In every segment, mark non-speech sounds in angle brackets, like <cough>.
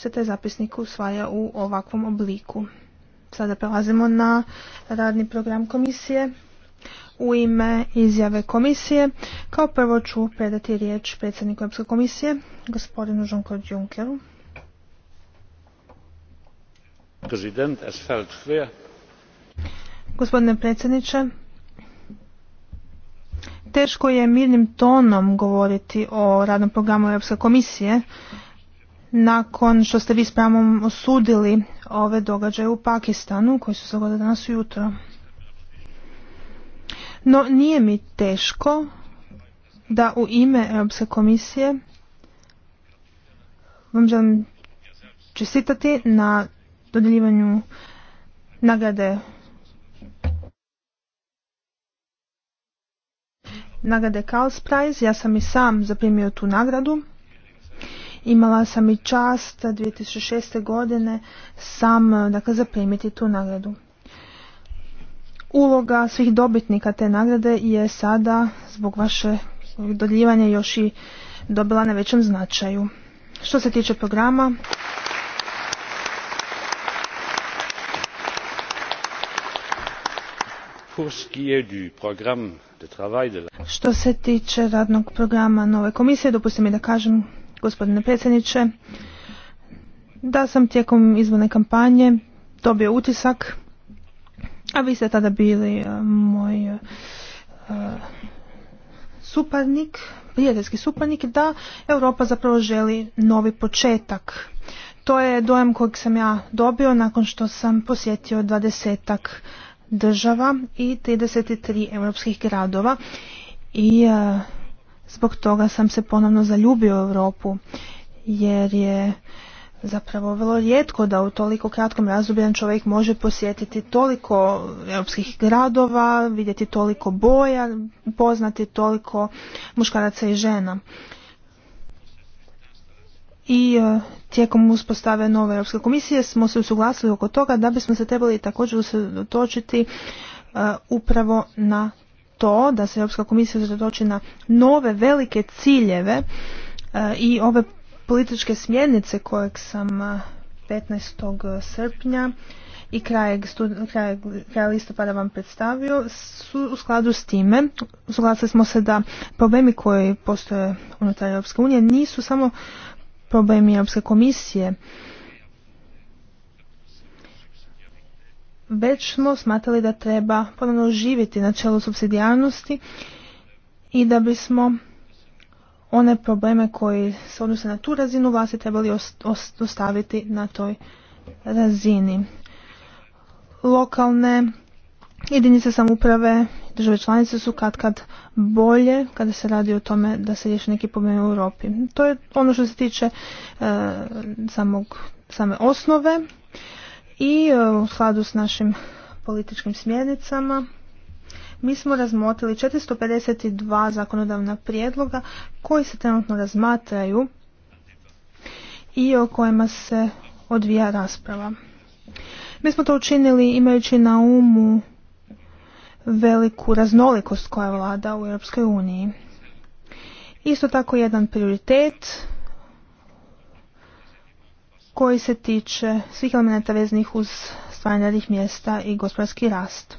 se taj zapisnik usvaja u ovakvom obliku. Sada prelazimo na radni program komisije. U ime izjave komisije kao prvo ću predati riječ predsjedniku Europske komisije, gospodinu Jean-Claude Junckeru. Gospodine predsjedniče, teško je mirnim tonom govoriti o radnom programu Europske komisije nakon što ste vi s pravom osudili ove događaje u Pakistanu koji su se dogodili danas ujutro. No nije mi teško da u ime Europske komisije vam želim čestitati na dodjeljivanju nagrade nagrade Karls Ja sam i sam zaprimio tu nagradu. Imala sam i čast 2006. godine sam e, dakle, zaprimiti tu nagradu. Uloga svih dobitnika te nagrade je sada zbog vaše dodljivanja još i dobila na većem značaju. Što se tiče programa, Što se tiče radnog programa nove komisije, dopustite mi da kažem gospodine predsjedniče, da sam tijekom izborne kampanje dobio utisak, a vi ste tada bili e, moj e, suparnik, prijateljski suparnik, da Europa zapravo želi novi početak. To je dojam kojeg sam ja dobio nakon što sam posjetio dvadesetak država i 33 europskih gradova i e, Zbog toga sam se ponovno zaljubio u Europu jer je zapravo vrlo rijetko da u toliko kratkom razdoblju čovjek može posjetiti toliko europskih gradova, vidjeti toliko boja, poznati toliko muškaraca i žena. I e, tijekom uspostave nove Europske komisije smo se usuglasili oko toga da bismo se trebali također usredotočiti e, upravo na to da se Europska komisija zatoči na nove velike ciljeve e, i ove političke smjernice kojeg sam 15. E, srpnja i kraja, listopada vam predstavio su u skladu s time. Suglasili smo se da problemi koji postoje unutar Europske unije nisu samo problemi Europske komisije već smo smatrali da treba ponovno živjeti načelo subsidijarnosti i da bismo one probleme koji se odnose na tu razinu vlasti trebali ostaviti na toj razini. Lokalne jedinice samouprave države članice su kad kad bolje kada se radi o tome da se riješi neki problem u Europi. To je ono što se tiče e, samog, same osnove, i e, u sladu s našim političkim smjernicama mi smo razmotrili 452 zakonodavna prijedloga koji se trenutno razmatraju i o kojima se odvija rasprava. Mi smo to učinili imajući na umu veliku raznolikost koja vlada u EU. uniji. Isto tako jedan prioritet koji se tiče svih elementa veznih uz stvaranje radnih mjesta i gospodarski rast.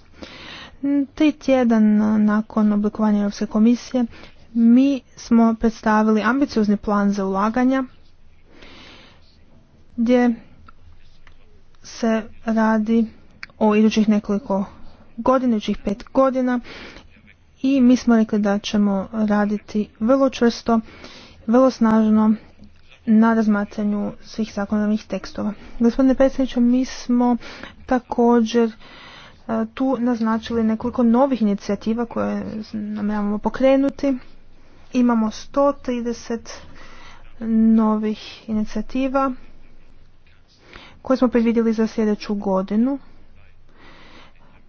Tri tjedan nakon oblikovanja Europske komisije mi smo predstavili ambiciozni plan za ulaganja gdje se radi o idućih nekoliko godina, idućih pet godina i mi smo rekli da ćemo raditi vrlo čvrsto, vrlo snažno na razmatranju svih zakonodavnih tekstova. Gospodine predsjedniče, mi smo također e, tu naznačili nekoliko novih inicijativa koje namjeravamo pokrenuti. Imamo 130 novih inicijativa koje smo predvidjeli za sljedeću godinu.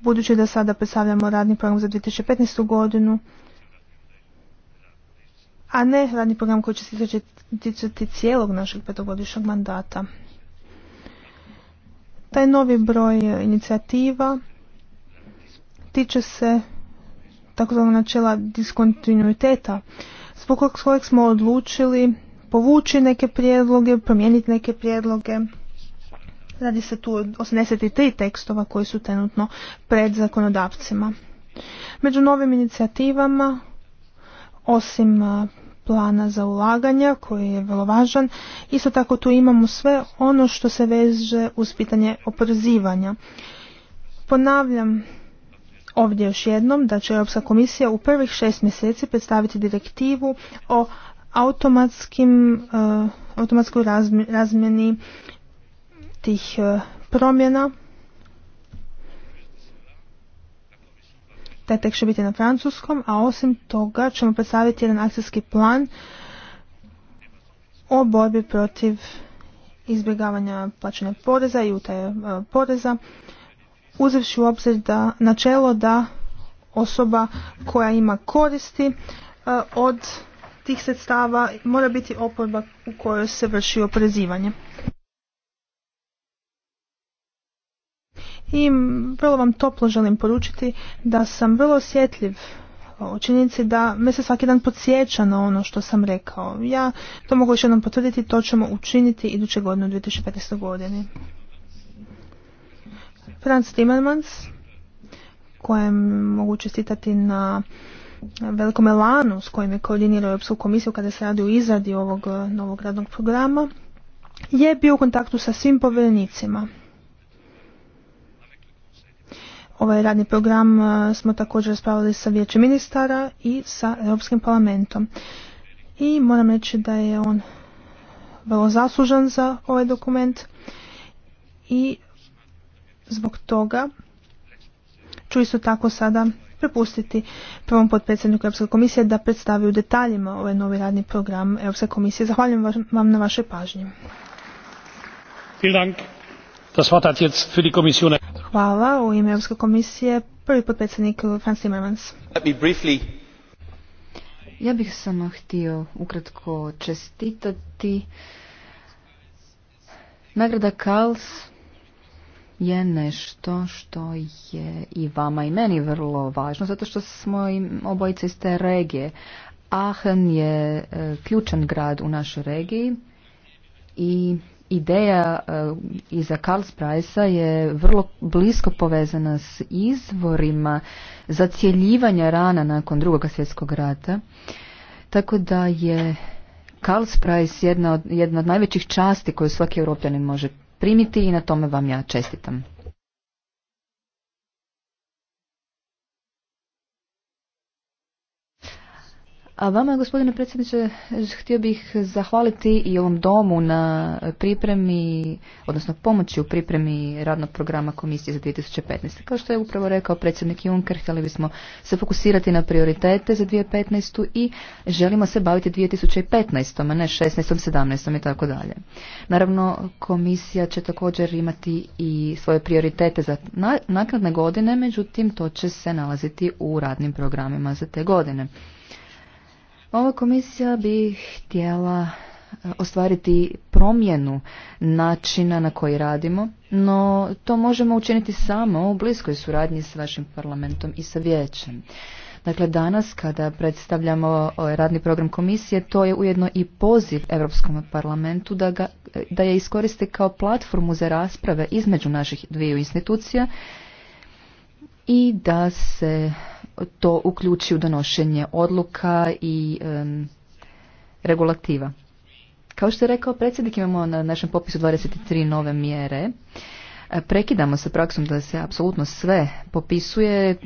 Budući da sada predstavljamo radni program za 2015. godinu, a ne radni program koji će se ticati cijelog našeg petogodišnjeg mandata. Taj novi broj inicijativa tiče se takozvanog načela diskontinuiteta zbog kojeg smo odlučili povući neke prijedloge, promijeniti neke prijedloge. Radi se tu 83 tekstova koji su trenutno pred zakonodavcima. Među novim inicijativama, osim plana za ulaganja koji je vrlo važan. Isto tako tu imamo sve ono što se veže uz pitanje oporezivanja. Ponavljam ovdje još jednom da će Europska komisija u prvih šest mjeseci predstaviti direktivu o eh, automatskoj razmjeni tih eh, promjena Taj tek će biti na francuskom, a osim toga ćemo predstaviti jedan akcijski plan o borbi protiv izbjegavanja plaćanja poreza i utaje e, poreza, uzevši u obzir da načelo da osoba koja ima koristi e, od tih sredstava mora biti oporba u kojoj se vrši oporezivanje. i vrlo vam toplo želim poručiti da sam vrlo osjetljiv u činjenici da me se svaki dan podsjeća na ono što sam rekao. Ja to mogu još jednom potvrditi, to ćemo učiniti iduće godine u 2015. godini. Franz Timmermans, kojem mogu čestitati na velikom elanu s kojim je koordinirao Europsku komisiju kada se radi o izradi ovog novog radnog programa, je bio u kontaktu sa svim povjerenicima Ovaj radni program e, smo također raspravili sa vijećem ministara i sa Europskim parlamentom. I moram reći da je on vrlo zaslužan za ovaj dokument i zbog toga ću isto tako sada prepustiti prvom potpredsjedniku Europske komisije da predstavi u detaljima ovaj novi radni program Europske komisije. Zahvaljujem vam na vašoj pažnji. Hvala. U ime Europske komisije prvi potpredsjednik Franz Timmermans. Ja bih samo htio ukratko čestitati. Nagrada Kals je nešto što je i vama i meni vrlo važno, zato što smo obojice iz te regije. Aachen je e, ključan grad u našoj regiji i ideja e, iza Karl Sprajsa je vrlo blisko povezana s izvorima zacjeljivanja rana nakon drugog svjetskog rata, tako da je Karl Price jedna od, jedna od najvećih časti koju svaki europljanin može primiti i na tome vam ja čestitam. A vama, gospodine predsjedniče, htio bih zahvaliti i ovom domu na pripremi, odnosno pomoći u pripremi radnog programa Komisije za 2015. Kao što je upravo rekao predsjednik Juncker, htjeli bismo se fokusirati na prioritete za 2015. i želimo se baviti 2015. a ne 16. 17. i tako dalje. Naravno, komisija će također imati i svoje prioritete za naknadne godine, međutim, to će se nalaziti u radnim programima za te godine. Ova komisija bi htjela e, ostvariti promjenu načina na koji radimo, no to možemo učiniti samo u bliskoj suradnji s vašim parlamentom i sa vijećem. Dakle, danas kada predstavljamo e, radni program komisije, to je ujedno i poziv Europskom parlamentu da, ga, e, da je iskoriste kao platformu za rasprave između naših dviju institucija i da se to uključi u donošenje odluka i regulativa. Kao što je rekao predsjednik, imamo na našem popisu 23 nove mjere. Prekidamo se praksom da se apsolutno sve popisuje,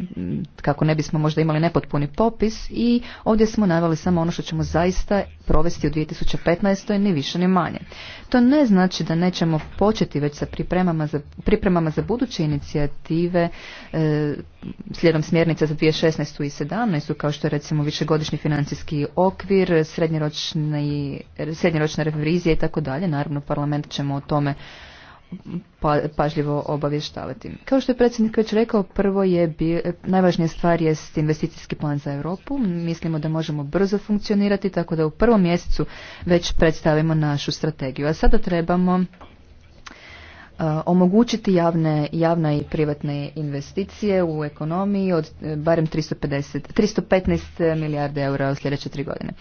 kako ne bismo možda imali nepotpuni popis i ovdje smo naveli samo ono što ćemo zaista provesti u 2015. ni više ni manje. To ne znači da nećemo početi već sa pripremama za, pripremama za buduće inicijative e, slijedom smjernica za 2016. i 2017. kao što je recimo višegodišnji financijski okvir, srednjoročne revizije i tako dalje. Naravno parlament ćemo o tome pa, pažljivo obavještavati. Kao što je predsjednik već rekao, prvo je bi, najvažnija stvar je investicijski plan za Europu. Mislimo da možemo brzo funkcionirati tako da u prvom mjesecu već predstavimo našu strategiju. A sada trebamo Eh, omogućiti javne, javne i privatne investicije u ekonomiji od eh, barem 350, 315 milijarde eura u sljedeće tri godine.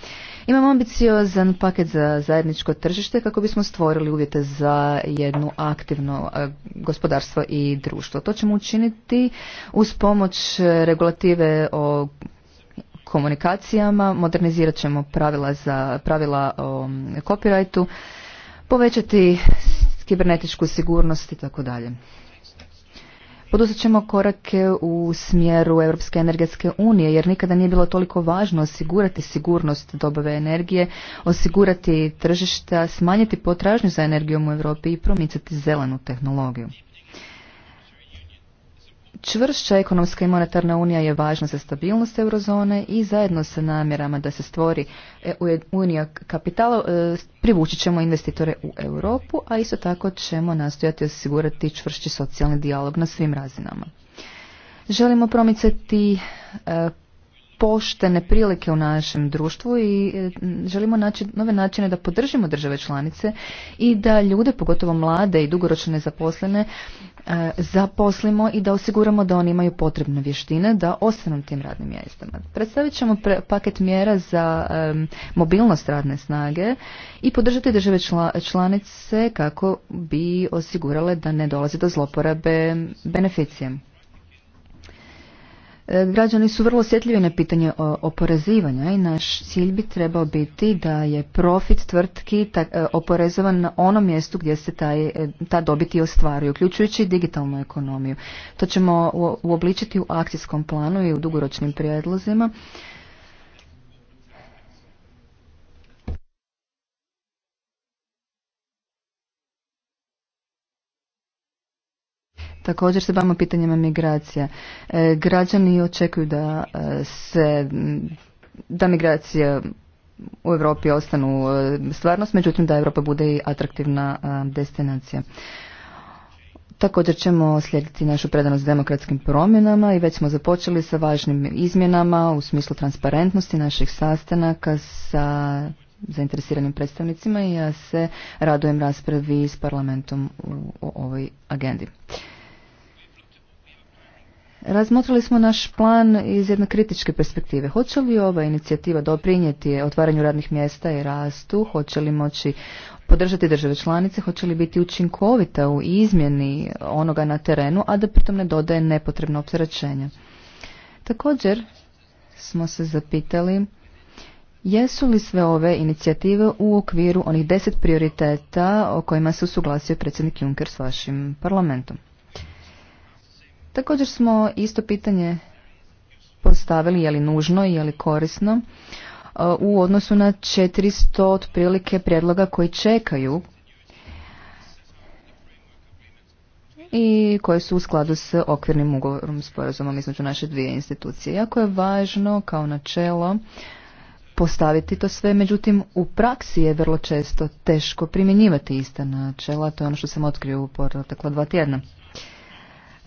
Imamo ambiciozan paket za zajedničko tržište kako bismo stvorili uvjete za jednu aktivno eh, gospodarstvo i društvo. To ćemo učiniti uz pomoć regulative o komunikacijama, modernizirat ćemo pravila, za, pravila o copyrightu, povećati kibernetičku sigurnost i tako dalje. Poduzet ćemo korake u smjeru Europske energetske unije jer nikada nije bilo toliko važno osigurati sigurnost dobave energije, osigurati tržišta, smanjiti potražnju za energijom u Europi i promicati zelenu tehnologiju. Čvršća ekonomska i monetarna unija je važna za stabilnost eurozone i zajedno sa namjerama da se stvori e, unija kapitala e, privući ćemo investitore u Europu, a isto tako ćemo nastojati osigurati čvršći socijalni dijalog na svim razinama. Želimo promicati e, poštene prilike u našem društvu i e, želimo naći nove načine da podržimo države članice i da ljude, pogotovo mlade i dugoročno nezaposlene, e, zaposlimo i da osiguramo da oni imaju potrebne vještine da ostanu tim radnim mjestama. Predstavit ćemo paket mjera za mobilnost radne snage i podržati države članice kako bi osigurale da ne dolazi do zloporabe beneficijem. E, građani su vrlo osjetljivi na pitanje oporezivanja i naš cilj bi trebao biti da je profit tvrtki e, oporezovan na onom mjestu gdje se taj, e, ta dobiti ostvaruje, uključujući digitalnu ekonomiju. To ćemo uobličiti u akcijskom planu i u dugoročnim prijedlozima Također se bavimo pitanjima migracija. E, građani očekuju da e, se da migracija u Europi ostanu e, stvarnost, međutim da Europa bude i atraktivna destinacija. Također ćemo slijediti našu predanost demokratskim promjenama i već smo započeli sa važnim izmjenama u smislu transparentnosti naših sastanaka sa zainteresiranim predstavnicima i ja se radujem raspravi s parlamentom u, o ovoj agendi. Razmotrili smo naš plan iz jedne kritičke perspektive. Hoće li ova inicijativa doprinijeti otvaranju radnih mjesta i rastu? Hoće li moći podržati države članice? Hoće li biti učinkovita u izmjeni onoga na terenu, a da pritom ne dodaje nepotrebno opterećenje? Također smo se zapitali jesu li sve ove inicijative u okviru onih deset prioriteta o kojima se usuglasio predsjednik Juncker s vašim parlamentom? Također smo isto pitanje postavili je li nužno i je li korisno e, u odnosu na 400 otprilike prijedloga koji čekaju i koje su u skladu s okvirnim ugovorom sporazumom između naše dvije institucije. Jako je važno kao načelo postaviti to sve, međutim u praksi je vrlo često teško primjenjivati ista načela, to je ono što sam otkrio u protekla dva tjedna.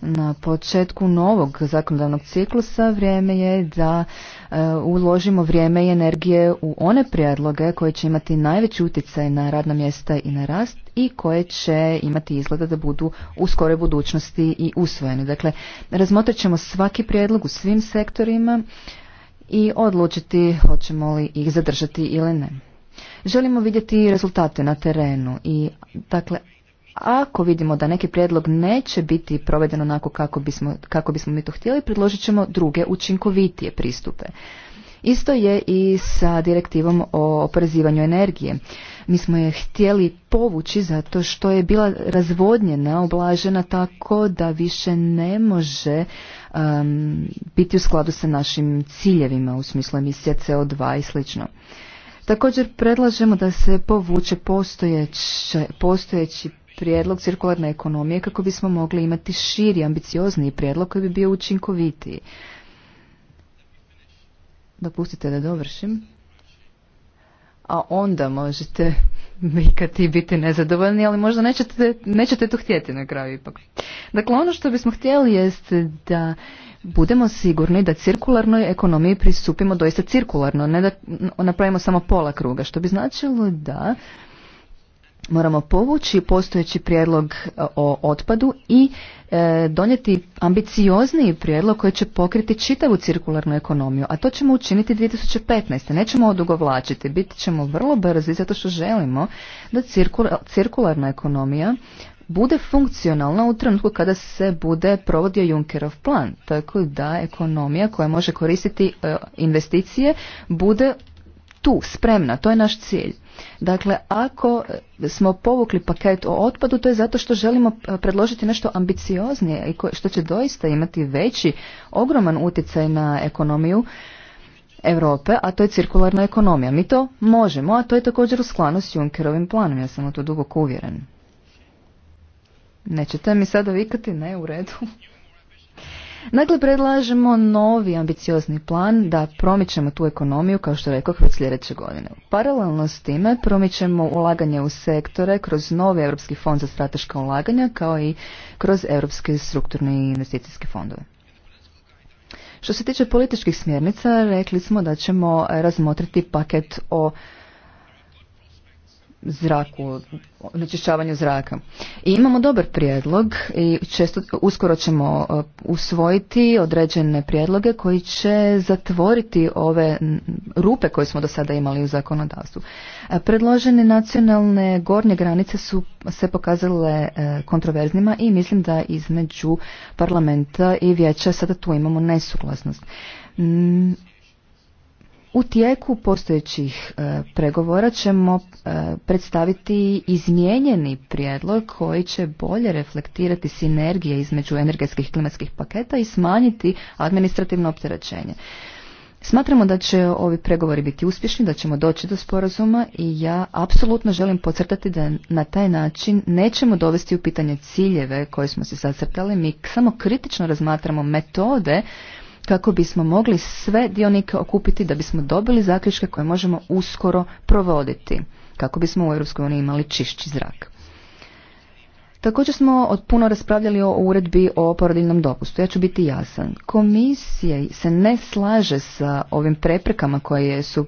Na početku novog zakonodavnog ciklusa vrijeme je da e, uložimo vrijeme i energije u one prijedloge koje će imati najveći utjecaj na radna mjesta i na rast i koje će imati izgleda da budu u skoroj budućnosti i usvojene. Dakle, razmotrit ćemo svaki prijedlog u svim sektorima i odlučiti hoćemo li ih zadržati ili ne. Želimo vidjeti rezultate na terenu i dakle ako vidimo da neki prijedlog neće biti proveden onako kako bismo, kako bismo mi to htjeli, predložit ćemo druge učinkovitije pristupe. Isto je i sa direktivom o oporezivanju energije. Mi smo je htjeli povući zato što je bila razvodnjena, oblažena tako da više ne može um, biti u skladu sa našim ciljevima u smislu emisije CO2 i slično. Također predlažemo da se povuče postojeći, postojeći prijedlog cirkularne ekonomije kako bismo mogli imati širi, ambiciozniji prijedlog koji bi bio učinkovitiji. Dopustite da dovršim. A onda možete <laughs> vikati i biti nezadovoljni, ali možda nećete, nećete to htjeti na kraju ipak. Dakle, ono što bismo htjeli jest da budemo sigurni da cirkularnoj ekonomiji pristupimo doista cirkularno, ne da napravimo samo pola kruga, što bi značilo da moramo povući postojeći prijedlog e, o otpadu i e, donijeti ambiciozniji prijedlog koji će pokriti čitavu cirkularnu ekonomiju, a to ćemo učiniti 2015. Nećemo odugovlačiti, bit ćemo vrlo brzi zato što želimo da cirkularna ekonomija bude funkcionalna u trenutku kada se bude provodio Junckerov plan, tako da ekonomija koja može koristiti e, investicije bude tu, spremna, to je naš cilj. Dakle, ako smo povukli paket o otpadu, to je zato što želimo e, predložiti nešto ambicioznije i što će doista imati veći, ogroman utjecaj na ekonomiju Europe, a to je cirkularna ekonomija. Mi to možemo, a to je također u skladu s Junckerovim planom, ja sam u to duboko uvjeren. Nećete mi sada vikati? Ne, u redu. Dakle, predlažemo novi ambiciozni plan da promičemo tu ekonomiju, kao što rekao, kroz sljedeće godine. Paralelno s time promičemo ulaganje u sektore kroz novi Europski fond za strateška ulaganja, kao i kroz Europske strukturne i investicijske fondove. Što se tiče političkih smjernica, rekli smo da ćemo razmotriti paket o zraku, onečišćavanju zraka. I imamo dobar prijedlog i često uskoro ćemo e, usvojiti određene prijedloge koji će zatvoriti ove rupe koje smo do sada imali u zakonodavstvu. E, predložene nacionalne gornje granice su se pokazale e, kontroverznima i mislim da između parlamenta i vijeća sada tu imamo nesuglasnost. U tijeku postojećih e, pregovora ćemo e, predstaviti izmijenjeni prijedlog koji će bolje reflektirati sinergije između energetskih i klimatskih paketa i smanjiti administrativno opterećenje. Smatramo da će ovi pregovori biti uspješni, da ćemo doći do sporazuma i ja apsolutno želim podcrtati da na taj način nećemo dovesti u pitanje ciljeve koje smo se zacrtali, mi samo kritično razmatramo metode kako bismo mogli sve dionike okupiti da bismo dobili zaključke koje možemo uskoro provoditi, kako bismo u EU imali čišći zrak. Također smo od puno raspravljali o uredbi o porodiljnom dopustu. Ja ću biti jasan. Komisija se ne slaže sa ovim preprekama koje, su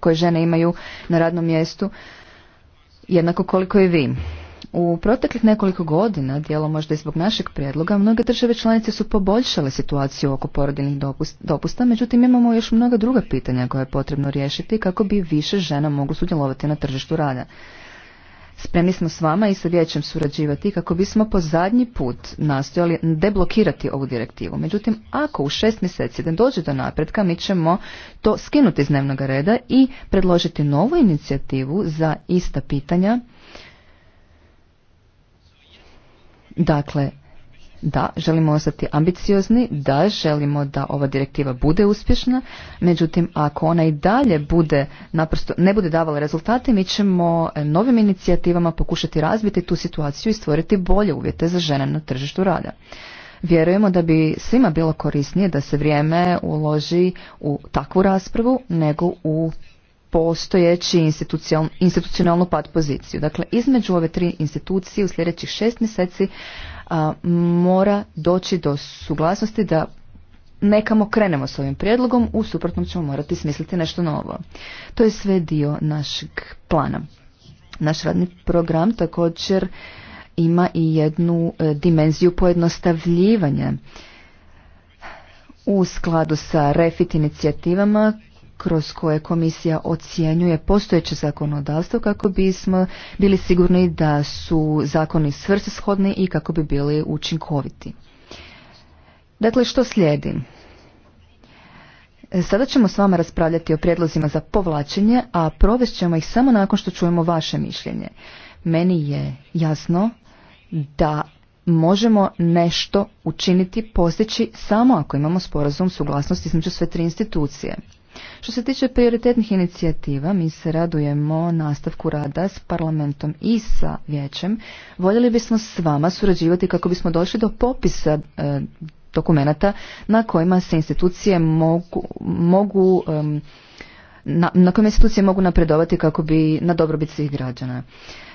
koje žene imaju na radnom mjestu jednako koliko i vi. U proteklih nekoliko godina, dijelo možda i zbog našeg prijedloga, mnoge države članice su poboljšale situaciju oko porodinih dopusta, međutim imamo još mnoga druga pitanja koja je potrebno riješiti kako bi više žena mogu sudjelovati na tržištu rada. Spremni smo s vama i sa vijećem surađivati kako bismo po zadnji put nastojali deblokirati ovu direktivu. Međutim, ako u šest mjeseci ne dođe do napretka, mi ćemo to skinuti iz dnevnog reda i predložiti novu inicijativu za ista pitanja Dakle, da, želimo ostati ambiciozni, da, želimo da ova direktiva bude uspješna, međutim, ako ona i dalje bude, naprosto ne bude davala rezultate, mi ćemo e, novim inicijativama pokušati razbiti tu situaciju i stvoriti bolje uvjete za žene na tržištu rada. Vjerujemo da bi svima bilo korisnije da se vrijeme uloži u takvu raspravu nego u postojeći institucionalnu pad poziciju. Dakle, između ove tri institucije u sljedećih šest mjeseci mora doći do suglasnosti da nekamo krenemo s ovim prijedlogom, u suprotnom ćemo morati smisliti nešto novo. To je sve dio našeg plana. Naš radni program također ima i jednu e, dimenziju pojednostavljivanja u skladu sa refit inicijativama kroz koje komisija ocjenjuje postojeće zakonodavstvo kako bismo bili sigurni da su zakoni svrsishodni i kako bi bili učinkoviti. Dakle, što slijedi? E, sada ćemo s vama raspravljati o prijedlozima za povlačenje, a provest ćemo ih samo nakon što čujemo vaše mišljenje. Meni je jasno da možemo nešto učiniti, postići samo ako imamo sporazum suglasnosti između sve tri institucije. Što se tiče prioritetnih inicijativa, mi se radujemo nastavku rada s parlamentom i sa vijećem. Voljeli bismo s vama surađivati kako bismo došli do popisa e, dokumenata na kojima se institucije mogu, na, kojima institucije mogu napredovati kako bi na dobrobit svih građana.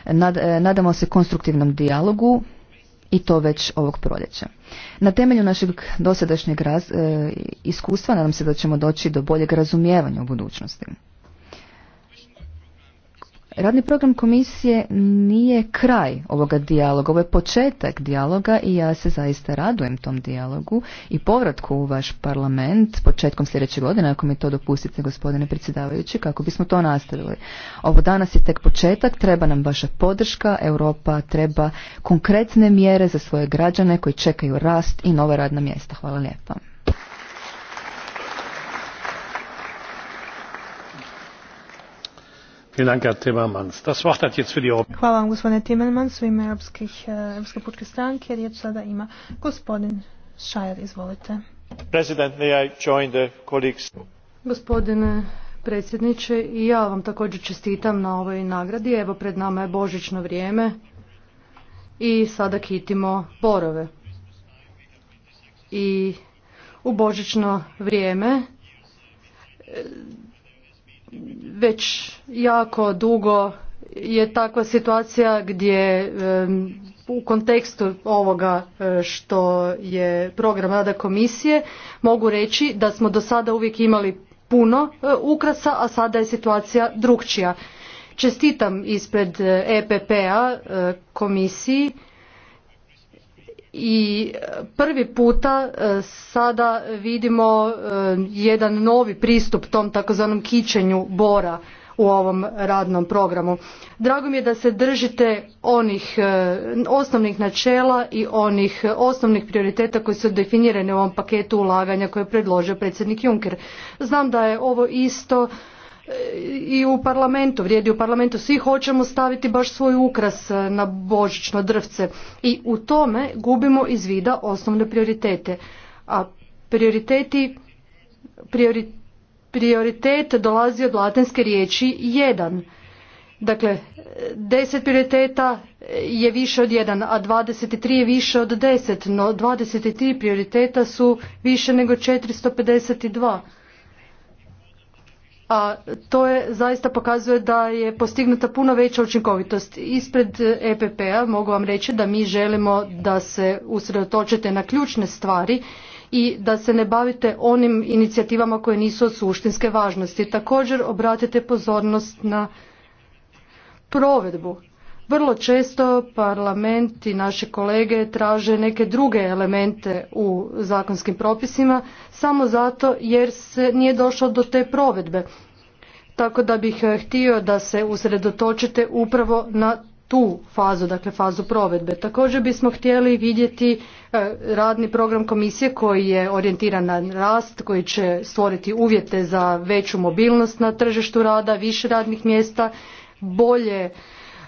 E, nadamo se konstruktivnom dijalogu i to već ovog proljeća. Na temelju našeg dosadašnjeg e, iskustva nadam se da ćemo doći do boljeg razumijevanja u budućnosti. Radni program komisije nije kraj ovoga dijaloga, ovo je početak dijaloga i ja se zaista radujem tom dijalogu i povratku u vaš parlament početkom sljedeće godine, ako mi to dopustite gospodine predsjedavajući, kako bismo to nastavili. Ovo danas je tek početak, treba nam vaša podrška, Europa treba konkretne mjere za svoje građane koji čekaju rast i nova radna mjesta. Hvala lijepa. Hvala vam gospodine Timmermans u ime Europskih, eh, Europske pučke stranke. Riječ sada ima gospodin Šajer, izvolite. Gospodine predsjedniče, i ja vam također čestitam na ovoj nagradi. Evo pred nama je božićno vrijeme i sada kitimo borove. I u božićno vrijeme eh, već jako dugo je takva situacija gdje u kontekstu ovoga e, što je program rada komisije mogu reći da smo do sada uvijek imali puno e, ukrasa, a sada je situacija drukčija. Čestitam ispred EPP-a e komisiji i prvi puta e, sada vidimo e, jedan novi pristup tom takozvanom kićenju bora u ovom radnom programu. Drago mi je da se držite onih e, osnovnih načela i onih osnovnih prioriteta koji su definirani u ovom paketu ulaganja koje je predložio predsjednik Juncker. Znam da je ovo isto i u parlamentu, vrijedi u parlamentu, svi hoćemo staviti baš svoj ukras e, na božićno drvce i u tome gubimo iz vida osnovne prioritete. A prioriteti, prioritet dolazi od latinske riječi jedan. Dakle, deset prioriteta je više od jedan, a dvadeset tri je više od deset. no dvadeset tri prioriteta su više nego pedeset dva a to je zaista pokazuje da je postignuta puno veća učinkovitost. Ispred EPP-a e mogu vam reći da mi želimo da se usredotočite na ključne stvari i da se ne bavite onim inicijativama koje nisu od suštinske važnosti. Također obratite pozornost na provedbu vrlo često parlament i naše kolege traže neke druge elemente u zakonskim propisima samo zato jer se nije došlo do te provedbe. Tako da bih eh, htio da se usredotočite upravo na tu fazu, dakle fazu provedbe. Također bismo htjeli vidjeti eh, radni program komisije koji je orijentiran na rast, koji će stvoriti uvjete za veću mobilnost na tržištu rada, više radnih mjesta, bolje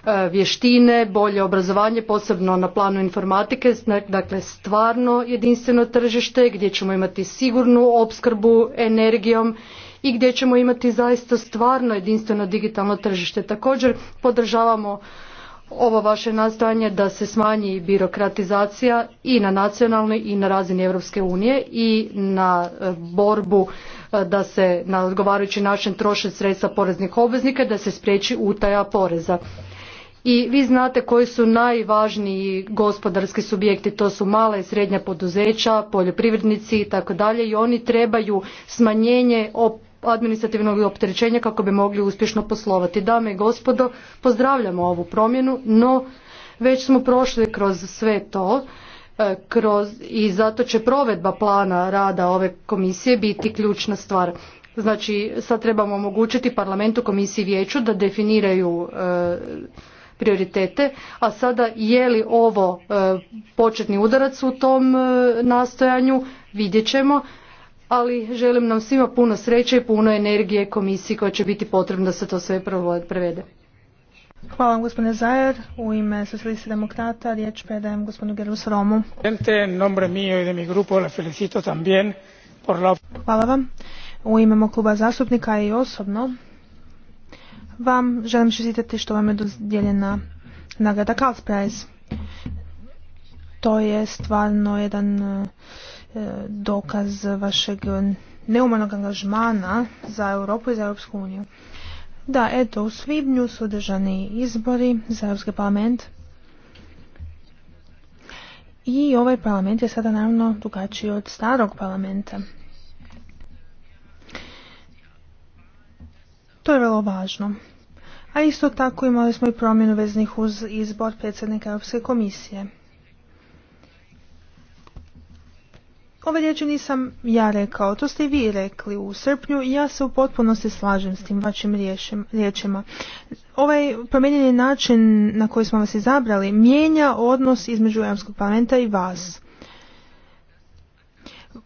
E, vještine, bolje obrazovanje, posebno na planu informatike, dakle stvarno jedinstveno tržište gdje ćemo imati sigurnu opskrbu energijom i gdje ćemo imati zaista stvarno jedinstveno digitalno tržište. Također podržavamo ovo vaše nastojanje da se smanji birokratizacija i na nacionalnoj i na razini Europske unije i na e, borbu e, da se na odgovarajući način troše sredstva poreznih obveznika da se spriječi utaja poreza i vi znate koji su najvažniji gospodarski subjekti, to su mala i srednja poduzeća, poljoprivrednici i tako dalje i oni trebaju smanjenje administrativnog opterećenja kako bi mogli uspješno poslovati. Dame i gospodo, pozdravljamo ovu promjenu, no već smo prošli kroz sve to e, kroz, i zato će provedba plana rada ove komisije biti ključna stvar. Znači, sad trebamo omogućiti parlamentu, komisiji vijeću da definiraju e, prioritete, a sada je li ovo e, početni udarac u tom e, nastojanju, vidjet ćemo, ali želim nam svima puno sreće i puno energije komisiji koja će biti potrebna da se to sve prevede. Hvala vam gospodine Zajer. U ime socijalista demokrata riječ predajem gospodinu Gerus Romu. Hvala vam. U ime mog kluba zastupnika i osobno vam želim čestitati što vam je dodijeljena nagrada Carls To je stvarno jedan e, dokaz vašeg neumanog angažmana za Europu i za Europsku uniju. Da, eto, u svibnju su održani izbori za Europski parlament i ovaj parlament je sada naravno drugačiji od starog parlamenta. To je vrlo važno a isto tako imali smo i promjenu veznih uz izbor predsjednika Europske komisije. Ove riječi nisam ja rekao, to ste i vi rekli u srpnju i ja se u potpunosti slažem s tim vašim riječima. Ovaj promijenjeni način na koji smo vas izabrali mijenja odnos između Europskog parlamenta i vas.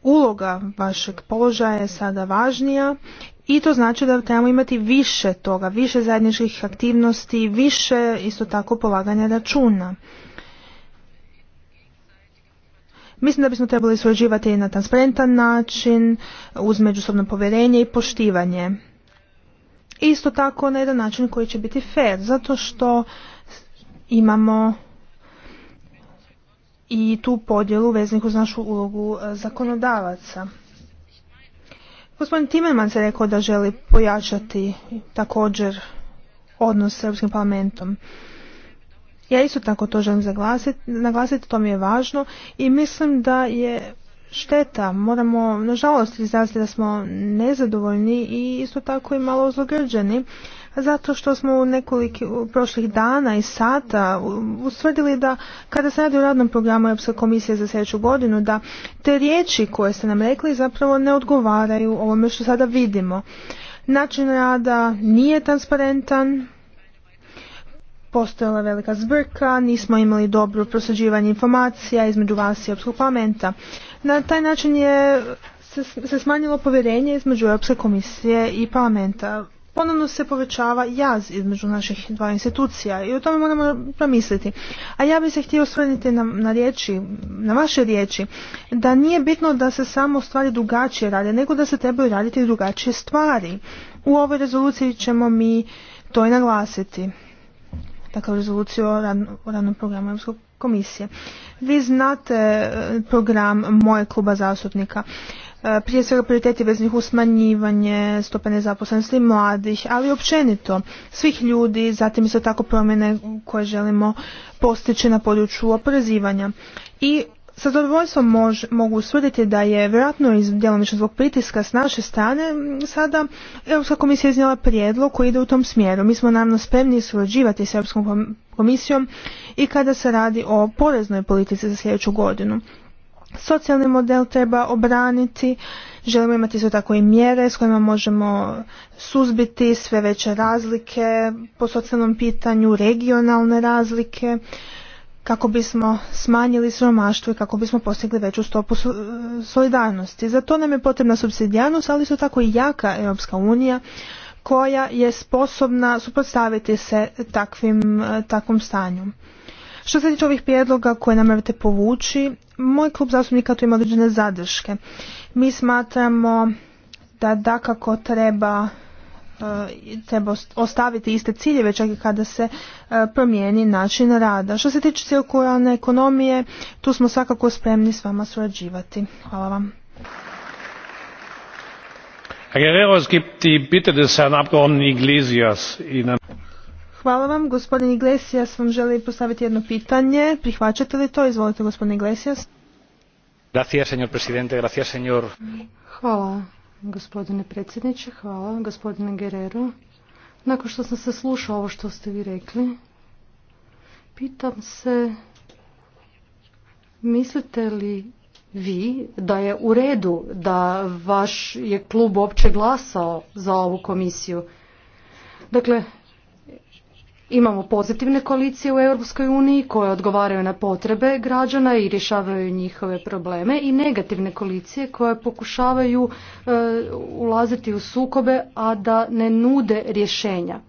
Uloga vašeg položaja je sada važnija i to znači da trebamo imati više toga, više zajedničkih aktivnosti, više isto tako polaganja računa. Mislim da bismo trebali surađivati na transparentan način, uz međusobno povjerenje i poštivanje. Isto tako na jedan način koji će biti fair, zato što imamo i tu podjelu veznih uz našu ulogu e, zakonodavaca. Gospodin Timerman se rekao da želi pojačati također odnos s Europskim parlamentom. Ja isto tako to želim naglasiti, to mi je važno i mislim da je šteta, moramo nažalost izraziti da smo nezadovoljni i isto tako i malo ozlogrđeni zato što smo u nekoliko prošlih dana i sata ustvrdili da kada se radi o radnom programu Europske komisije za sljedeću godinu, da te riječi koje ste nam rekli zapravo ne odgovaraju ovome što sada vidimo. Način rada nije transparentan, postojala velika zbrka, nismo imali dobro prosuđivanje informacija između vas i Europskog parlamenta. Na taj način je se smanjilo povjerenje između Europske komisije i parlamenta ponovno se povećava jaz između naših dva institucija i o tome moramo promisliti. A ja bih se htio osvrniti na, na, riječi, na vaše riječi, da nije bitno da se samo stvari drugačije rade, nego da se trebaju raditi drugačije stvari. U ovoj rezoluciji ćemo mi to i naglasiti. Dakle, rezoluciju o, radnom programu Europskog komisije. Vi znate eh, program moje kluba zastupnika. E, prije svega prioriteti veznih usmanjivanje, smanjivanje stope nezaposlenosti mladih, ali općenito svih ljudi, zatim isto tako promjene koje želimo postići na području oporezivanja. I sa zadovoljstvom mogu usvrditi da je vjerojatno iz djelomično zbog pritiska s naše strane sada Europska komisija iznijela prijedlog koji ide u tom smjeru. Mi smo naravno spremni surađivati s Europskom komisijom i kada se radi o poreznoj politici za sljedeću godinu. Socijalni model treba obraniti, želimo imati sve tako i mjere s kojima možemo suzbiti sve veće razlike po socijalnom pitanju, regionalne razlike, kako bismo smanjili siromaštvo i kako bismo postigli veću stopu solidarnosti. Za to nam je potrebna subsidijarnost, ali isto tako i jaka Europska unija koja je sposobna suprotstaviti se takvim, eh, takvom stanju. Što se tiče ovih prijedloga koje želite povući, moj klub zastupnika tu ima određene zadrške. Mi smatramo da dakako treba e, treba ostaviti iste ciljeve čak i kada se e, promijeni način rada. Što se tiče cirkularne ekonomije, tu smo svakako spremni s vama surađivati. Hvala vam. gibt die Hvala vam. Gospodin Iglesias vam želi postaviti jedno pitanje. Prihvaćate li to? Izvolite, gospodin Iglesias. Gracias, señor presidente. Gracias, señor... Hvala, gospodine predsjedniče. Hvala, gospodine Guerrero. Nakon što sam se slušao ovo što ste vi rekli, pitam se, mislite li vi da je u redu da vaš je klub uopće glasao za ovu komisiju? Dakle, Imamo pozitivne koalicije u Europskoj uniji koje odgovaraju na potrebe građana i rješavaju njihove probleme i negativne koalicije koje pokušavaju e, ulaziti u sukobe, a da ne nude rješenja.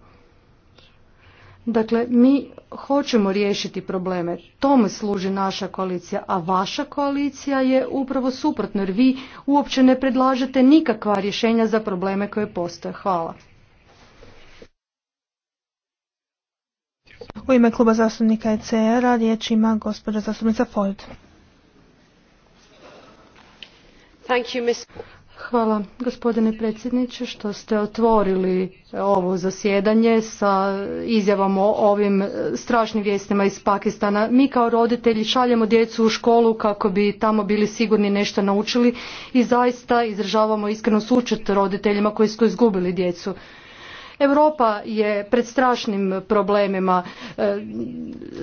Dakle, mi hoćemo riješiti probleme. Tome služi naša koalicija, a vaša koalicija je upravo suprotno jer vi uopće ne predlažete nikakva rješenja za probleme koje postoje. Hvala. U ime kluba zastupnika ECR-a riječ ima gospođa zastupnica Ford. Hvala gospodine predsjedniče što ste otvorili ovo zasjedanje sa izjavom o ovim strašnim vijestima iz Pakistana. Mi kao roditelji šaljemo djecu u školu kako bi tamo bili sigurni nešto naučili i zaista izražavamo iskreno sučet roditeljima koji su izgubili djecu. Europa je pred strašnim problemima. E,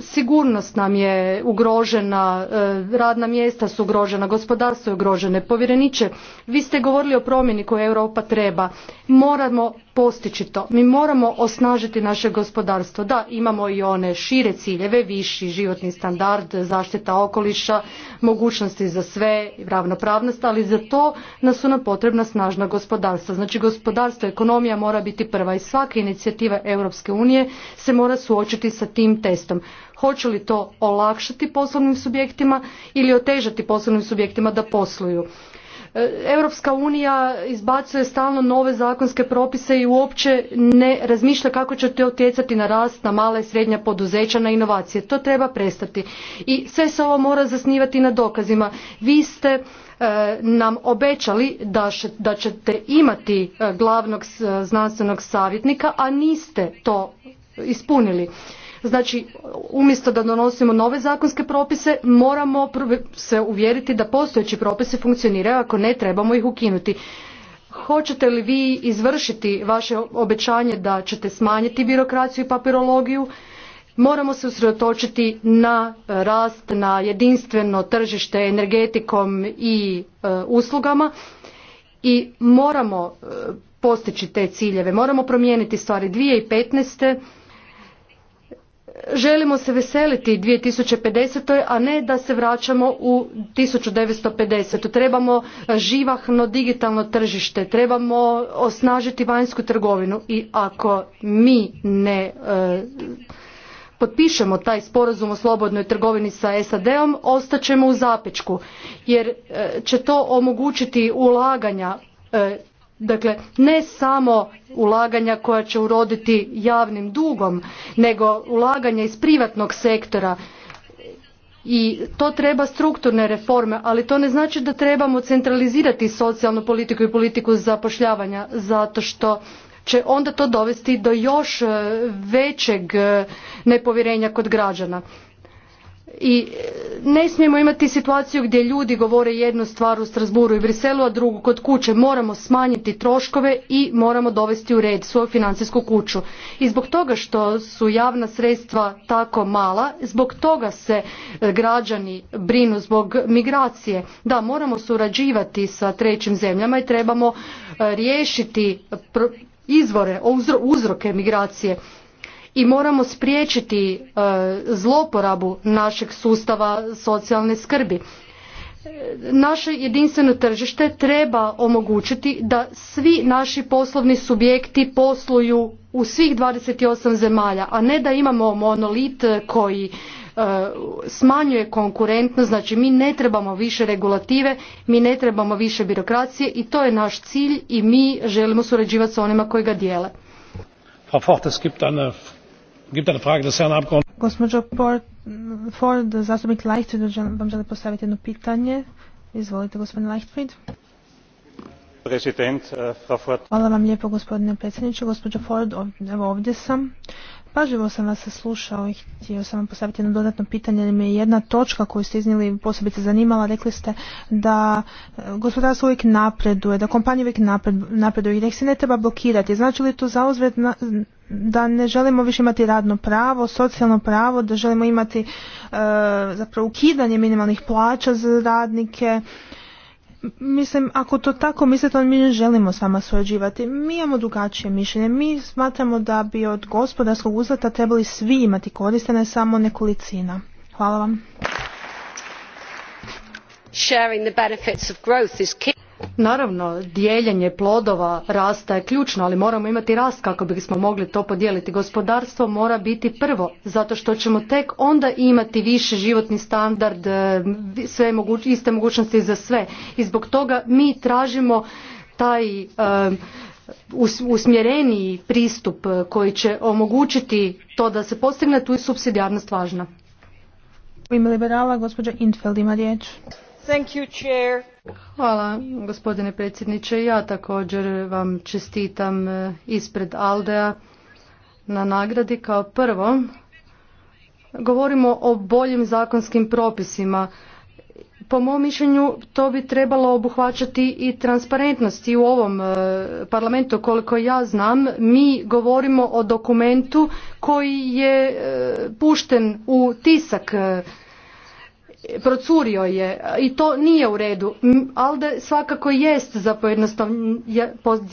sigurnost nam je ugrožena, e, radna mjesta su ugrožena, gospodarstvo je ugrožene. Povjereniče, vi ste govorili o promjeni koju Europa treba. Moramo postići to. Mi moramo osnažiti naše gospodarstvo. Da, imamo i one šire ciljeve, viši životni standard, zaštita okoliša, mogućnosti za sve, ravnopravnost, ali za to nas su nam potrebna snažna gospodarstva. Znači gospodarstvo, ekonomija mora biti prva i svaka inicijativa Europske unije se mora suočiti sa tim testom. Hoće li to olakšati poslovnim subjektima ili otežati poslovnim subjektima da posluju? Europska unija izbacuje stalno nove zakonske propise i uopće ne razmišlja kako će to utjecati na rast, na mala i srednja poduzeća, na inovacije. To treba prestati. I sve se ovo mora zasnivati na dokazima. Vi ste e, nam obećali da ćete imati e, glavnog e, znanstvenog savjetnika, a niste to ispunili. Znači, umjesto da donosimo nove zakonske propise, moramo se uvjeriti da postojeći propisi funkcioniraju, ako ne trebamo ih ukinuti. Hoćete li vi izvršiti vaše obećanje da ćete smanjiti birokraciju i papirologiju? Moramo se usredotočiti na e, rast, na jedinstveno tržište energetikom i e, uslugama i moramo e, postići te ciljeve. Moramo promijeniti stvari. 2015 želimo se veseliti 2050. a ne da se vraćamo u 1950. Trebamo živahno digitalno tržište, trebamo osnažiti vanjsku trgovinu i ako mi ne e, potpišemo taj sporazum o slobodnoj trgovini sa SAD-om, ostaćemo u zapečku jer e, će to omogućiti ulaganja e, Dakle, ne samo ulaganja koja će uroditi javnim dugom, nego ulaganja iz privatnog sektora. I to treba strukturne reforme, ali to ne znači da trebamo centralizirati socijalnu politiku i politiku zapošljavanja, zato što će onda to dovesti do još e, većeg e, nepovjerenja kod građana i e, ne smijemo imati situaciju gdje ljudi govore jednu stvar u Strasbourgu i Briselu, a drugu kod kuće. Moramo smanjiti troškove i moramo dovesti u red svoju financijsku kuću. I zbog toga što su javna sredstva tako mala, zbog toga se e, građani brinu zbog migracije. Da, moramo surađivati sa trećim zemljama i trebamo e, riješiti izvore, uzroke migracije i moramo spriječiti e, zloporabu našeg sustava socijalne skrbi e, naše jedinstveno tržište treba omogućiti da svi naši poslovni subjekti posluju u svih 28 zemalja, a ne da imamo monolit koji e, smanjuje konkurentnost, znači mi ne trebamo više regulative, mi ne trebamo više birokracije i to je naš cilj i mi želimo surađivati sa onima koji ga dijele. Gospođo Ford, da zastupnik Leichtfried vam želi postaviti jedno pitanje. Izvolite, gospodin Leichtfried. Eh, Hvala vam lijepo, gospodine predsjedniče. Gospođo Ford, evo ovdje sam. Pažljivo sam vas slušao i htio sam vam postaviti jedno dodatno pitanje, jer mi je jedna točka koju ste iznijeli posebice zanimala. Rekli ste da e, gospodarstvo uvijek napreduje, da kompanije uvijek napreduje i da ih se ne treba blokirati. Znači li to zauzvred da ne želimo više imati radno pravo, socijalno pravo, da želimo imati e, zapravo ukidanje minimalnih plaća za radnike, Mislim, ako to tako mislite, onda mi ne želimo s vama surađivati. Mi imamo drugačije mišljenje. Mi smatramo da bi od gospodarskog uzleta trebali svi imati koriste, ne samo nekolicina. Hvala vam. Sharing the benefits of growth is key. Naravno, dijeljenje plodova rasta je ključno, ali moramo imati rast kako bismo mogli to podijeliti. Gospodarstvo mora biti prvo, zato što ćemo tek onda imati više životni standard, e, sve moguć, iste mogućnosti za sve. I zbog toga mi tražimo taj e, usmjereniji pristup e, koji će omogućiti to da se postigne, tu je subsidijarnost važna. U ime liberala, gospođa Intfeld ima riječ. Thank you, chair. Hvala gospodine predsjedniče. Ja također vam čestitam e, ispred Aldea na nagradi kao prvo. Govorimo o boljim zakonskim propisima. Po mom mišljenju to bi trebalo obuhvaćati i transparentnosti u ovom e, parlamentu koliko ja znam mi govorimo o dokumentu koji je e, pušten u tisak procurio je i to nije u redu. Alde svakako jest za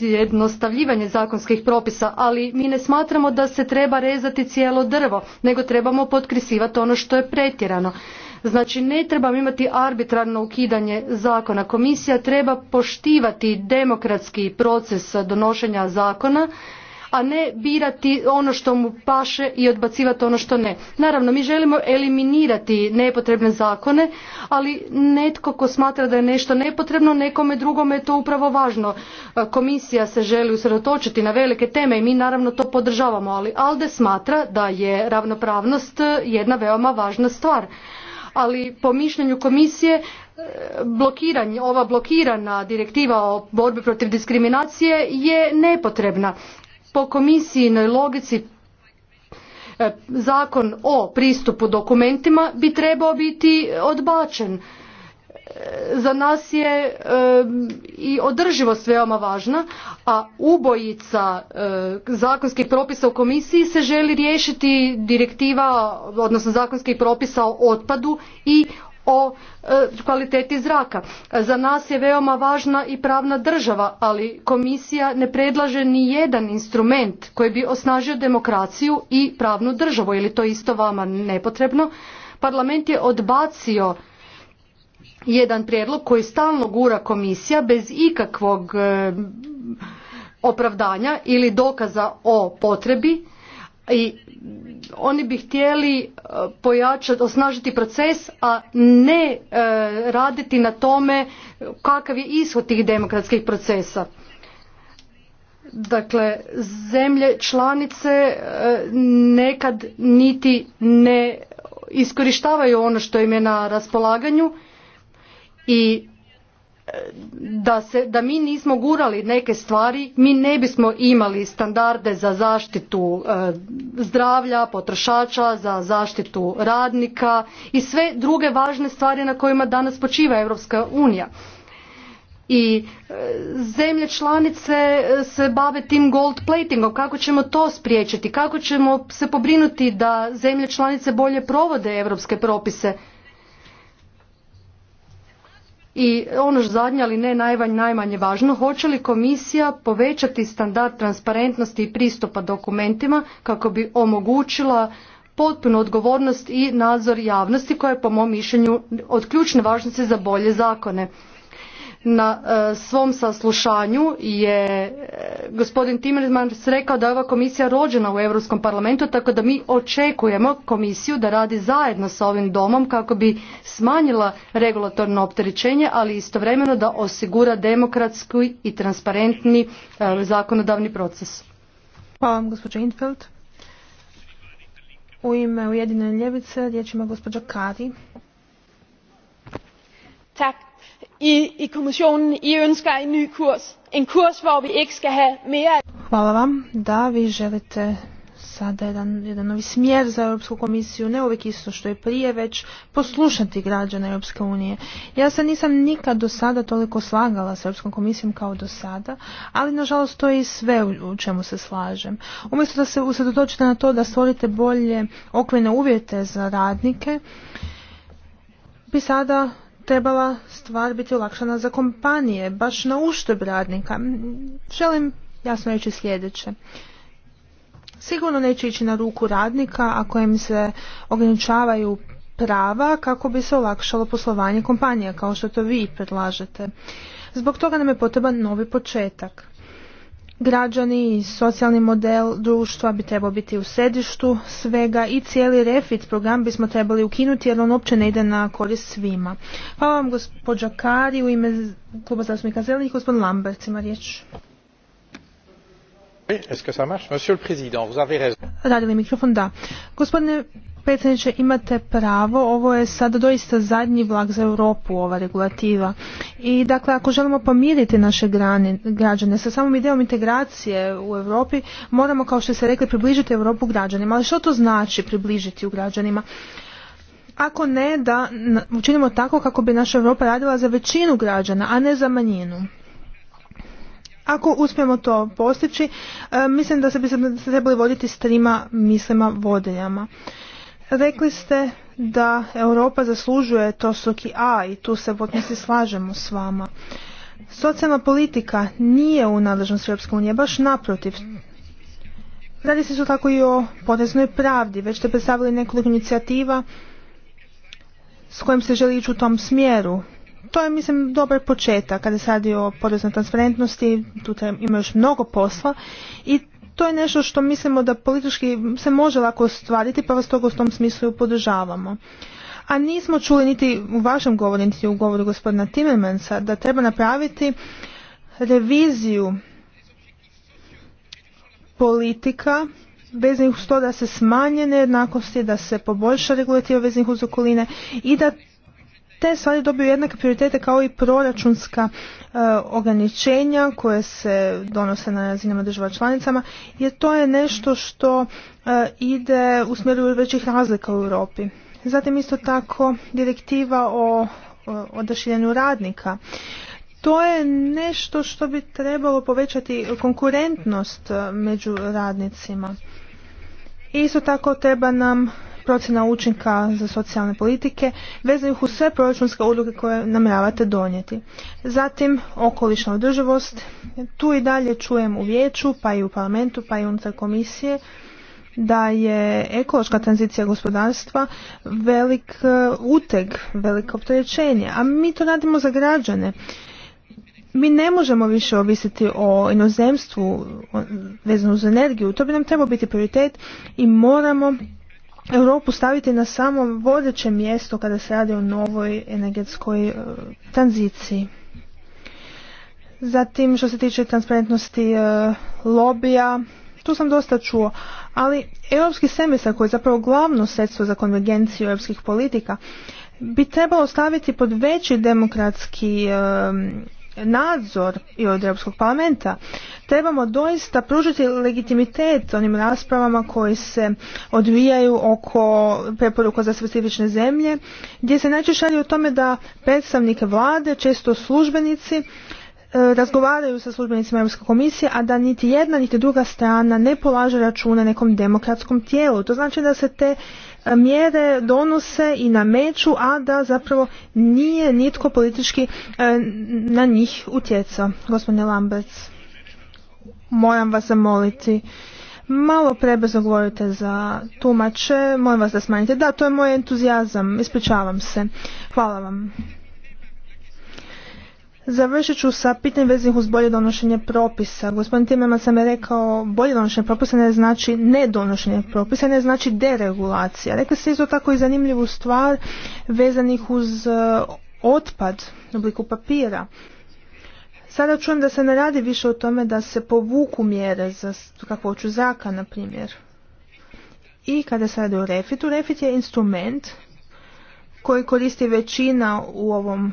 pojednostavljivanje zakonskih propisa, ali mi ne smatramo da se treba rezati cijelo drvo, nego trebamo potkrisivati ono što je pretjerano. Znači ne trebamo imati arbitrarno ukidanje zakona. Komisija treba poštivati demokratski proces donošenja zakona a ne birati ono što mu paše i odbacivati ono što ne. Naravno, mi želimo eliminirati nepotrebne zakone, ali netko ko smatra da je nešto nepotrebno, nekome drugome je to upravo važno. E, komisija se želi usredotočiti na velike teme i mi naravno to podržavamo, ali ALDE smatra da je ravnopravnost jedna veoma važna stvar ali po mišljenju komisije e, blokiranje, ova blokirana direktiva o borbi protiv diskriminacije je nepotrebna po komisijinoj logici e, zakon o pristupu dokumentima bi trebao biti odbačen. E, za nas je e, i održivost veoma važna, a ubojica zakonskih propisa u komisiji se želi riješiti direktiva, odnosno zakonskih propisa o otpadu i o e, kvaliteti zraka. Za nas je veoma važna i pravna država, ali komisija ne predlaže ni jedan instrument koji bi osnažio demokraciju i pravnu državu, ili to isto vama nepotrebno. Parlament je odbacio jedan prijedlog koji stalno gura komisija bez ikakvog e, opravdanja ili dokaza o potrebi i oni bi htjeli e, pojačati, osnažiti proces, a ne e, raditi na tome kakav je ishod tih demokratskih procesa. Dakle, zemlje članice e, nekad niti ne iskorištavaju ono što im je na raspolaganju i da, se, da mi nismo gurali neke stvari mi ne bismo imali standarde za zaštitu e, zdravlja potrošača za zaštitu radnika i sve druge važne stvari na kojima danas počiva europska unija i e, zemlje članice se bave tim gold platingom kako ćemo to spriječiti kako ćemo se pobrinuti da zemlje članice bolje provode europske propise i ono zadnje, ali ne najvanj, najmanje važno, hoće li komisija povećati standard transparentnosti i pristupa dokumentima kako bi omogućila potpunu odgovornost i nadzor javnosti koja je po mom mišljenju od ključne važnosti za bolje zakone. Na e, svom saslušanju je e, gospodin Timmermans rekao da je ova komisija rođena u Europskom parlamentu, tako da mi očekujemo komisiju da radi zajedno sa ovim domom kako bi smanjila regulatorno opterećenje, ali istovremeno da osigura demokratski i transparentni e, zakonodavni proces. Hvala vam, gospođa Infeld. U ime Ujedine ljevice riječ ima gospođa Tak, i, kommissionen i ønsker en ny kurs. En kurs hvor vi ikke skal have mere... Hvala vam. Da, vi želite sada jedan, jedan novi smjer za Europsku komisiju, ne uvijek isto što je prije, već poslušati građane Europske unije. Ja se nisam nikad do sada toliko slagala s Europskom komisijom kao do sada, ali nažalost to je i sve u čemu se slažem. Umjesto da se usredotočite na to da stvorite bolje okvirne uvjete za radnike, bi sada trebala stvar biti olakšana za kompanije, baš na ušteb radnika. Želim jasno reći sljedeće. Sigurno neće ići na ruku radnika ako im se ograničavaju prava kako bi se olakšalo poslovanje kompanija, kao što to vi predlažete. Zbog toga nam je potreban novi početak građani i socijalni model društva bi trebao biti u središtu svega i cijeli refit program bismo trebali ukinuti jer on uopće ne ide na korist svima. Hvala vam gospođa Kari u ime kluba zastupnika zelenih, gospodin Lambert ima riječ. Radili mikrofon, da. Gospodine Predsjedniče, imate pravo, ovo je sada doista zadnji vlak za Europu, ova regulativa. I dakle, ako želimo pomiriti naše građane sa samom idejom integracije u Europi, moramo, kao što ste rekli, približiti Europu građanima. Ali što to znači približiti u građanima? Ako ne, da učinimo tako kako bi naša Europa radila za većinu građana, a ne za manjinu. Ako uspijemo to postići, e, mislim da se bi se trebali voditi s trima mislima vodeljama. Rekli ste da Europa zaslužuje to soki A i tu se potpuno slažemo s vama. Socijalna politika nije u nadležnosti Europske unije, baš naprotiv. Radi se su tako i o poreznoj pravdi. Već ste predstavili nekoliko inicijativa s kojim se želi ići u tom smjeru. To je, mislim, dobar početak kada se radi o poreznoj transparentnosti. Tu ima još mnogo posla i to je nešto što mislimo da politički se može lako ostvariti, pa vas toga u tom smislu podržavamo. A nismo čuli niti u vašem govoru, u govoru gospodina Timmermansa, da treba napraviti reviziju politika veznih uz to da se smanje nejednakosti, da se poboljša regulativa veznih uz okoline i da te stvari dobiju jednake prioritete kao i proračunska e, ograničenja koje se donose na razinama država članicama jer to je nešto što e, ide u smjeru većih razlika u Europi. Zatim isto tako direktiva o odašiljenju radnika. To je nešto što bi trebalo povećati konkurentnost e, među radnicima. Isto tako treba nam procjena učinka za socijalne politike vezanih u sve proračunske odluke koje namjeravate donijeti. Zatim okolišna održivost. Tu i dalje čujem u vijeću, pa i u parlamentu, pa i unutar komisije da je ekološka tranzicija gospodarstva velik uh, uteg, veliko opterećenje, a mi to radimo za građane. Mi ne možemo više ovisiti o inozemstvu vezano uz energiju, to bi nam trebao biti prioritet i moramo Europu staviti na samo vodeće mjesto kada se radi o novoj energetskoj e, tranziciji. Zatim što se tiče transparentnosti e, lobija, tu sam dosta čuo, ali europski semestar koji je zapravo glavno sredstvo za konvergenciju europskih politika bi trebalo staviti pod veći demokratski e, nadzor i od Europskog parlamenta. Trebamo doista pružiti legitimitet onim raspravama koji se odvijaju oko preporuka za specifične zemlje, gdje se najčešće radi o tome da predstavnike vlade, često službenici, e, razgovaraju sa službenicima Europske komisije, a da niti jedna niti druga strana ne polaže račune nekom demokratskom tijelu. To znači da se te mjere donose i nameću, a da zapravo nije nitko politički e, na njih utjecao. Gospodine lambec moram vas zamoliti. Malo prebrzo govorite za tumače, molim vas da smanjite. Da, to je moj entuzijazam, ispričavam se. Hvala vam. Završit ću sa pitanjem veznih uz bolje donošenje propisa. Gospodin Timerman sam je rekao bolje donošenje propisa ne znači ne donošenje propisa, ne znači deregulacija. Rekli ste isto tako i zanimljivu stvar vezanih uz e, otpad u obliku papira. Sada čujem da se ne radi više o tome da se povuku mjere za kakvoću zraka, na primjer. I kada se radi o refitu, refit je instrument koji koristi većina u ovom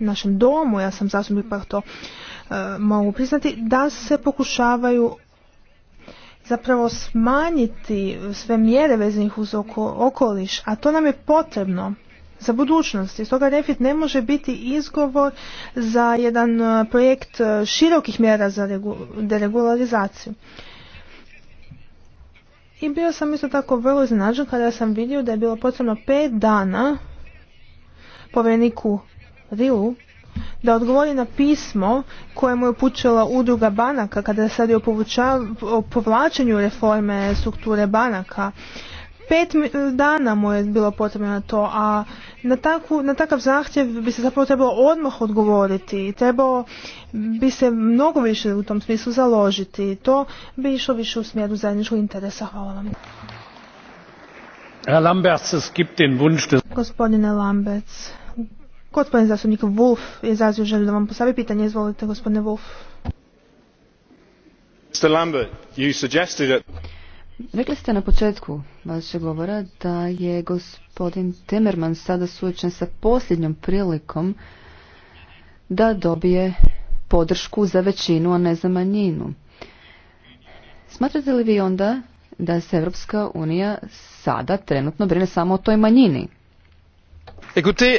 našem domu, ja sam zastupnik pa to e, mogu priznati, da se pokušavaju zapravo smanjiti sve mjere vezanih uz okoliš, a to nam je potrebno za budućnost. I stoga refit ne može biti izgovor za jedan e, projekt e, širokih mjera za deregularizaciju. I bio sam isto tako vrlo iznenađen kada sam vidio da je bilo potrebno pet dana povjereniku Rilu da odgovori na pismo koje mu je upućala udruga banaka kada je radi o, o povlačenju reforme strukture banaka. Pet dana mu je bilo potrebno na to, a na, takvu, na takav zahtjev bi se zapravo trebalo odmah odgovoriti i bi se mnogo više u tom smislu založiti. To bi išlo više u smjeru zajedničkog interesa. Hvala vam. Gospodine Lamberts, Gospodin zastupnik Wolf je zazio želju da vam postavi pitanje. Izvolite, gospodine Wolf. Mr. Lambert, you suggested that... Rekli ste na početku vašeg govora da je gospodin Temerman sada suočen sa posljednjom prilikom da dobije podršku za većinu, a ne za manjinu. Smatrate li vi onda da se Evropska unija sada trenutno brine samo o toj manjini? Écoutez,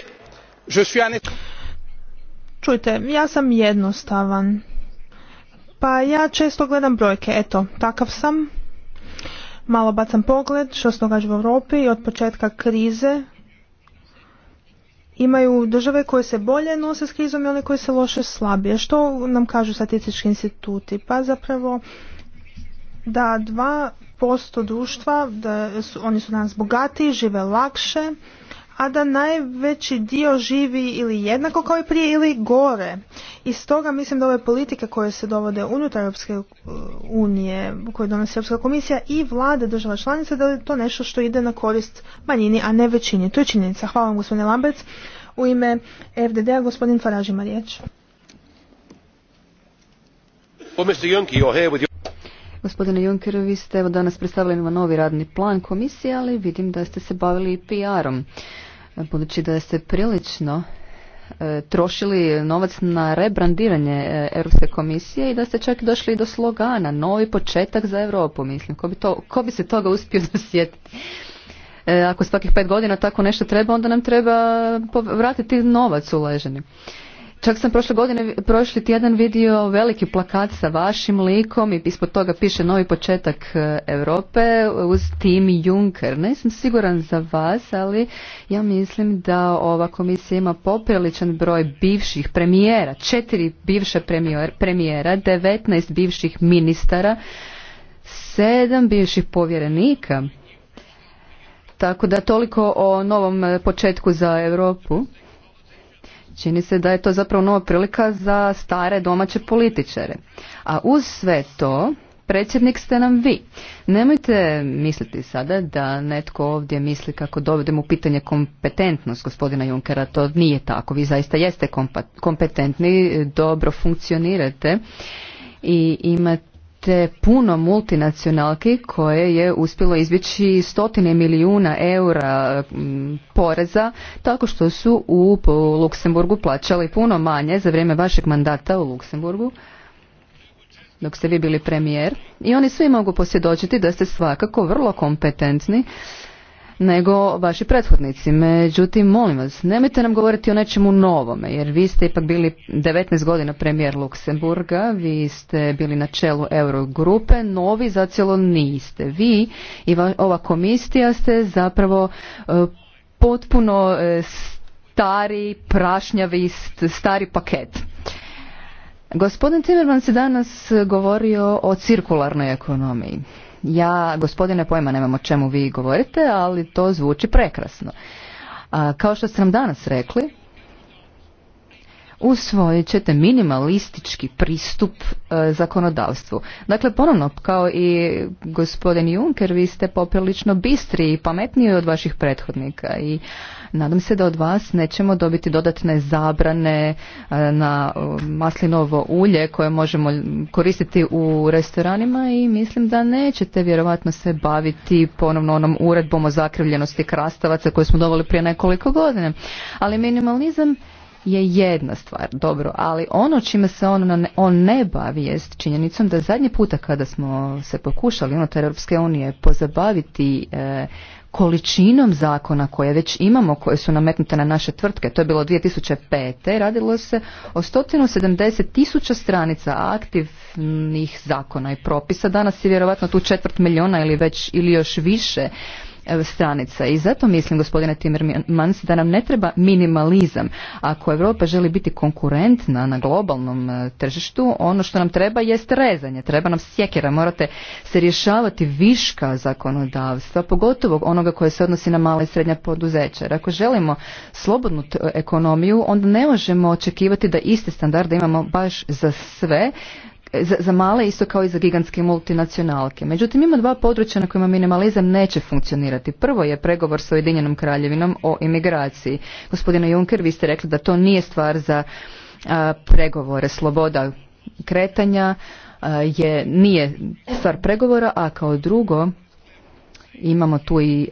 Čujte, ja sam jednostavan. Pa ja često gledam brojke, eto, takav sam. Malo bacam pogled što se događa u Europi i od početka krize imaju države koje se bolje nose s krizom i one koje se loše slabije. Što nam kažu statistički instituti? Pa zapravo da dva posto društva, da oni su danas bogatiji, žive lakše, a da najveći dio živi ili jednako kao i prije ili gore. I stoga mislim da ove politike koje se dovode unutar Europske uh, unije, koje donosi Europska komisija i vlade država članica, da je to nešto što ide na korist manjini, a ne većini. To je činjenica. Hvala vam gospodine Lambec. U ime fdd gospodin Faraž ima riječ. Gospodine Junkeru, vi ste evo danas predstavili novi radni plan komisije, ali vidim da ste se bavili PR-om budući da ste prilično e, trošili novac na rebrandiranje e, Europske komisije i da ste čak došli do slogana novi početak za Europu mislim ko bi, to, ko bi se toga uspio zasjetiti? <laughs> E, ako svakih pet godina tako nešto treba onda nam treba vratiti novac uleženi Čak sam prošle godine, prošli tjedan vidio veliki plakat sa vašim likom i ispod toga piše novi početak e, Europe uz tim Juncker. Ne sam siguran za vas, ali ja mislim da ova komisija ima popriličan broj bivših premijera, četiri bivše premijera, devetnaest bivših ministara, sedam bivših povjerenika. Tako da toliko o novom e, početku za Europu. Čini se da je to zapravo nova prilika za stare domaće političare. A uz sve to, predsjednik ste nam vi. Nemojte misliti sada da netko ovdje misli kako dovedemo u pitanje kompetentnost gospodina Junkera. To nije tako. Vi zaista jeste kompetentni, dobro funkcionirate i imate te puno multinacionalki koje je uspjelo izbjeći stotine milijuna eura poreza tako što su u Luksemburgu plaćali puno manje za vrijeme vašeg mandata u Luksemburgu dok ste vi bili premijer i oni svi mogu posvjedočiti da ste svakako vrlo kompetentni nego vaši prethodnici. Međutim, molim vas, nemojte nam govoriti o nečemu novome, jer vi ste ipak bili 19 godina premijer Luksemburga, vi ste bili na čelu Eurogrupe, novi zacijelo niste. Vi i ova komisija ste zapravo e, potpuno e, stari, prašnjavist, stari paket. Gospodin Timerman se danas govorio o cirkularnoj ekonomiji. Ja, gospodine, pojma nemam o čemu vi govorite, ali to zvuči prekrasno. kao što ste nam danas rekli, usvojit ćete minimalistički pristup e, zakonodavstvu. Dakle, ponovno, kao i gospodin Juncker, vi ste poprilično bistri i pametniji od vaših prethodnika i Nadam se da od vas nećemo dobiti dodatne zabrane e, na e, maslinovo ulje koje možemo koristiti u restoranima i mislim da nećete vjerovatno se baviti ponovno onom uredbom o zakrivljenosti krastavaca koje smo doveli prije nekoliko godina. Ali minimalizam je jedna stvar, dobro, ali ono čime se on, on ne bavi jest činjenicom da zadnji puta kada smo se pokušali unutar Europske unije pozabaviti e, količinom zakona koje već imamo, koje su nametnute na naše tvrtke. To je bilo 2005. Radilo se o 170 tisuća stranica aktivnih zakona i propisa. Danas je vjerojatno tu četvrt miliona ili već ili još više E, stranica. I zato mislim, gospodine Timmermans, da nam ne treba minimalizam. Ako Europa želi biti konkurentna na globalnom e, tržištu, ono što nam treba jest rezanje, treba nam sjekira. morate se rješavati viška zakonodavstva, pogotovo onoga koje se odnosi na mala i srednja poduzeća. ako želimo slobodnu ekonomiju, onda ne možemo očekivati da iste standarde imamo baš za sve, za, za male isto kao i za gigantske multinacionalke. Međutim, ima dva područja na kojima minimalizam neće funkcionirati. Prvo je pregovor sa Ujedinjenom kraljevinom o imigraciji. Gospodine Juncker, vi ste rekli da to nije stvar za pregovore. Sloboda kretanja je, nije stvar pregovora, a kao drugo imamo tu i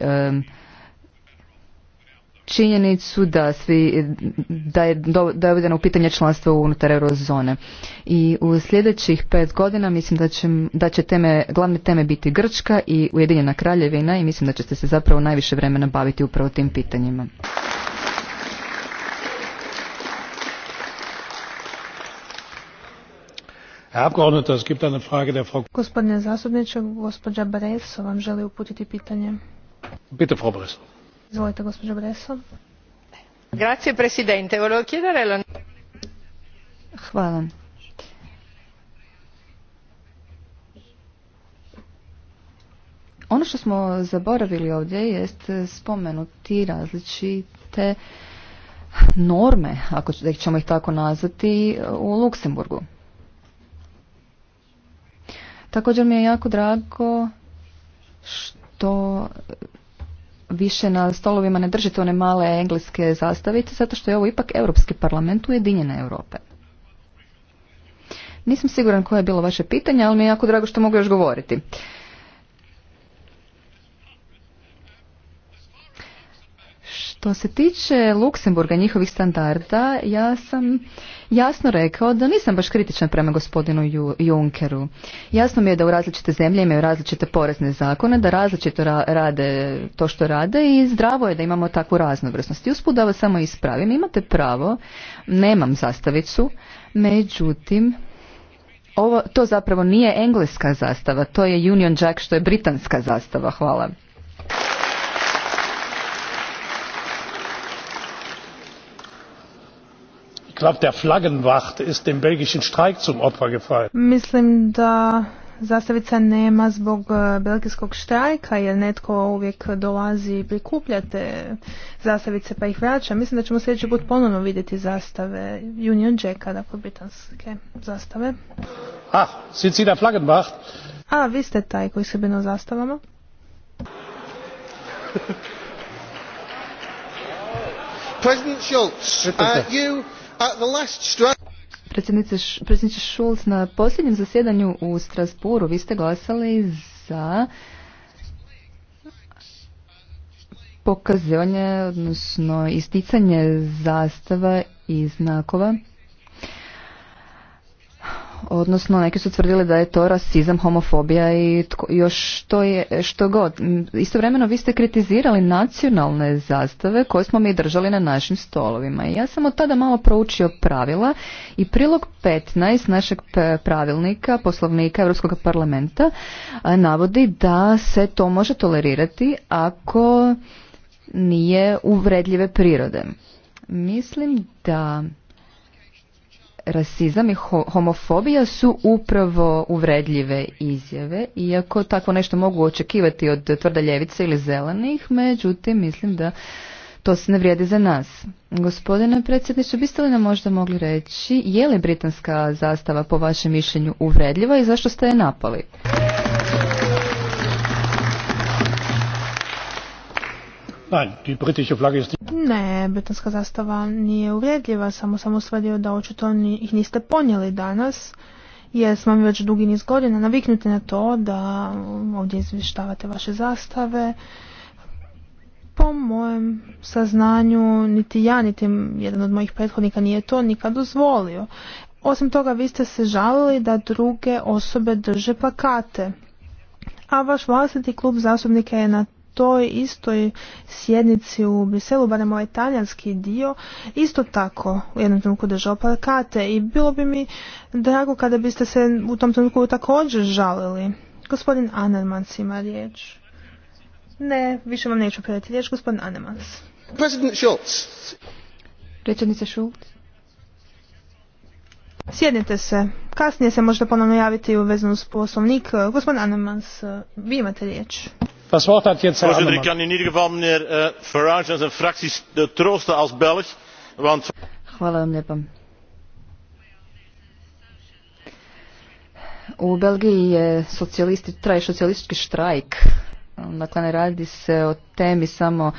činjenicu da svi da je dovedeno u pitanje članstvo unutar eurozone. I u sljedećih pet godina mislim da će, da će teme, glavne teme biti Grčka i Ujedinjena kraljevina i mislim da ćete se zapravo najviše vremena baviti upravo tim pitanjima. Gospodine zastupniče, gospođa Breso vam želi uputiti pitanje. Bitte, Frau Izvolite, gospođo Breso. Grazie, presidente. Volevo chiedere... Hvala. Ono što smo zaboravili ovdje jest spomenuti različite norme, ako ćemo ih tako nazvati, u Luksemburgu. Također mi je jako drago što više na stolovima ne držite one male engleske zastavice zato što je ovo ipak Europski parlament Ujedinjene Europe. Nisam siguran koje je bilo vaše pitanje, ali mi je jako drago što mogu još govoriti. Što se tiče Luksemburga njihovih standarda, ja sam jasno rekao da nisam baš kritičan prema gospodinu Junkeru. Jasno mi je da u različite zemlje imaju različite porezne zakone, da različito rade to što rade i zdravo je da imamo takvu raznovrsnost. I usput da vas samo ispravim, imate pravo, nemam zastavicu, međutim... Ovo, to zapravo nije engleska zastava, to je Union Jack što je britanska zastava. Hvala. kraft der flaggenwacht ist dem belgischen streik zum opfer gefallen. mislim da zastavica nema zbog eh, belgijskog štrajka jer netko uvijek dolazi i prikuplja te zastavice pa ih vraća. Mislim da ćemo sljedeći put ponovno vidjeti zastave Union Jacka, dakle britanske zastave. Ah, sind Sie der Flaggenwacht? A, vi ste taj koji se brinu zastavama. President Schultz, uh, you Predsjedniče Šulc, na posljednjem zasjedanju u Strasburu vi ste glasali za pokazivanje, odnosno isticanje zastava i znakova odnosno neki su tvrdili da je to rasizam, homofobija i još što je što god. Istovremeno vi ste kritizirali nacionalne zastave koje smo mi držali na našim stolovima. I ja sam od tada malo proučio pravila i prilog 15 našeg pravilnika, poslovnika Europskog parlamenta navodi da se to može tolerirati ako nije uvredljive prirode. Mislim da rasizam i homofobija su upravo uvredljive izjave, iako tako nešto mogu očekivati od tvrda ljevice ili zelenih, međutim mislim da to se ne vrijedi za nas. Gospodine predsjedniče, biste li nam možda mogli reći je li britanska zastava po vašem mišljenju uvredljiva i zašto ste je napali? Ne, britanska zastava nije uvredljiva, samo sam usvadio da očito ih niste ponijeli danas, jer smo mi već dugi niz godina naviknuti na to da ovdje izvještavate vaše zastave. Po mojem saznanju, niti ja, niti jedan od mojih prethodnika nije to nikad dozvolio. Osim toga, vi ste se žalili da druge osobe drže plakate a vaš vlastiti klub zastupnika je na toj istoj sjednici u Briselu, barem ovaj talijanski dio, isto tako u jednom trenutku držao plakate i bilo bi mi drago kada biste se u tom trenutku također žalili. Gospodin Anermans ima riječ. Ne, više vam neću predati riječ, gospodin Anermans. President Schultz. Predsjednice Sjednite se. Kasnije se možete ponovno javiti u vezanu s poslovnik. Gospodin Anemans, vi imate riječ voorzitter ik kan in ieder geval mijnheer eh, farage en zijn fractie eh, troosten als belg want. hvala vam lijepa. u belgiji je traje socijalistički štrajk dakle ne radi se o temi samo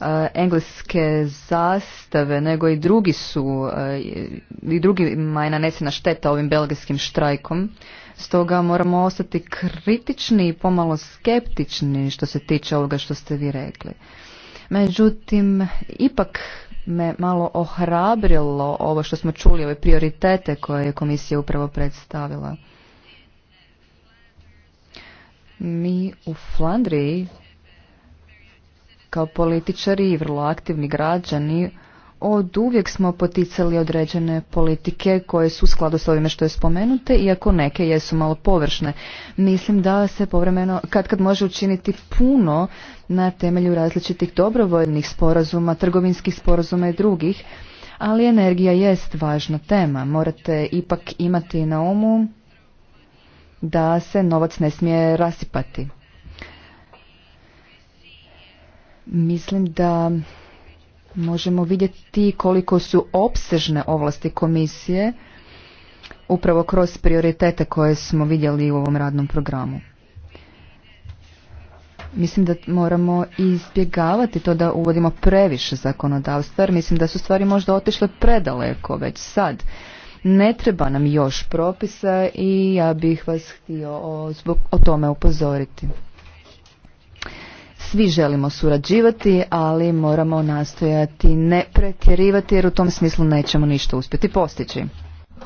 eh, engleske zastave nego i drugi su i drugima je nanesena šteta ovim belgijskim štrajkom Stoga moramo ostati kritični i pomalo skeptični što se tiče ovoga što ste vi rekli. Međutim, ipak me malo ohrabrilo ovo što smo čuli, ove prioritete koje je komisija upravo predstavila. Mi u Flandriji kao političari i vrlo aktivni građani od uvijek smo poticali određene politike koje su u skladu s ovime što je spomenute, iako neke jesu malo površne. Mislim da se povremeno, kad kad može učiniti puno na temelju različitih dobrovoljnih sporazuma, trgovinskih sporazuma i drugih, ali energija jest važna tema. Morate ipak imati na umu da se novac ne smije rasipati. Mislim da možemo vidjeti koliko su opsežne ovlasti komisije upravo kroz prioritete koje smo vidjeli u ovom radnom programu. Mislim da moramo izbjegavati to da uvodimo previše zakonodavstva, jer mislim da su stvari možda otišle predaleko već sad. Ne treba nam još propisa i ja bih vas htio o, zbog, o tome upozoriti. Svi želimo surađivati, ali moramo nastojati ne pretjerivati jer u tom smislu nećemo ništa uspjeti postići.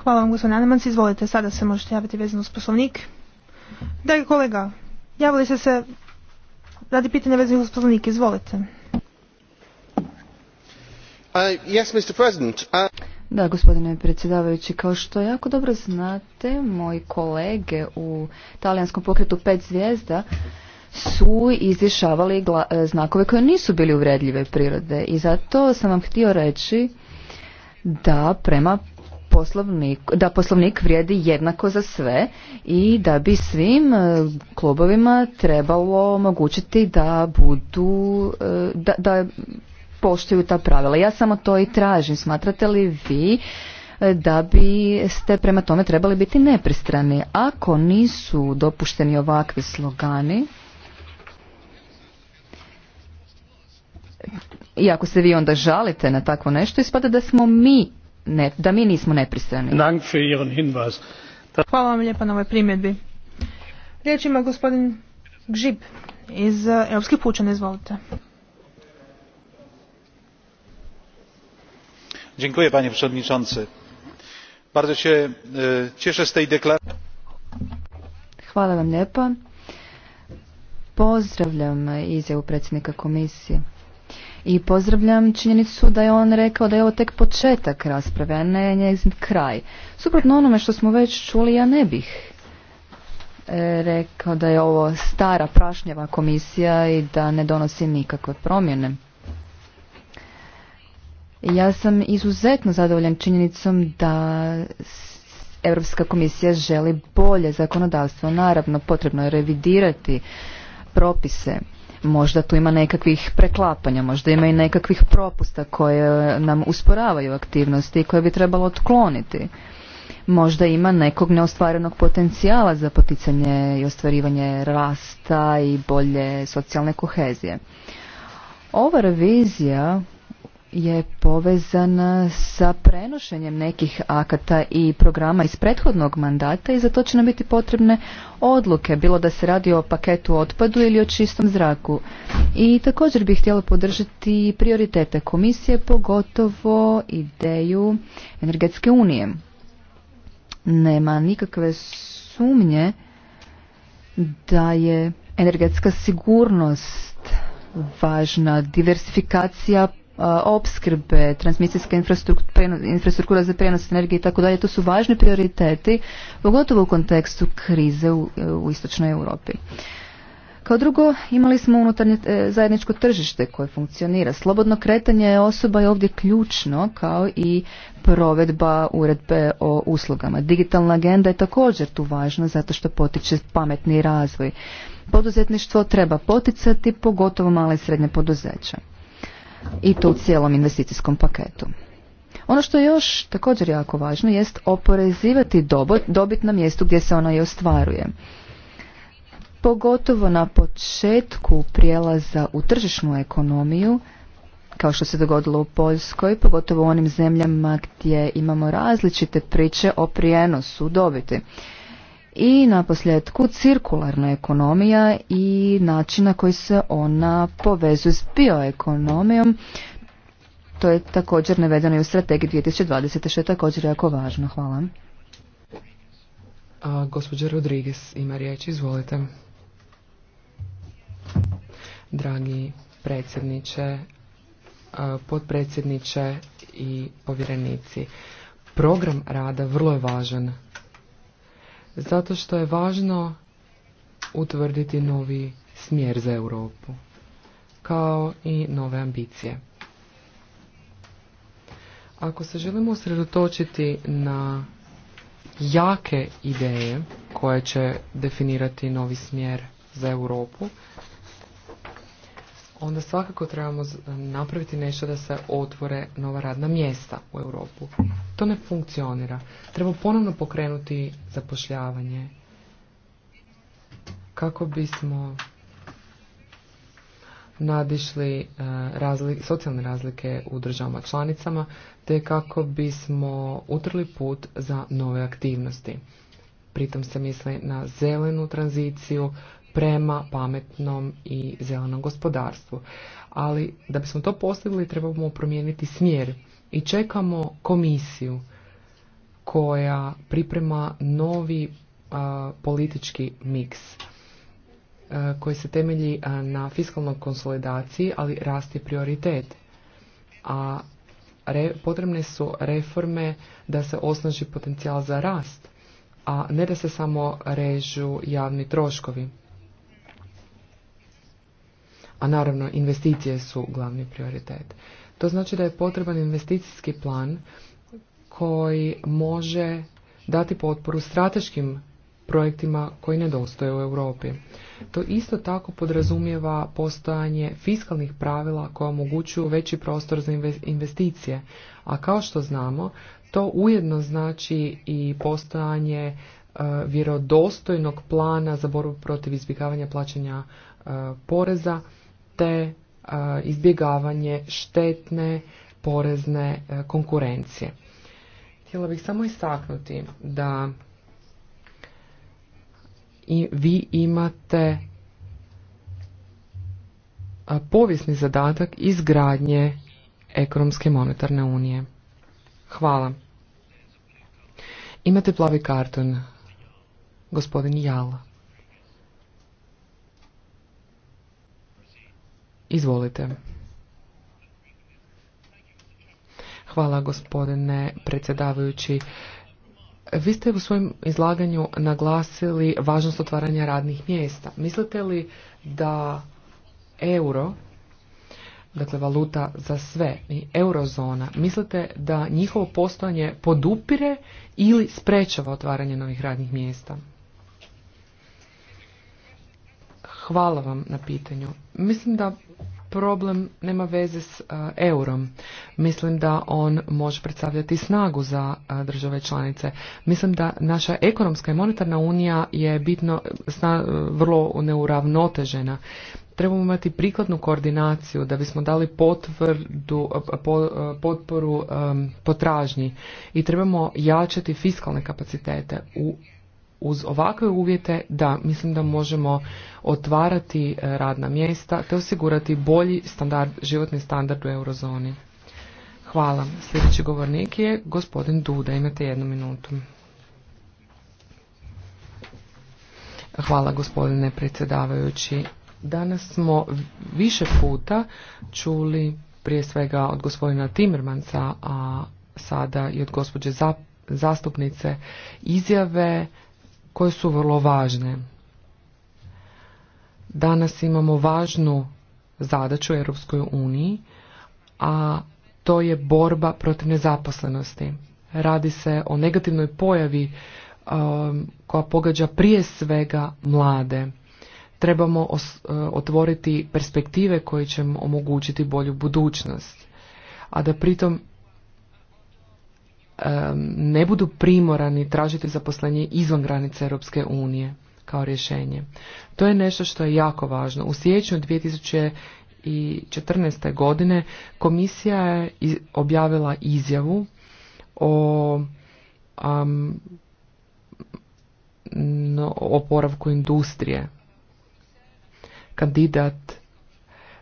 Hvala vam gospodine Anemans, izvolite, sada se možete javiti vezano uz poslovnik. Dragi kolega, javili ste se radi pitanja vezano uz poslovnik, izvolite. Uh, uh, da, gospodine predsjedavajući, kao što jako dobro znate, moji kolege u talijanskom pokretu 5 zvijezda su izvješavali e, znakove koje nisu bili uvredljive prirode i zato sam vam htio reći da prema poslovnik, da poslovnik vrijedi jednako za sve i da bi svim e, klubovima trebalo omogućiti da budu e, da, da poštuju ta pravila. Ja samo to i tražim. Smatrate li vi da bi ste prema tome trebali biti nepristrani? Ako nisu dopušteni ovakvi slogani, i ako se vi onda žalite na takvo nešto, ispada da smo mi, ne, da mi nismo nepristrani. Hvala vam lijepa na ovoj primjedbi. Riječ ima gospodin Gžib iz e, Europskih pučana, izvolite. Dziękuję panie przewodniczący. Bardzo się e, cieszę z tej deklaracji. Hvala vam lijepa. Pozdravljam izjavu predsjednika komisije i pozdravljam činjenicu da je on rekao da je ovo tek početak rasprave, a ne njezin kraj. Suprotno onome što smo već čuli, ja ne bih e, rekao da je ovo stara prašnjava komisija i da ne donosi nikakve promjene. Ja sam izuzetno zadovoljan činjenicom da Europska komisija želi bolje zakonodavstvo. Naravno, potrebno je revidirati propise Možda tu ima nekakvih preklapanja, možda ima i nekakvih propusta koje nam usporavaju aktivnosti i koje bi trebalo otkloniti. Možda ima nekog neostvarenog potencijala za poticanje i ostvarivanje rasta i bolje socijalne kohezije. Ova revizija je povezana sa prenošenjem nekih akata i programa iz prethodnog mandata i za to će nam biti potrebne odluke, bilo da se radi o paketu otpadu ili o čistom zraku. I također bih htjela podržati prioritete komisije, pogotovo ideju energetske unije. Nema nikakve sumnje da je energetska sigurnost važna diversifikacija opskrbe, transmisijska infrastruktura za prenos energije i tako dalje, to su važni prioriteti, pogotovo u kontekstu krize u, u istočnoj Europi. Kao drugo, imali smo unutarnje e, zajedničko tržište koje funkcionira. Slobodno kretanje osoba je ovdje ključno kao i provedba uredbe o uslugama. Digitalna agenda je također tu važna zato što potiče pametni razvoj. Poduzetništvo treba poticati, pogotovo male i srednje poduzeća i to u cijelom investicijskom paketu. Ono što je još također jako važno jest oporezivati dobit na mjestu gdje se ona i ostvaruje. Pogotovo na početku prijelaza u tržišnu ekonomiju, kao što se dogodilo u Poljskoj, pogotovo u onim zemljama gdje imamo različite priče o prijenosu dobiti. I na cirkularna ekonomija i načina koji se ona povezuje s bioekonomijom. To je također navedeno i u strategiji 2020. što je također jako važno. Hvala. A, gospođa Rodriguez ima riječ, izvolite. Dragi predsjedniče, potpredsjedniče i povjerenici. Program rada vrlo je važan zato što je važno utvrditi novi smjer za Europu, kao i nove ambicije. Ako se želimo sredotočiti na jake ideje koje će definirati novi smjer za Europu, onda svakako trebamo napraviti nešto da se otvore nova radna mjesta u Europu. To ne funkcionira. Treba ponovno pokrenuti zapošljavanje kako bismo nadišli e, socijalne razlike u državama članicama, te kako bismo utrli put za nove aktivnosti. Pritom se misli na zelenu tranziciju, prema pametnom i zelenom gospodarstvu. Ali da bismo to postigli trebamo promijeniti smjer i čekamo komisiju koja priprema novi politički miks koji se temelji na fiskalnoj konsolidaciji, ali rasti prioritet. A potrebne su reforme da se osnaži potencijal za rast, a ne da se samo režu javni troškovi a naravno investicije su glavni prioritet. To znači da je potreban investicijski plan koji može dati potporu strateškim projektima koji nedostoje u Europi. To isto tako podrazumijeva postojanje fiskalnih pravila koja omogućuju veći prostor za investicije, a kao što znamo, to ujedno znači i postojanje e, vjerodostojnog plana za borbu protiv izbjegavanja plaćanja e, poreza te e, izbjegavanje štetne porezne e, konkurencije. Htjela bih samo istaknuti da vi imate e, povijesni zadatak izgradnje ekonomske monetarne unije. Hvala. Imate plavi karton, gospodin Jala. Izvolite. Hvala gospodine predsjedavajući. Vi ste u svojem izlaganju naglasili važnost otvaranja radnih mjesta. Mislite li da euro, dakle valuta za sve i eurozona, mislite da njihovo postojanje podupire ili sprečava otvaranje novih radnih mjesta? Hvala vam na pitanju. Mislim da problem nema veze s e, eurom. Mislim da on može predstavljati snagu za e, države članice. Mislim da naša ekonomska i monetarna unija je bitno e, vrlo neuravnotežena. Trebamo imati prikladnu koordinaciju da bismo dali potvrdu, potporu potražnji i trebamo jačati fiskalne kapacitete u uz ovakve uvjete, da, mislim da možemo otvarati e, radna mjesta te osigurati bolji standard, životni standard u eurozoni. Hvala. Sljedeći govornik je gospodin Duda. Imate jednu minutu. Hvala gospodine predsjedavajući. Danas smo više puta čuli prije svega od gospodina Timmermansa, a sada i od gospođe zastupnice izjave koje su vrlo važne. Danas imamo važnu zadaću u Europskoj uniji, a to je borba protiv nezaposlenosti. Radi se o negativnoj pojavi um, koja pogađa prije svega mlade. Trebamo uh, otvoriti perspektive koje će omogućiti bolju budućnost, a da pritom ne budu primorani tražiti zaposlenje izvan granice Europske unije kao rješenje. To je nešto što je jako važno. U siječnju 2014. godine komisija je objavila izjavu o um, oporavku industrije. Kandidat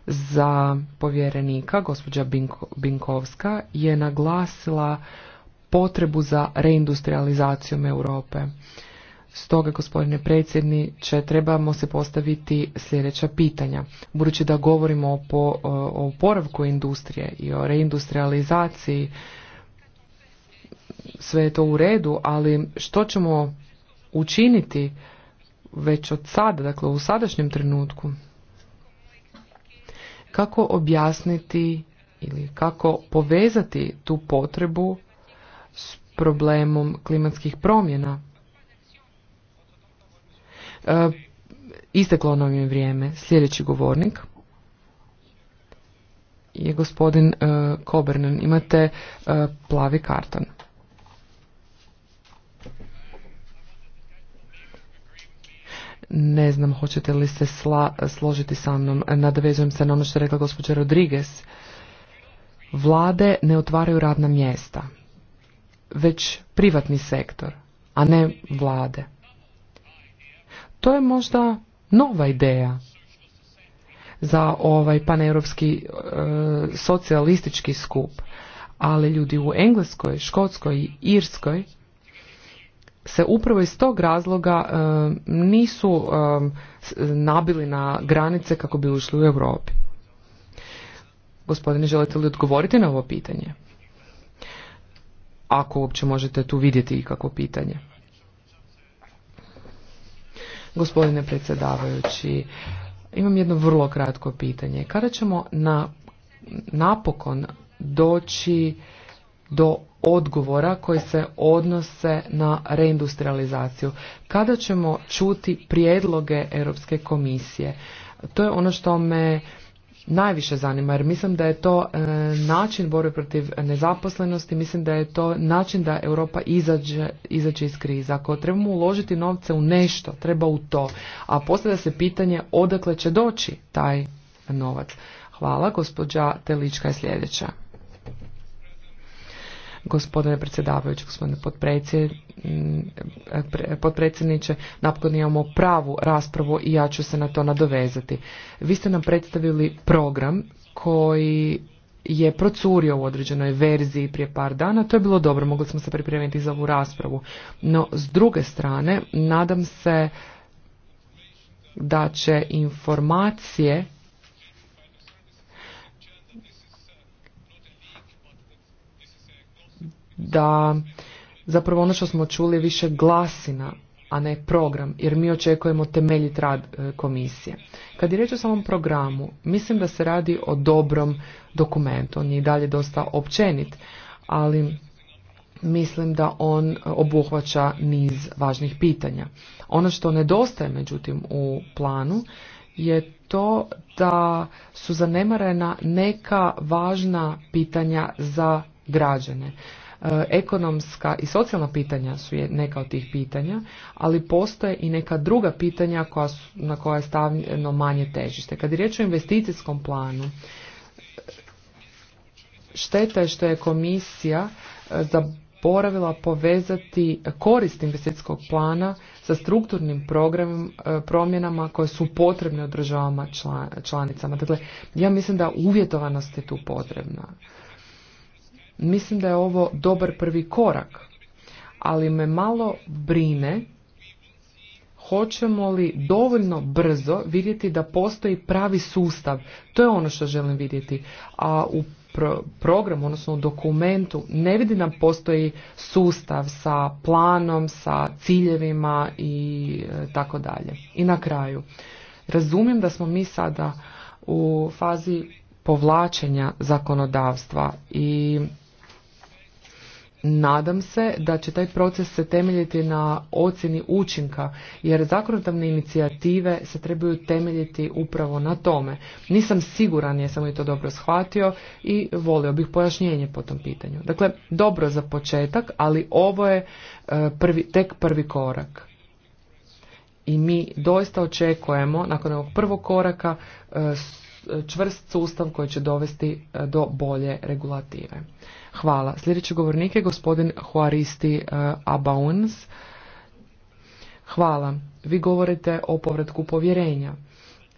za povjerenika, gospođa Binkovska, je naglasila potrebu za reindustrializacijom Europe. Stoga, gospodine predsjedniče, trebamo se postaviti sljedeća pitanja. Budući da govorimo o, po, o industrije i o reindustrializaciji, sve je to u redu, ali što ćemo učiniti već od sada, dakle u sadašnjem trenutku? Kako objasniti ili kako povezati tu potrebu problemom klimatskih promjena. E, isteklo nam je vrijeme. Sljedeći govornik je gospodin e, Kobernan. Imate e, plavi karton. Ne znam, hoćete li se složiti sa mnom. Nadovezujem se na ono što je rekla gospođa Rodriguez. Vlade ne otvaraju radna mjesta već privatni sektor, a ne vlade. To je možda nova ideja za ovaj paneuropski e, socijalistički skup, ali ljudi u Engleskoj, Škotskoj i Irskoj se upravo iz tog razloga e, nisu e, nabili na granice kako bi ušli u Europi. Gospodine, želite li odgovoriti na ovo pitanje? ako uopće možete tu vidjeti ikakvo pitanje. Gospodine predsjedavajući, imam jedno vrlo kratko pitanje. Kada ćemo na, napokon doći do odgovora koji se odnose na reindustrializaciju? Kada ćemo čuti prijedloge Europske komisije? To je ono što me najviše zanima jer mislim da je to e, način borbe protiv nezaposlenosti, mislim da je to način da Europa izađe, izađe iz krize. Ako trebamo uložiti novce u nešto, treba u to. A postavlja se pitanje odakle će doći taj novac. Hvala, gospođa Telička je sljedeća gospodine predsjedavajući, gospodine potpredsjedniče. Napokon imamo pravu raspravu i ja ću se na to nadovezati. Vi ste nam predstavili program koji je procurio u određenoj verziji prije par dana. To je bilo dobro, mogli smo se pripremiti za ovu raspravu. No, s druge strane, nadam se da će informacije da zapravo ono što smo čuli više glasina, a ne program, jer mi očekujemo temeljit rad e, komisije. Kad je riječ o samom programu, mislim da se radi o dobrom dokumentu, on je i dalje dosta općenit, ali mislim da on obuhvaća niz važnih pitanja. Ono što nedostaje međutim u planu je to da su zanemarena neka važna pitanja za građane. E, ekonomska i socijalna pitanja su neka od tih pitanja, ali postoje i neka druga pitanja koja su, na koja je stavljeno manje težište. Kad je riječ o investicijskom planu, šteta je što je komisija e, zaboravila povezati korist investicijskog plana sa strukturnim e, promjenama koje su potrebne u državama članicama. Dakle, ja mislim da uvjetovanost je tu potrebna. Mislim da je ovo dobar prvi korak, ali me malo brine hoćemo li dovoljno brzo vidjeti da postoji pravi sustav. To je ono što želim vidjeti. A u programu, odnosno u dokumentu, ne vidi nam postoji sustav sa planom, sa ciljevima i e, tako dalje. I na kraju, razumijem da smo mi sada u fazi povlačenja zakonodavstva i Nadam se da će taj proces se temeljiti na ocjeni učinka, jer zakonodavne inicijative se trebaju temeljiti upravo na tome. Nisam siguran, jesam li to dobro shvatio i volio bih pojašnjenje po tom pitanju. Dakle, dobro za početak, ali ovo je e, prvi, tek prvi korak. I mi doista očekujemo, nakon ovog prvog koraka, e, čvrst sustav koji će dovesti e, do bolje regulative. Hvala. Sljedeći govornik je gospodin Huaristi eh, Abauns. Hvala. Vi govorite o povratku povjerenja.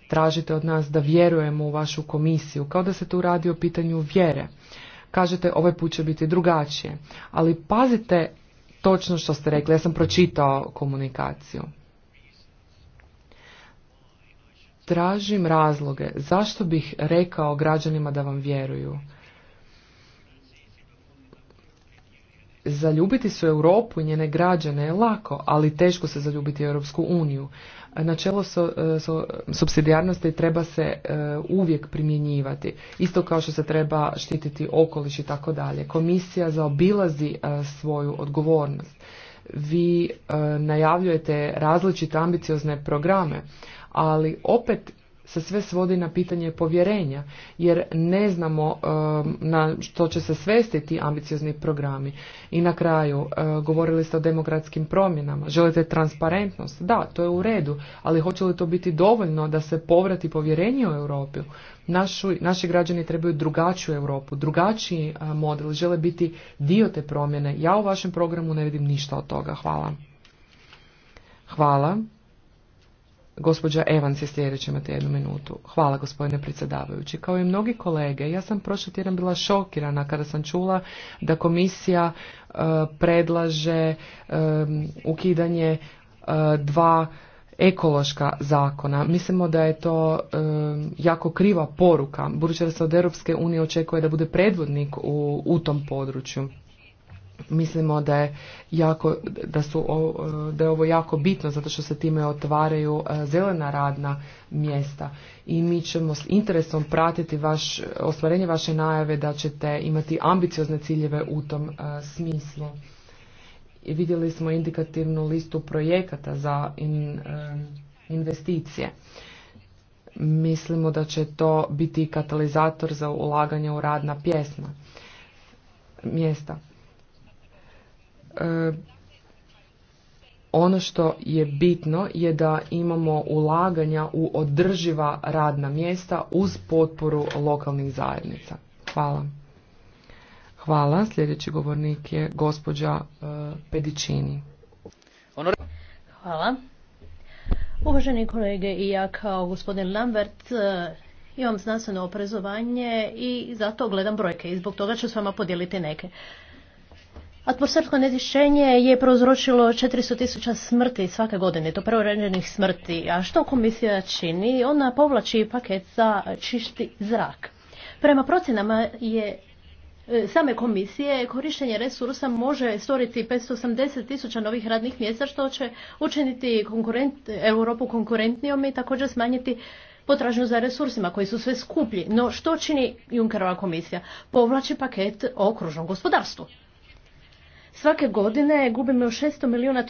Tražite od nas da vjerujemo u vašu komisiju, kao da se tu radi o pitanju vjere. Kažete, ovaj put će biti drugačije. Ali pazite točno što ste rekli. Ja sam pročitao komunikaciju. Tražim razloge. Zašto bih rekao građanima da vam vjeruju? Zaljubiti su Europu i njene građane je lako, ali teško se zaljubiti Europsku uniju. Načelo so, e, so, subsidijarnosti treba se e, uvijek primjenjivati, isto kao što se treba štititi okoliš i tako dalje. Komisija zaobilazi e, svoju odgovornost. Vi najavljujete različite ambiciozne programe, ali opet se sve svodi na pitanje povjerenja jer ne znamo um, na što će se svesti ti ambiciozni programi. I na kraju uh, govorili ste o demokratskim promjenama, želite transparentnost, da, to je u redu, ali hoće li to biti dovoljno da se povrati povjerenje u Europi? Naši građani trebaju drugačiju Europu, drugačiji uh, model, žele biti dio te promjene. Ja u vašem programu ne vidim ništa od toga. Hvala. Hvala. Gospođa Evans je sljedeća, imate jednu minutu. Hvala gospodine predsjedavajući. Kao i mnogi kolege, ja sam prošli tjedan bila šokirana kada sam čula da komisija e, predlaže e, ukidanje e, dva ekološka zakona. Mislimo da je to jako kriva poruka, budući da se od Europske unije očekuje da bude predvodnik u tom području mislimo da je jako, da su da je ovo jako bitno zato što se time otvaraju e, zelena radna mjesta i mi ćemo s interesom pratiti vaš ostvarenje vaše najave da ćete imati ambiciozne ciljeve u tom e, smislu. I vidjeli smo indikativnu listu projekata za e, investicije. Mislimo da će to biti katalizator za ulaganje u radna pjesma mjesta E, ono što je bitno je da imamo ulaganja u održiva radna mjesta uz potporu lokalnih zajednica. Hvala. Hvala. Sljedeći govornik je gospođa e, pedičini Hvala. Uvaženi kolege i ja kao gospodin Lambert e, imam znanstveno obrazovanje i zato gledam brojke i zbog toga ću s vama podijeliti neke. Atmosfersko nezišćenje je prouzročilo 400 tisuća smrti svake godine, to preuređenih smrti. A što komisija čini? Ona povlači paket za čišti zrak. Prema procjenama je e, same komisije korištenje resursa može stvoriti 580 tisuća novih radnih mjesta što će učiniti konkurent, Europu konkurentnijom i također smanjiti potražnju za resursima koji su sve skuplji. No što čini Junkerova komisija? Povlači paket o okružnom gospodarstvu. Svake godine gubimo 600 milijuna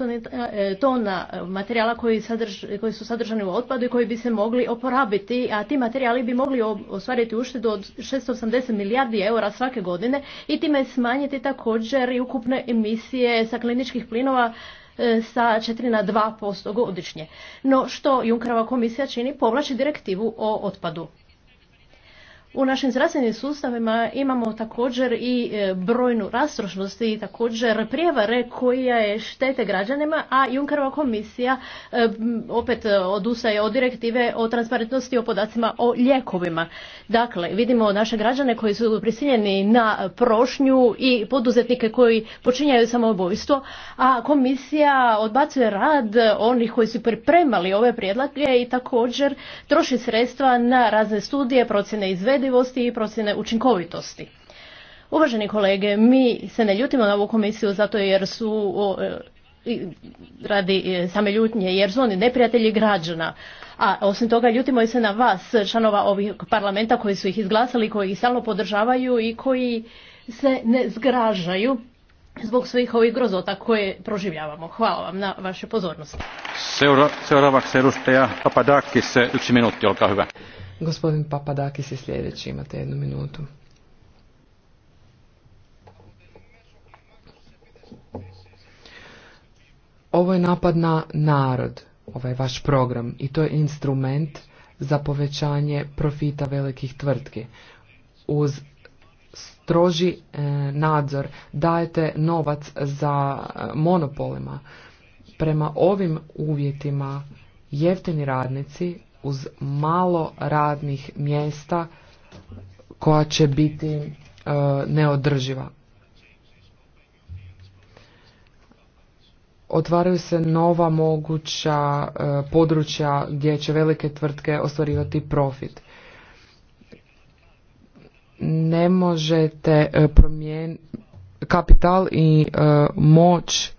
e, tona materijala koji, koji su sadržani u otpadu i koji bi se mogli oporabiti, a ti materijali bi mogli ostvariti uštedu od 680 milijardi eura svake godine i time smanjiti također i ukupne emisije stakleničkih plinova e, sa 4 na 2% godišnje. No što Junkrava komisija čini povlači direktivu o otpadu. U našim zdravstvenim sustavima imamo također i e, brojnu rastrošnost i također prijevare koja je štete građanima, a Junkerova komisija e, opet e, odustaje od direktive o transparentnosti o podacima o lijekovima. Dakle, vidimo naše građane koji su prisiljeni na prošnju i poduzetnike koji počinjaju samoubojstvo, a komisija odbacuje rad onih koji su pripremali ove prijedlage i također troši sredstva na razne studije, procjene izvede i procjene učinkovitosti. Uvaženi kolege, mi se ne ljutimo na ovu komisiju zato jer su e, radi e, same ljutnje, jer su oni neprijatelji građana. A osim toga ljutimo i se na vas, članova ovih parlamenta koji su ih izglasali, koji ih stalno podržavaju i koji se ne zgražaju zbog svih ovih grozota koje proživljavamo. Hvala vam na vaše pozornosti. Papadakis, Gospodin Papadakis je sljedeći, imate jednu minutu. Ovo je napad na narod, ovaj vaš program, i to je instrument za povećanje profita velikih tvrtki. Uz stroži e, nadzor dajete novac za e, monopolima. Prema ovim uvjetima jeftini radnici uz malo radnih mjesta koja će biti e, neodrživa. Otvaraju se nova moguća e, područja gdje će velike tvrtke ostvarivati profit. Ne možete e, promijeniti kapital i moć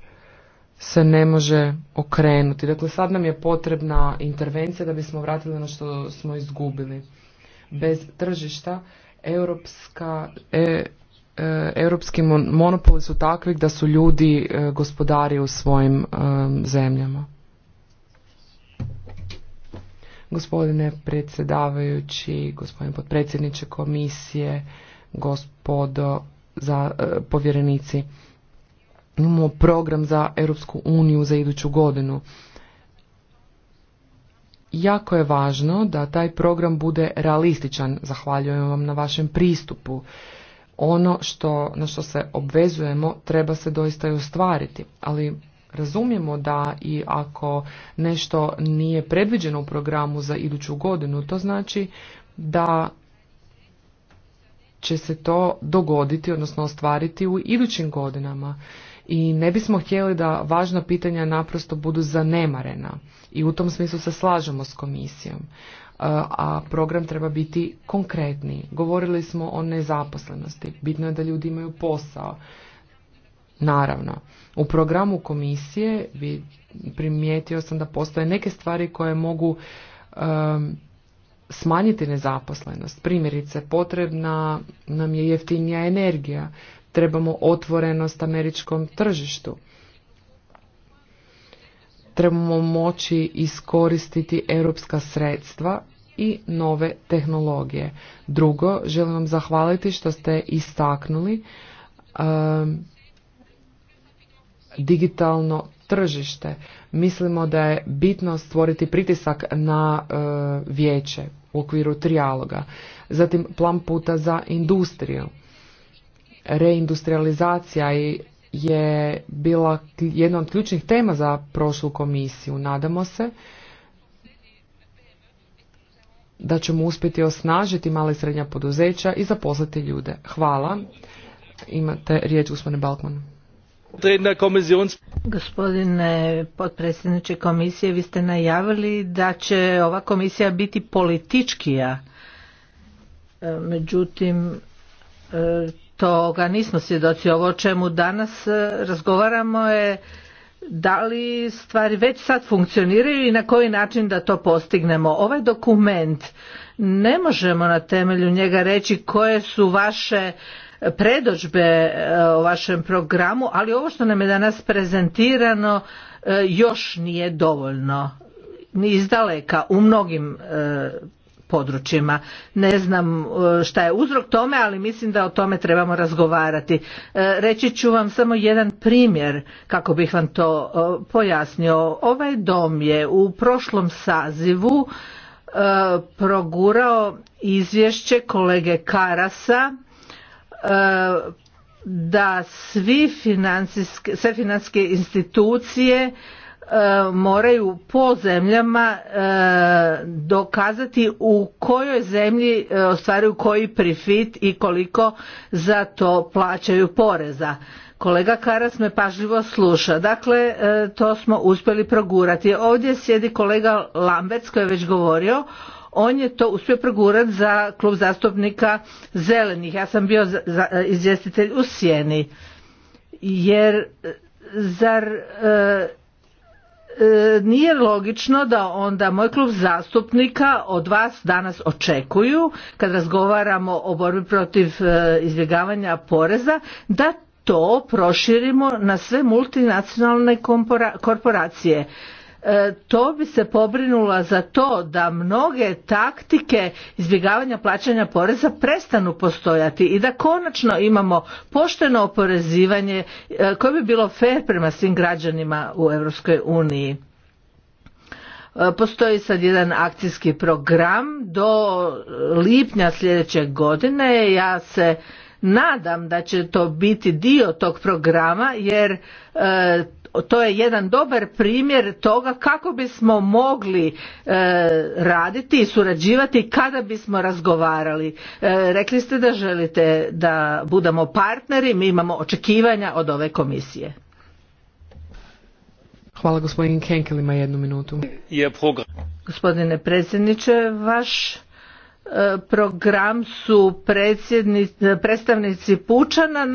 se ne može okrenuti. Dakle, sad nam je potrebna intervencija da bismo vratili ono što smo izgubili. Bez tržišta europska, e, e europski monopoli su takvi da su ljudi e, gospodari u svojim e, zemljama. Gospodine predsjedavajući, gospodine potpredsjedniče komisije, gospodo za, povjerenici imamo program za Europsku uniju za iduću godinu. Jako je važno da taj program bude realističan. Zahvaljujem vam na vašem pristupu. Ono što, na što se obvezujemo treba se doista i ostvariti, ali razumijemo da i ako nešto nije predviđeno u programu za iduću godinu, to znači da će se to dogoditi, odnosno ostvariti u idućim godinama i ne bismo htjeli da važna pitanja naprosto budu zanemarena i u tom smislu se slažemo s komisijom e, a program treba biti konkretni Govorili smo o nezaposlenosti, bitno je da ljudi imaju posao. Naravno, u programu komisije primijetio sam da postoje neke stvari koje mogu smanjiti nezaposlenost. Primjerice, potrebna nam je jeftinija energija, trebamo otvorenost američkom tržištu. Trebamo moći iskoristiti europska sredstva i nove tehnologije. Drugo, želim vam zahvaliti što ste istaknuli um, digitalno tržište. Mislimo da je bitno stvoriti pritisak na uh, vijeće u okviru trijaloga. Zatim plan puta za industriju. Reindustrializacija je bila jedna od ključnih tema za prošlu komisiju. Nadamo se da ćemo uspjeti osnažiti male i srednja poduzeća i zaposliti ljude. Hvala. Imate riječ, gospodine Balkman. Gospodine potpredsjedniče komisije, vi ste najavili da će ova komisija biti političkija. E, međutim, e, toga nismo svjedoci. Ovo o čemu danas e, razgovaramo je da li stvari već sad funkcioniraju i na koji način da to postignemo. Ovaj dokument ne možemo na temelju njega reći koje su vaše predođbe e, o vašem programu, ali ovo što nam je danas prezentirano e, još nije dovoljno ni izdaleka u mnogim područjima. Ne znam e, šta je uzrok tome, ali mislim da o tome trebamo razgovarati. E, reći ću vam samo jedan primjer kako bih vam to e, pojasnio. Ovaj dom je u prošlom sazivu progurao izvješće kolege Karasa da svi sve financijske institucije E, moraju po zemljama e, dokazati u kojoj zemlji e, ostvaruju koji profit i koliko za to plaćaju poreza. Kolega Karas me pažljivo sluša. Dakle, to smo uspjeli progurati. Ovdje sjedi kolega Lamberts koji je već govorio. On je to uspio progurati za klub zastupnika zelenih. Ja sam bio izvjestitelj u sjeni. Jer, zar E, nije logično da onda moj klub zastupnika od vas danas očekuju kad razgovaramo o borbi protiv e, izbjegavanja poreza da to proširimo na sve multinacionalne korporacije E, to bi se pobrinula za to da mnoge taktike izbjegavanja plaćanja poreza prestanu postojati i da konačno imamo pošteno oporezivanje e, koje bi bilo fair prema svim građanima u Europskoj uniji. E, postoji sad jedan akcijski program do lipnja sljedeće godine. Ja se nadam da će to biti dio tog programa jer to je jedan dobar primjer toga kako bismo mogli e, raditi i surađivati kada bismo razgovarali. E, rekli ste da želite da budemo partneri, mi imamo očekivanja od ove komisije. Hvala gospodin Henkel ima jednu minutu. Gospodine predsjedniče, vaš e, program su predstavnici Pučana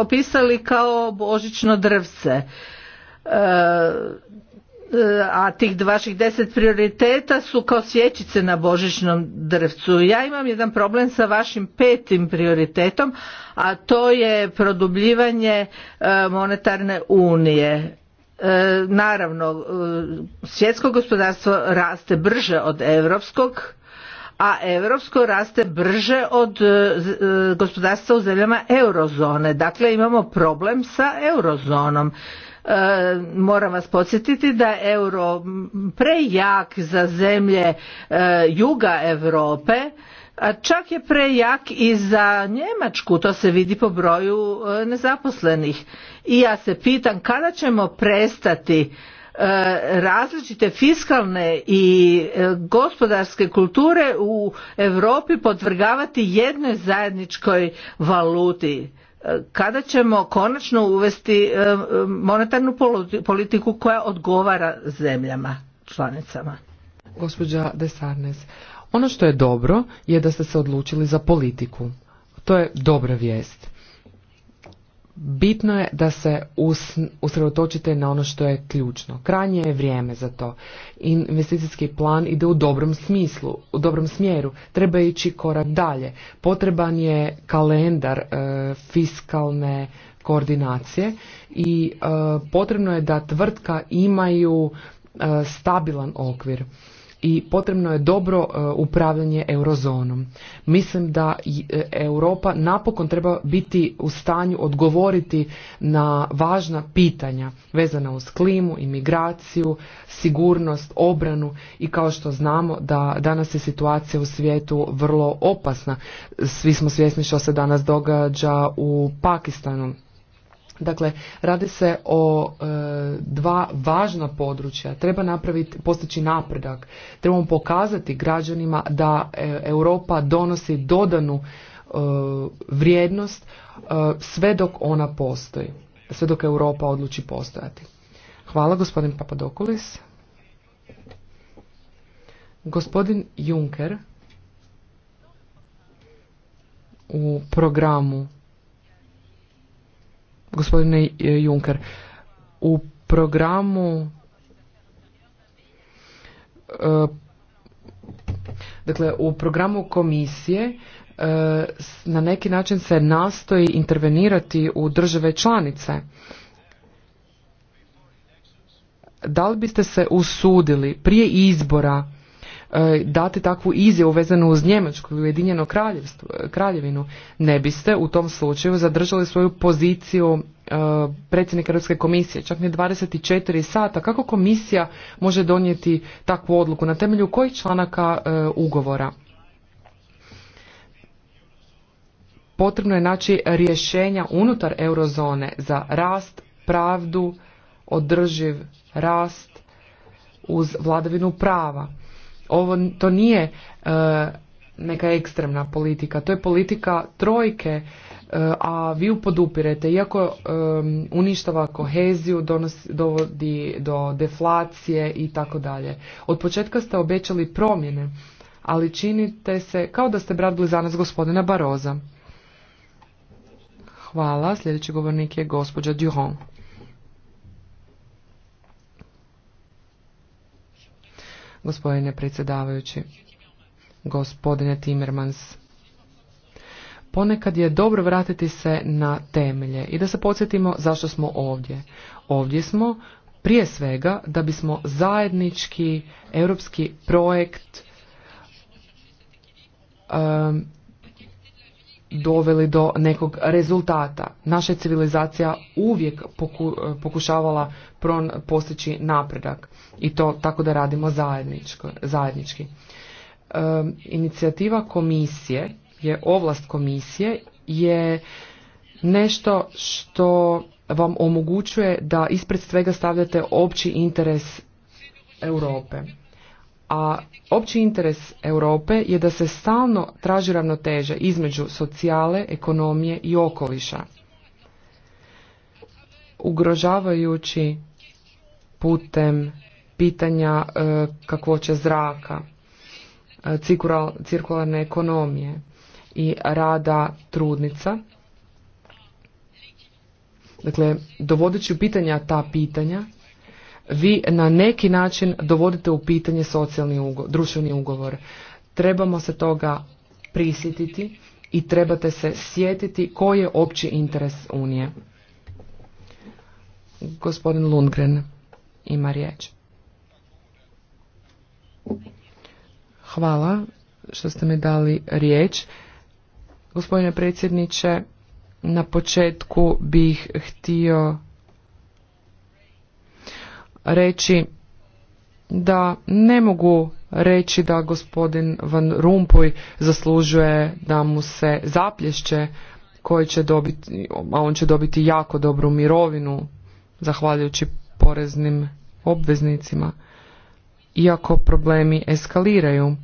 opisali kao božično drvce a tih vaših deset prioriteta su kao svjećice na božićnom drvcu. Ja imam jedan problem sa vašim petim prioritetom, a to je produbljivanje e, monetarne unije. E, naravno, e, svjetsko gospodarstvo raste brže od europskog, a europsko raste brže od gospodarstva u zemljama eurozone. Dakle, imamo problem sa eurozonom E, moram vas podsjetiti da je euro prejak za zemlje e, juga Europe a čak je prejak i za Njemačku, to se vidi po broju e, nezaposlenih. I ja se pitam kada ćemo prestati različite fiskalne i gospodarske kulture u Europi podvrgavati jednoj zajedničkoj valuti kada ćemo konačno uvesti e, e, monetarnu politiku koja odgovara zemljama članicama. Gospođa Desarnes, ono što je dobro je da ste se odlučili za politiku. To je dobra vijest. Bitno je da se usredotočite na ono što je ključno. Krajnje je vrijeme za to. Investicijski plan ide u dobrom smislu, u dobrom smjeru. Treba ići korak dalje. Potreban je kalendar e, fiskalne koordinacije i e, potrebno je da tvrtka imaju e, stabilan okvir i potrebno je dobro e, upravljanje eurozonom. Mislim da e, Europa napokon treba biti u stanju odgovoriti na važna pitanja vezana uz klimu, imigraciju, sigurnost, obranu i kao što znamo da danas je situacija u svijetu vrlo opasna. Svi smo svjesni što se danas događa u Pakistanu Dakle, radi se o e, dva važna područja. Treba napraviti, postići napredak. Trebamo pokazati građanima da e, Europa donosi dodanu e, vrijednost sve dok ona postoji. Sve dok Europa odluči postojati. Hvala gospodin Papadokulis. Gospodin Juncker u programu gospodine e, Juncker, u programu e, dakle u programu komisije e, na neki način se nastoji intervenirati u države članice. Da li biste se usudili prije izbora E, dati takvu izjavu vezanu uz Njemačku i Ujedinjeno e, kraljevinu, ne biste u tom slučaju zadržali svoju poziciju e, predsjednika Europske komisije, čak ne 24 sata. Kako komisija može donijeti takvu odluku? Na temelju kojih članaka ugovora? Potrebno je naći rješenja unutar eurozone za rast, pravdu, održiv rast uz vladavinu prava ovo to nije e, neka ekstremna politika, to je politika trojke, e, a vi ju podupirete. Iako e, uništava koheziju, donosi, dovodi do deflacije i tako dalje. Od početka ste obećali promjene, ali činite se kao da ste za nas gospodina Baroza. Hvala. Sljedeći govornik je gospođa Duhon. gospodine predsjedavajući, gospodine Timmermans. Ponekad je dobro vratiti se na temelje i da se podsjetimo zašto smo ovdje. Ovdje smo prije svega da bismo zajednički europski projekt um, doveli do nekog rezultata. Naša civilizacija uvijek e, pokušavala pron postići napredak i to tako da radimo zajednički. E, inicijativa komisije je ovlast komisije je nešto što vam omogućuje da ispred svega stavljate opći interes Europe a opći interes Europe je da se stalno traži ravnoteža između socijale, ekonomije i okoliša. Ugrožavajući putem pitanja e, kakvoće zraka, e, cirkularne ekonomije i rada trudnica. Dakle, dovodeći u pitanja ta pitanja, vi na neki način dovodite u pitanje socijalni ugo, društveni ugovor. Trebamo se toga prisjetiti i trebate se sjetiti koji je opći interes Unije. Gospodin Lundgren ima riječ. Hvala što ste mi dali riječ. Gospodine predsjedniče, na početku bih htio reći da ne mogu reći da gospodin Van Rumpuj zaslužuje da mu se zaplješće koji će dobiti, a on će dobiti jako dobru mirovinu zahvaljujući poreznim obveznicima. Iako problemi eskaliraju.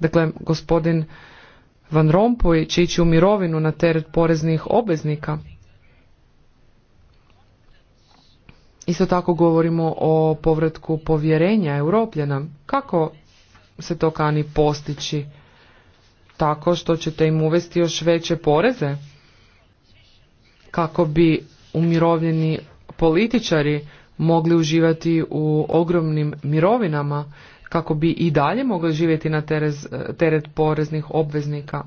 Dakle, gospodin Van Rompuy će ići u mirovinu na teret poreznih obveznika. Isto tako govorimo o povratku povjerenja Europljana. Kako se to kani postići? Tako što ćete im uvesti još veće poreze? Kako bi umirovljeni političari mogli uživati u ogromnim mirovinama? Kako bi i dalje mogli živjeti na teret poreznih obveznika?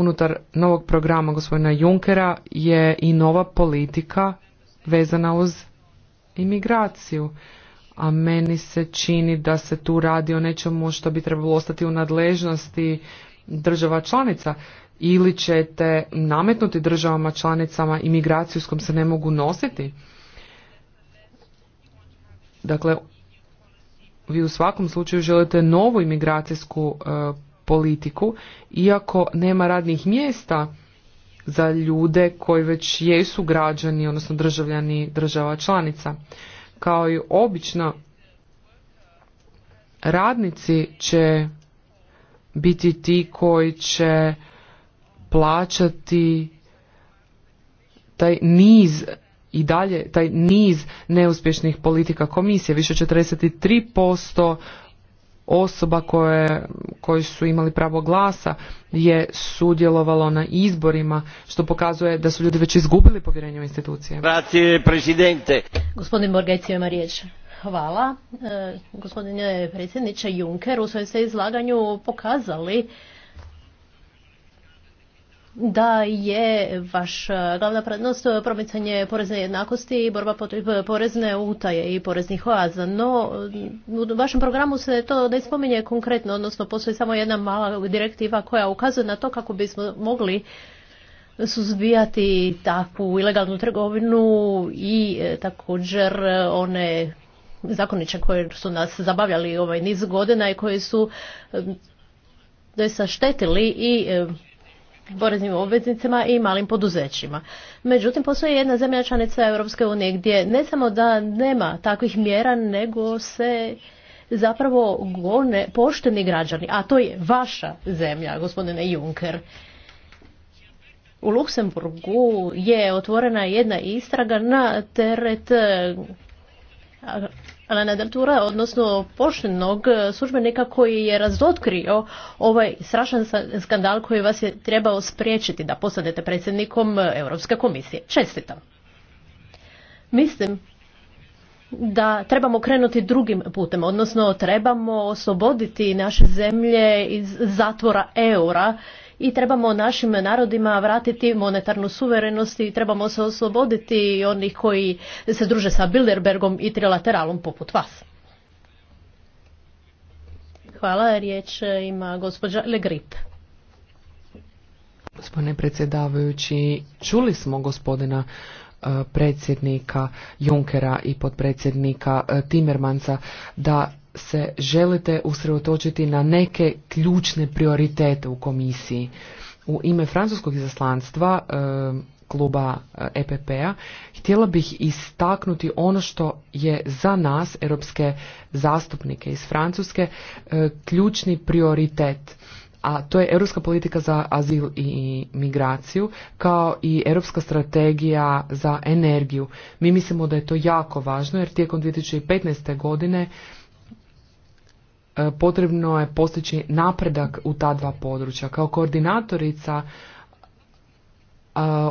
unutar novog programa gospodina Junkera je i nova politika vezana uz imigraciju. A meni se čini da se tu radi o nečemu što bi trebalo ostati u nadležnosti država članica ili ćete nametnuti državama članicama imigraciju s kojom se ne mogu nositi. Dakle, vi u svakom slučaju želite novu imigracijsku e, politiku, iako nema radnih mjesta za ljude koji već jesu građani, odnosno državljani država članica. Kao i obično, radnici će biti ti koji će plaćati taj niz i dalje taj niz neuspješnih politika komisije, više 43% osoba koje, koji su imali pravo glasa je sudjelovalo na izborima što pokazuje da su ljudi već izgubili povjerenje u institucije. presidente. Gospodin Borgecio ima riječ. Hvala. E, gospodine predsjedniče Juncker, u svojem se izlaganju pokazali da je vaš glavna prednost promicanje porezne jednakosti i borba protiv porezne utaje i poreznih oaza. No, u vašem programu se to ne spominje konkretno, odnosno postoji samo jedna mala direktiva koja ukazuje na to kako bismo mogli suzbijati takvu ilegalnu trgovinu i e, također one zakoniče koje su nas zabavljali ovaj niz godina i koji su e, doista štetili i e, poreznim obveznicima i malim poduzećima. Međutim, postoji jedna zemlja članica Europske unije gdje ne samo da nema takvih mjera, nego se zapravo gone pošteni građani, a to je vaša zemlja, gospodine Juncker. U Luksemburgu je otvorena jedna istraga na teret Alana Deltura, odnosno poštenog e, službenika koji je razotkrio ovaj strašan skandal koji vas je trebao spriječiti da postanete predsjednikom e, Europske komisije. Čestitam. Mislim da trebamo krenuti drugim putem, odnosno trebamo osloboditi naše zemlje iz zatvora eura i trebamo našim narodima vratiti monetarnu suverenost i trebamo se osloboditi onih koji se druže sa Bilderbergom i trilateralom poput vas. Hvala, riječ ima gospođa Legrit. Gospodine predsjedavajući, čuli smo gospodina e, predsjednika Junkera i podpredsjednika e, Timmermansa da se želite usredotočiti na neke ključne prioritete u komisiji. U ime francuskog izaslanstva e, kluba EPP-a e htjela bih istaknuti ono što je za nas, europske zastupnike iz Francuske, e, ključni prioritet a to je europska politika za azil i migraciju kao i europska strategija za energiju. Mi mislimo da je to jako važno jer tijekom 2015. godine E, potrebno je postići napredak u ta dva područja. Kao koordinatorica e,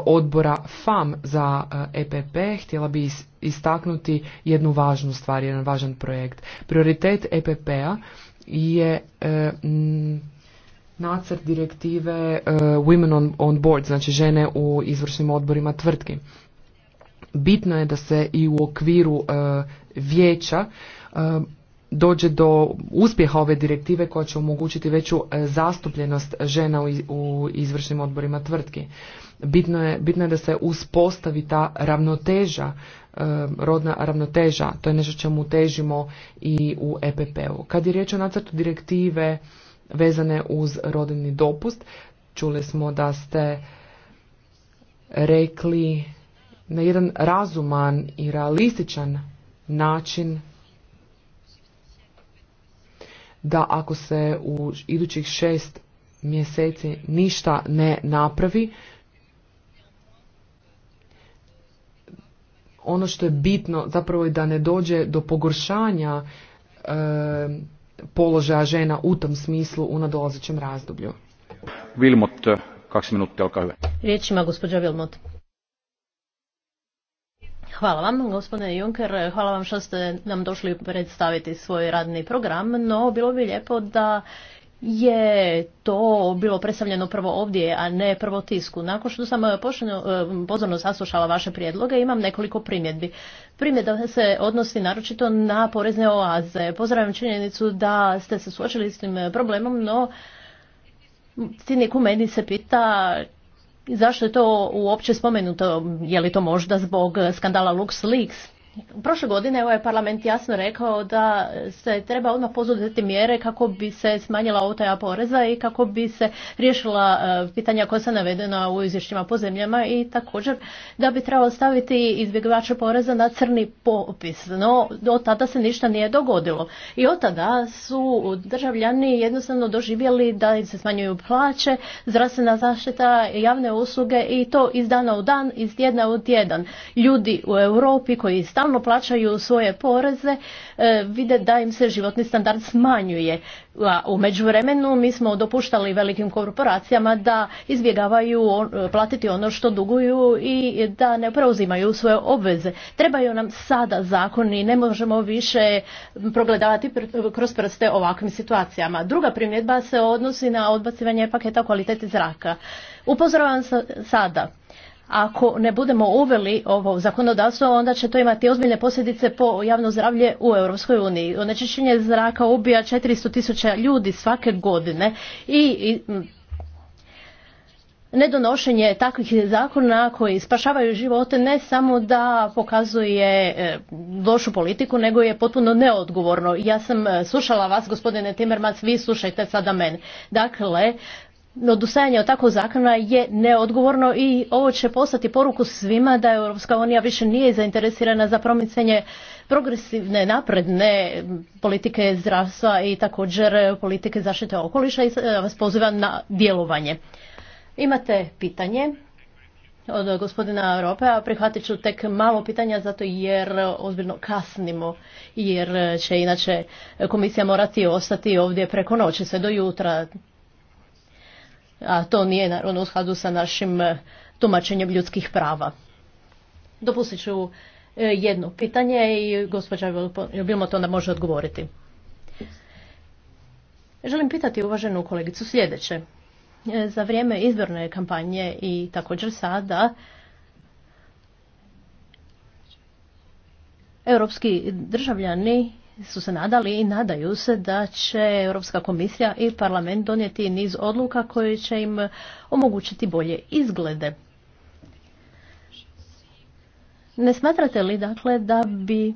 odbora FAM za EPP e htjela bi istaknuti jednu važnu stvar, jedan važan projekt. Prioritet EPP-a je nacrt direktive Women on, Board, znači žene u izvršnim odborima tvrtki. Bitno je da se i u okviru vijeća dođe do uspjeha ove direktive koja će omogućiti veću e, zastupljenost žena u izvršnim odborima tvrtki. Bitno je, bitno je da se uspostavi ta ravnoteža, e, rodna ravnoteža, to je nešto čemu težimo i u EPP-u. Kad je riječ o nacrtu direktive vezane uz rodinni dopust, čuli smo da ste rekli na jedan razuman i realističan način da ako se u idućih šest mjeseci ništa ne napravi, ono što je bitno zapravo je da ne dođe do pogoršanja položaja žena u tom smislu u nadolazećem razdoblju. Vilmot, kak se Riječ ima gospođa Wilmot. Hvala vam, gospodine Juncker. Hvala vam što ste nam došli predstaviti svoj radni program, no bilo bi lijepo da je to bilo predstavljeno prvo ovdje, a ne prvo tisku. Nakon što sam eh, eh, pozorno saslušala vaše prijedloge, imam nekoliko primjedbi. Primjedba se odnosi naročito na porezne oaze. Pozdravljam činjenicu da ste se suočili s tim problemom, no u meni se pita Zašto je to uopće spomenuto? Je li to možda zbog skandala LuxLeaks? Prošle godine ovaj parlament jasno rekao da se treba odmah pozuditi mjere kako bi se smanjila otaja poreza i kako bi se riješila e, pitanja koja su navedena u izvješćima po zemljama i također da bi trebalo staviti izbjegavače poreza na crni popis. No, do tada se ništa nije dogodilo. I od tada su državljani jednostavno doživjeli da se smanjuju plaće, zdravstvena zaštita, javne usluge i to iz dana u dan, iz tjedna u tjedan. Ljudi u Europi koji stavljaju stalno plaćaju svoje poreze e, vide da im se životni standard smanjuje. A u međuvremenu mi smo dopuštali velikim korporacijama da izbjegavaju e, platiti ono što duguju i da ne preuzimaju svoje obveze. Trebaju nam sada zakoni, ne možemo više progledavati kroz prste ovakvim situacijama. Druga primjedba se odnosi na odbacivanje paketa kvalitete zraka. Upozoravam sada ako ne budemo uveli ovo zakonodavstvo, onda će to imati ozbiljne posljedice po javno zdravlje u Europskoj uniji. Onečišćenje zraka ubija 400 tisuća ljudi svake godine i nedonošenje takvih zakona koji spašavaju živote ne samo da pokazuje e, lošu politiku, nego je potpuno neodgovorno. Ja sam e, slušala vas, gospodine Timmermans, vi slušajte sada mene. Dakle, odustajanje od takvog zakona je neodgovorno i ovo će postati poruku svima da Europska unija više nije zainteresirana za promicanje progresivne, napredne politike zdravstva i također politike zaštite okoliša i vas pozivam na djelovanje. Imate pitanje od gospodina a prihvatit ću tek malo pitanja zato jer ozbiljno kasnimo, jer će inače komisija morati ostati ovdje preko noći sve do jutra, a to nije naravno u skladu sa našim e, tumačenjem ljudskih prava. Dopustit ću e, jedno pitanje i gospođa to onda može odgovoriti. Želim pitati uvaženu kolegicu sljedeće. E, za vrijeme izborne kampanje i također sada europski državljani su se nadali i nadaju se da će Europska komisija i parlament donijeti niz odluka koje će im omogućiti bolje izglede. Ne smatrate li dakle da bi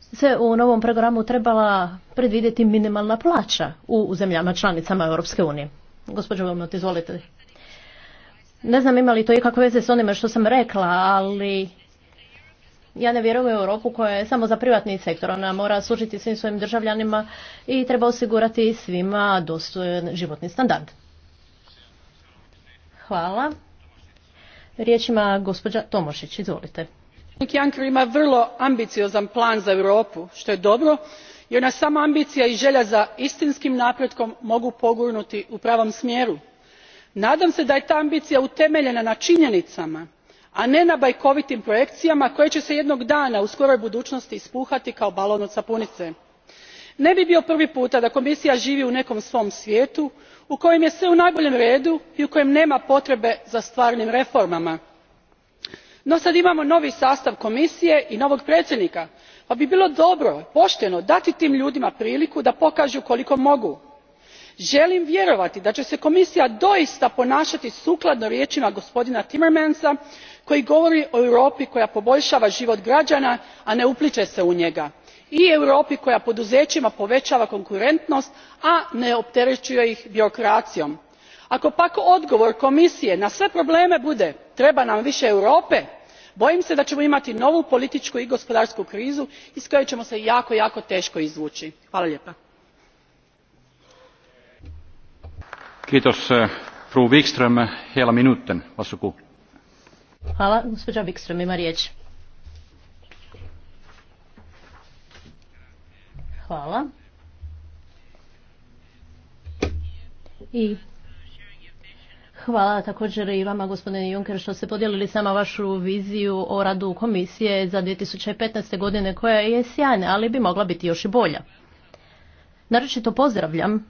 se u novom programu trebala predvidjeti minimalna plaća u zemljama članicama Europske unije? Gospođo Vomot, izvolite. Ne znam ima li to ikakve veze s onime što sam rekla, ali ja ne vjerujem u Europu koja je samo za privatni sektor. Ona mora služiti svim svojim državljanima i treba osigurati svima dostojan životni standard. Hvala. Riječ ima gospođa Tomošić, izvolite. Juncker ima vrlo ambiciozan plan za Europu, što je dobro, jer nas sama ambicija i želja za istinskim napretkom mogu pogurnuti u pravom smjeru. Nadam se da je ta ambicija utemeljena na činjenicama a ne na bajkovitim projekcijama koje će se jednog dana u skoroj budućnosti ispuhati kao balon od sapunice. ne bi bio prvi puta da komisija živi u nekom svom svijetu u kojem je sve u najboljem redu i u kojem nema potrebe za stvarnim reformama. no sad imamo novi sastav komisije i novog predsjednika pa bi bilo dobro pošteno dati tim ljudima priliku da pokažu koliko mogu. želim vjerovati da će se komisija doista ponašati sukladno riječima gospodina timmermansa koji govori o europi koja poboljšava život građana a ne upliće se u njega i europi koja poduzećima povećava konkurentnost a ne opterećuje ih birokracijom. ako pak odgovor komisije na sve probleme bude treba nam više europe bojim se da ćemo imati novu političku i gospodarsku krizu iz koje ćemo se jako jako teško izvući. hvala Hvala. Gospođa Bikström ima riječ. Hvala. I Hvala također i vama gospodine Juncker što ste podijelili sama vašu viziju o radu komisije za 2015. godine koja je sjajna, ali bi mogla biti još i bolja. Naročito pozdravljam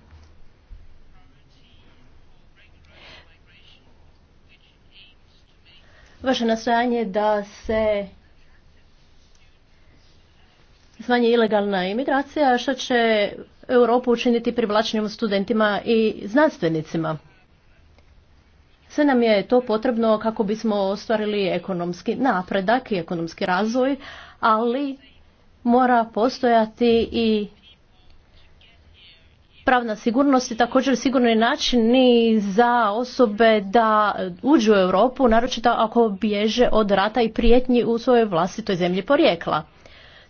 vaše nastojanje da se smanje ilegalna imigracija, što će Europu učiniti privlačnijom studentima i znanstvenicima. Sve nam je to potrebno kako bismo ostvarili ekonomski napredak i ekonomski razvoj, ali mora postojati i pravna sigurnost je također sigurni način i za osobe da uđu u Europu, naročito ako bježe od rata i prijetnji u svojoj vlastitoj zemlji porijekla.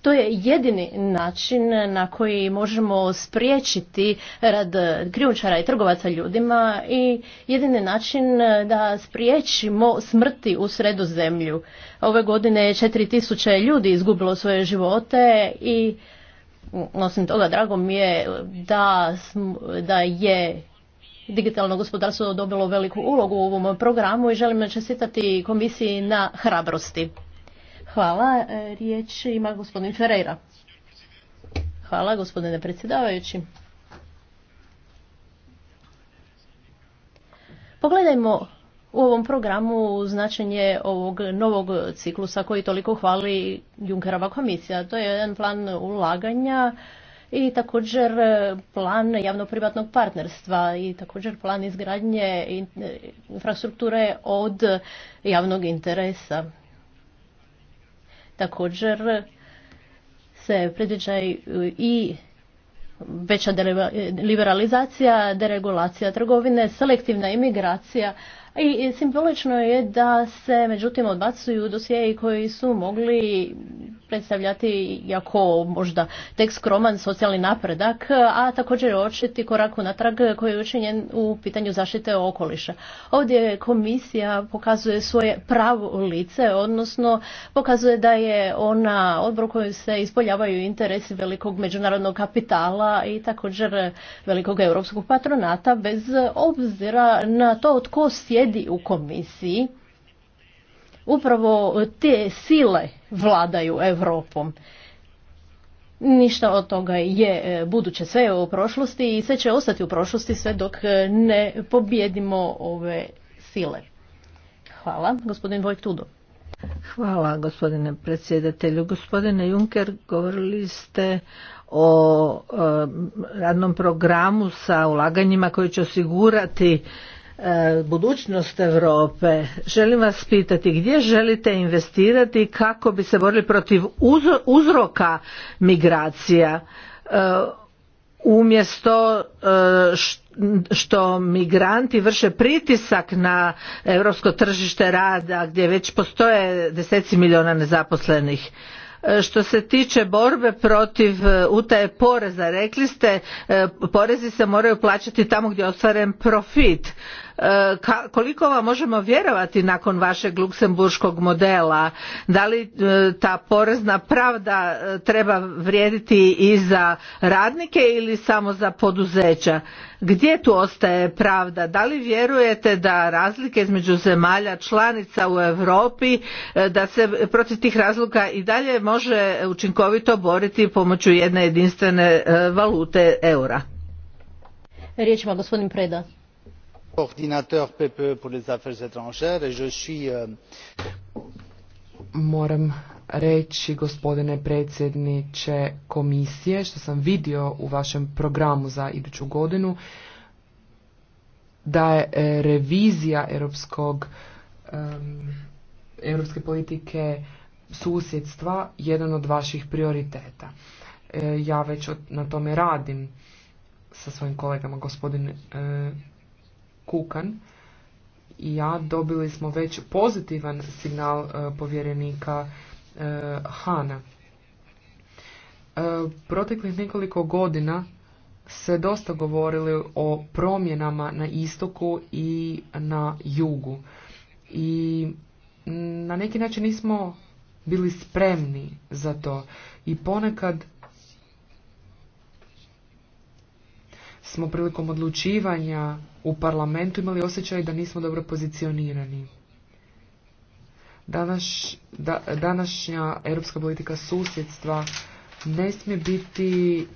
To je jedini način na koji možemo spriječiti rad krijučara i trgovaca ljudima i jedini način da spriječimo smrti u sredu zemlju. Ove godine je 4000 ljudi izgubilo svoje živote i osim toga, drago mi je da, da je digitalno gospodarstvo dobilo veliku ulogu u ovom programu i želim čestitati komisiji na hrabrosti. Hvala. E, riječ ima gospodin Ferreira. Hvala gospodine predsjedavajući. Pogledajmo u ovom programu značenje ovog novog ciklusa koji toliko hvali Junkerova komisija. To je jedan plan ulaganja i također plan javno-privatnog partnerstva i također plan izgradnje infrastrukture od javnog interesa. Također se predviđa i veća liberalizacija, deregulacija trgovine, selektivna imigracija, i simbolično je da se međutim odbacuju dosjeji koji su mogli predstavljati jako možda tek skroman socijalni napredak, a također očiti korak unatrag koji je učinjen u pitanju zaštite okoliša. Ovdje komisija pokazuje svoje pravo lice, odnosno pokazuje da je ona odbor koju se ispoljavaju interesi velikog međunarodnog kapitala i također velikog europskog patronata bez obzira na to tko sjedi u komisiji upravo te sile vladaju Europom. Ništa od toga je e, buduće, sve je u prošlosti i sve će ostati u prošlosti sve dok e, ne pobjedimo ove sile. Hvala, gospodin Vojk Tudo. Hvala gospodine predsjedatelju. Gospodine Juncker, govorili ste o e, radnom programu sa ulaganjima koji će osigurati E, budućnost Europe. Želim vas pitati gdje želite investirati kako bi se borili protiv uzroka migracija e, umjesto e, što migranti vrše pritisak na europsko tržište rada gdje već postoje deseci miliona nezaposlenih što se tiče borbe protiv utaje poreza rekli ste porezi se moraju plaćati tamo gdje je ostvaren profit E, koliko vam možemo vjerovati nakon vašeg luksemburškog modela da li e, ta porezna pravda e, treba vrijediti i za radnike ili samo za poduzeća gdje tu ostaje pravda da li vjerujete da razlike između zemalja članica u Europi da se protiv tih razlika i dalje može učinkovito boriti pomoću jedne jedinstvene valute eura Riječ ima Preda coordinateur ppe pour les étrangères euh, moram reći gospodine predsjedniče komisije što sam vidio u vašem programu za iduću godinu da je e, revizija europskog europske politike susjedstva jedan od vaših prioriteta. E, ja već na tome radim sa svojim kolegama gospodin e, Kukan i ja dobili smo već pozitivan signal e, povjerenika e, Hana. E, proteklih nekoliko godina se dosta govorili o promjenama na istoku i na jugu. I na neki način nismo bili spremni za to. I ponekad smo prilikom odlučivanja u parlamentu imali osjećaj da nismo dobro pozicionirani. današnja europska politika susjedstva ne smije biti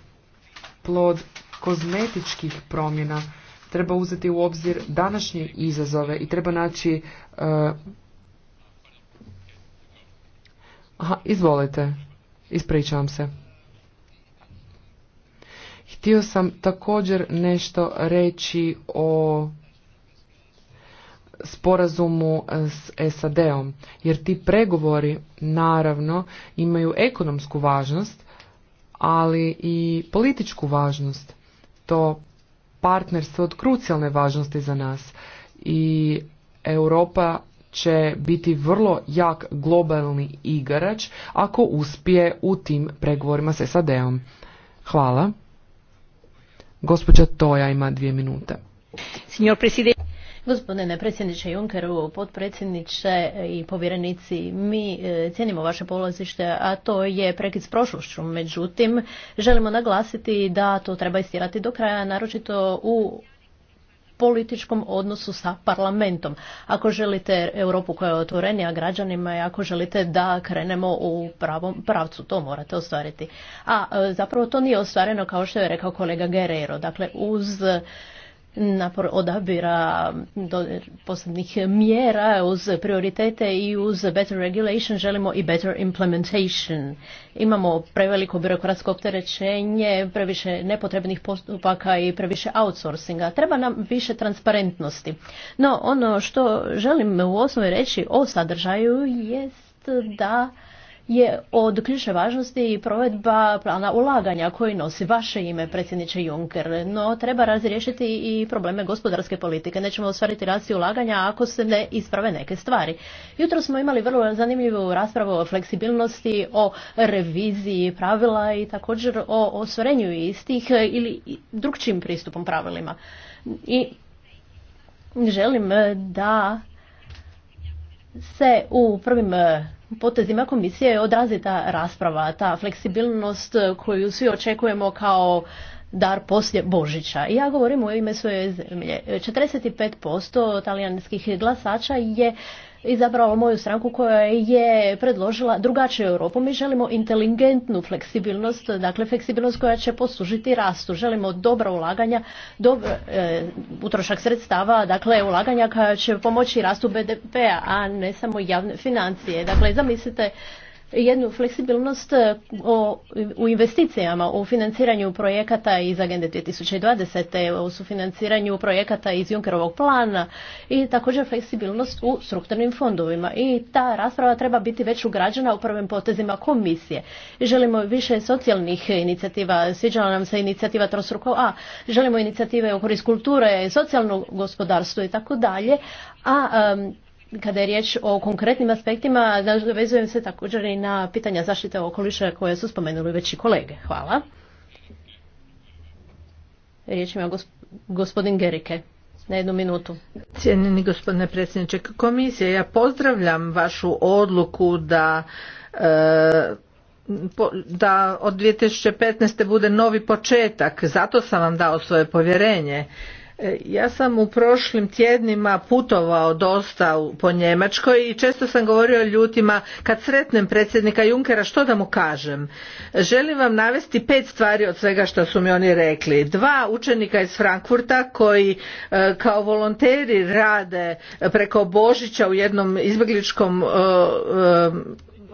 plod kozmetičkih promjena. Treba uzeti u obzir današnje izazove i treba naći... E, Aha, izvolite. Ispričavam se. Htio sam također nešto reći o sporazumu s SAD-om, jer ti pregovori naravno imaju ekonomsku važnost, ali i političku važnost. To partnerstvo od krucijalne važnosti za nas i Europa će biti vrlo jak globalni igrač ako uspije u tim pregovorima s SAD-om. Hvala. Gospođa Toja ima dvije minute. Signor Presidente, Gospodine predsjedniče Junckeru, potpredsjedniče i povjerenici, mi e, cijenimo vaše polazište, a to je prekid s prošlošću. Međutim, želimo naglasiti da to treba istirati do kraja, naročito u političkom odnosu sa parlamentom. Ako želite Europu koja je otvorenija građanima i ako želite da krenemo u pravom pravcu, to morate ostvariti. A e, zapravo to nije ostvareno kao što je rekao kolega Guerrero. Dakle, uz napor odabira do posebnih mjera uz prioritete i uz better regulation želimo i better implementation. Imamo preveliko birokratsko opterećenje, previše nepotrebnih postupaka i previše outsourcinga. Treba nam više transparentnosti. No ono što želim u osnovi reći o sadržaju jest da je od ključne važnosti i provedba plana ulaganja koji nosi vaše ime, predsjedniče Juncker. No, treba razriješiti i probleme gospodarske politike. Nećemo ostvariti rasti ulaganja ako se ne isprave neke stvari. Jutro smo imali vrlo zanimljivu raspravu o fleksibilnosti, o reviziji pravila i također o ostvarenju istih ili drugčim pristupom pravilima. I želim da se u prvim potezima komisije je odrazita rasprava, ta fleksibilnost koju svi očekujemo kao dar poslije Božića. I ja govorim u ime svoje zemlje. 45% talijanskih glasača je izabralo moju stranku koja je predložila drugačiju Europu. Mi želimo inteligentnu fleksibilnost, dakle fleksibilnost koja će poslužiti rastu. Želimo dobra ulaganja, dobra, e, utrošak sredstava, dakle ulaganja koja će pomoći rastu BDP-a, a ne samo javne financije. Dakle, zamislite jednu fleksibilnost e, u investicijama, u financiranju projekata iz Agende 2020, u sufinanciranju projekata iz Junkerovog plana i također fleksibilnost u strukturnim fondovima. I ta rasprava treba biti već ugrađena u prvim potezima komisije. Želimo više socijalnih inicijativa, sviđala nam se inicijativa Trostruko A, želimo inicijative u koris kulture, socijalno gospodarstvo i tako dalje, a kada je riječ o konkretnim aspektima, vezujem se također i na pitanja zaštite okoliša koje su spomenuli već i kolege. Hvala. Riječ ima gospodin Gerike. Na jednu minutu. Cijenjeni gospodine predsjedniče komisije, ja pozdravljam vašu odluku da e, da od 2015. bude novi početak, zato sam vam dao svoje povjerenje. E, ja sam u prošlim tjednima putovao dosta po Njemačkoj i često sam govorio ljutima kad sretnem predsjednika Junkera što da mu kažem. Želim vam navesti pet stvari od svega što su mi oni rekli. Dva učenika iz Frankfurta koji e, kao volonteri rade preko Božića u jednom izbjegličkom e,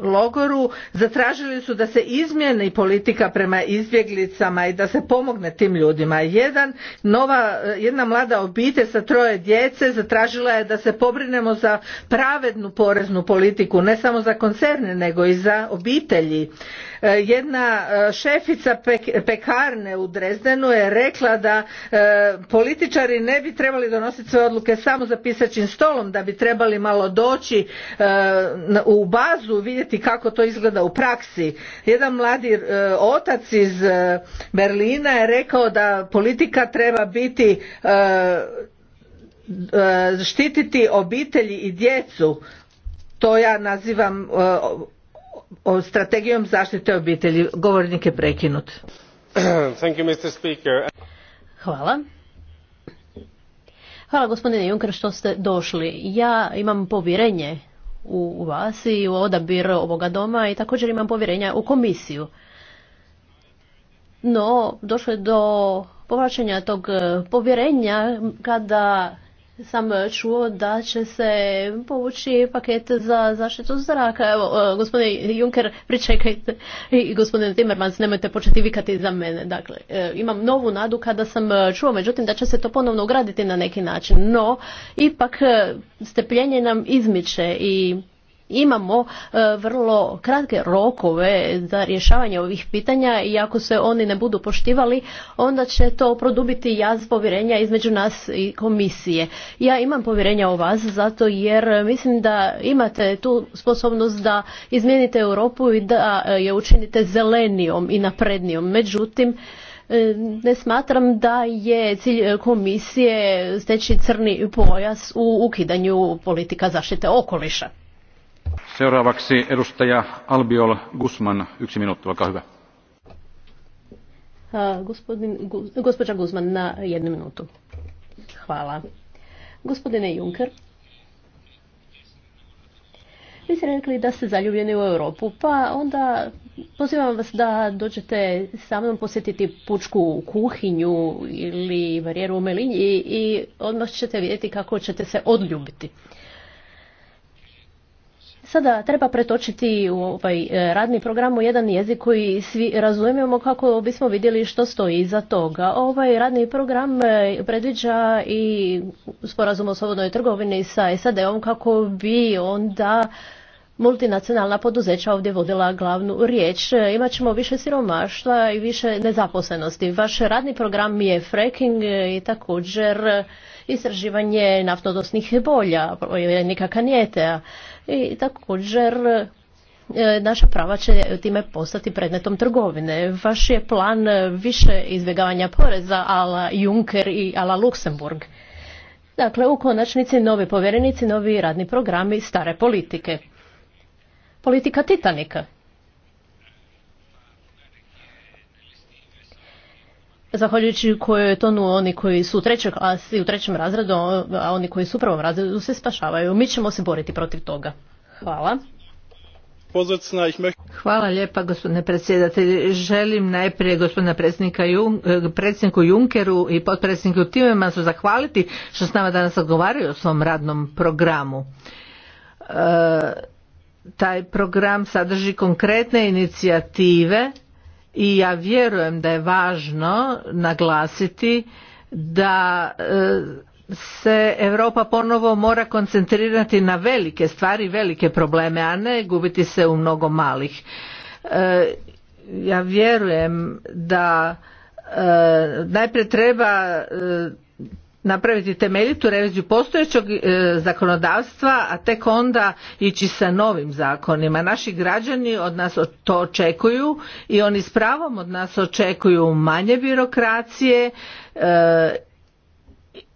logoru zatražili su da se izmijeni politika prema izbjeglicama i da se pomogne tim ljudima. Jedan, nova, jedna mlada obitelj sa troje djece zatražila je da se pobrinemo za pravednu poreznu politiku, ne samo za koncerne nego i za obitelji E, jedna e, šefica pekarne u Drezdenu je rekla da e, političari ne bi trebali donositi sve odluke samo za pisaćim stolom, da bi trebali malo doći u bazu vidjeti kako to izgleda u praksi. Jedan mladi otac iz Berlina je rekao da politika treba biti štititi obitelji i djecu to ja nazivam o strategijom zaštite obitelji. Govornik je prekinut. Hvala. Hvala gospodine Juncker što ste došli. Ja imam povjerenje u vas i u odabir ovoga doma i također imam povjerenja u komisiju. No, došlo je do povlačenja tog eh, povjerenja kada sam e, čuo da će se povući paket za zaštitu zraka. Evo, e, gospodine Juncker, pričekajte i gospodine Timmermans, nemojte početi vikati za mene. Dakle, e, imam novu nadu kada sam čuo, međutim, da će se to ponovno ugraditi na neki način. No, ipak stepljenje nam izmiče i imamo e, vrlo kratke rokove za rješavanje ovih pitanja i ako se oni ne budu poštivali, onda će to produbiti jaz povjerenja između nas i komisije. Ja imam povjerenja u vas zato jer mislim da imate tu sposobnost da izmijenite Europu i da e, je učinite zelenijom i naprednijom. Međutim, e, ne smatram da je cilj komisije steći crni pojas u ukidanju politika zaštite okoliša edustaja Albiol Guzman, gospođa Guzman na jednu minutu. Hvala. Gospodine Juncker, vi ste rekli da ste zaljubljeni u Europu, pa onda pozivam vas da dođete sa mnom posjetiti pučku kuhinju ili varijeru u Melinji i odmah ćete vidjeti kako ćete se odljubiti sada treba pretočiti u ovaj e, radni program u jedan jezik koji svi razumijemo kako bismo vidjeli što stoji iza toga. Ovaj radni program e, predviđa i sporazum o slobodnoj trgovini sa SAD-om kako bi onda multinacionalna poduzeća ovdje vodila glavnu riječ. E, ćemo više siromaštva i više nezaposlenosti. Vaš radni program je fracking i također istraživanje naftodosnih bolja, nikaka nijete i također e, naša prava će time postati predmetom trgovine. Vaš je plan više izbjegavanja poreza ala Juncker i ala Luksemburg. Dakle, u konačnici novi povjerenici, novi radni programi, stare politike. Politika Titanika. zahvaljujući koje je tonu oni koji su u trećoj u trećem razredu, a oni koji su u prvom razredu se spašavaju. Mi ćemo se boriti protiv toga. Hvala. Hvala lijepa gospodine predsjedatelj. Želim najprije gospodina predsjednika eh, predsjedniku Junkeru i potpredsjedniku su zahvaliti što s nama danas odgovaraju o svom radnom programu. Eh, taj program sadrži konkretne inicijative i ja vjerujem da je važno naglasiti da e, se Europa ponovo mora koncentrirati na velike stvari, velike probleme, a ne gubiti se u mnogo malih. E, ja vjerujem da e, najprije treba napraviti temeljitu reviziju postojećeg e, zakonodavstva a tek onda ići sa novim zakonima naši građani od nas to očekuju i oni s pravom od nas očekuju manje birokracije e,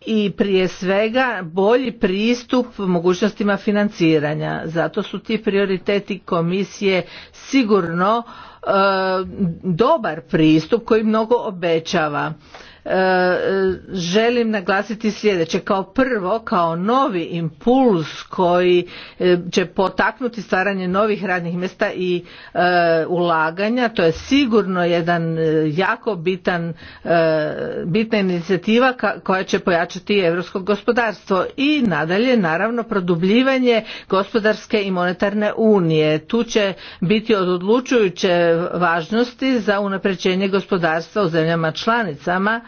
i prije svega bolji pristup mogućnostima financiranja zato su ti prioriteti komisije sigurno e, dobar pristup koji mnogo obećava E, e, želim naglasiti sljedeće. Kao prvo, kao novi impuls koji e, će potaknuti stvaranje novih radnih mjesta i ulaganja, to je sigurno jedan jako bitan, bitna inicijativa koja će pojačati europsko gospodarstvo i nadalje naravno produbljivanje gospodarske i monetarne unije. Tu će biti od odlučujuće važnosti za unapređenje gospodarstva u zemljama članicama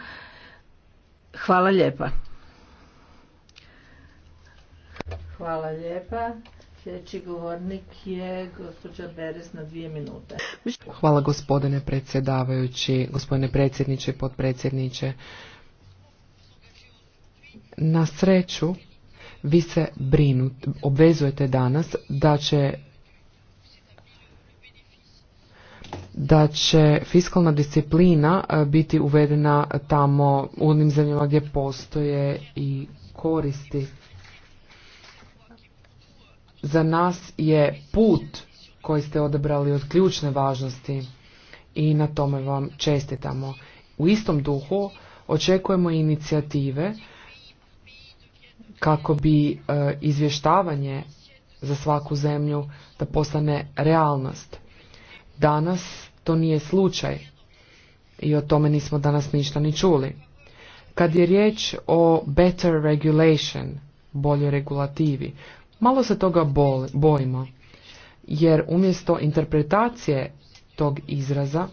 Hvala lijepa. Hvala lijepa. Sljedeći govornik je gospođa Beres na dvije minute. Hvala gospodine predsjedavajući, gospodine predsjedniče, potpredsjedniče. Na sreću vi se brinu, obvezujete danas da će da će fiskalna disciplina e, biti uvedena tamo u onim zemljama gdje postoje i koristi. Za nas je put koji ste odabrali od ključne važnosti i na tome vam čestitamo. U istom duhu očekujemo inicijative kako bi e, izvještavanje za svaku zemlju da postane realnost Danas to nije slučaj i o tome nismo danas ništa ni čuli. Kad je riječ o better regulation, boljoj regulativi, malo se toga bojimo, jer umjesto interpretacije tog izraza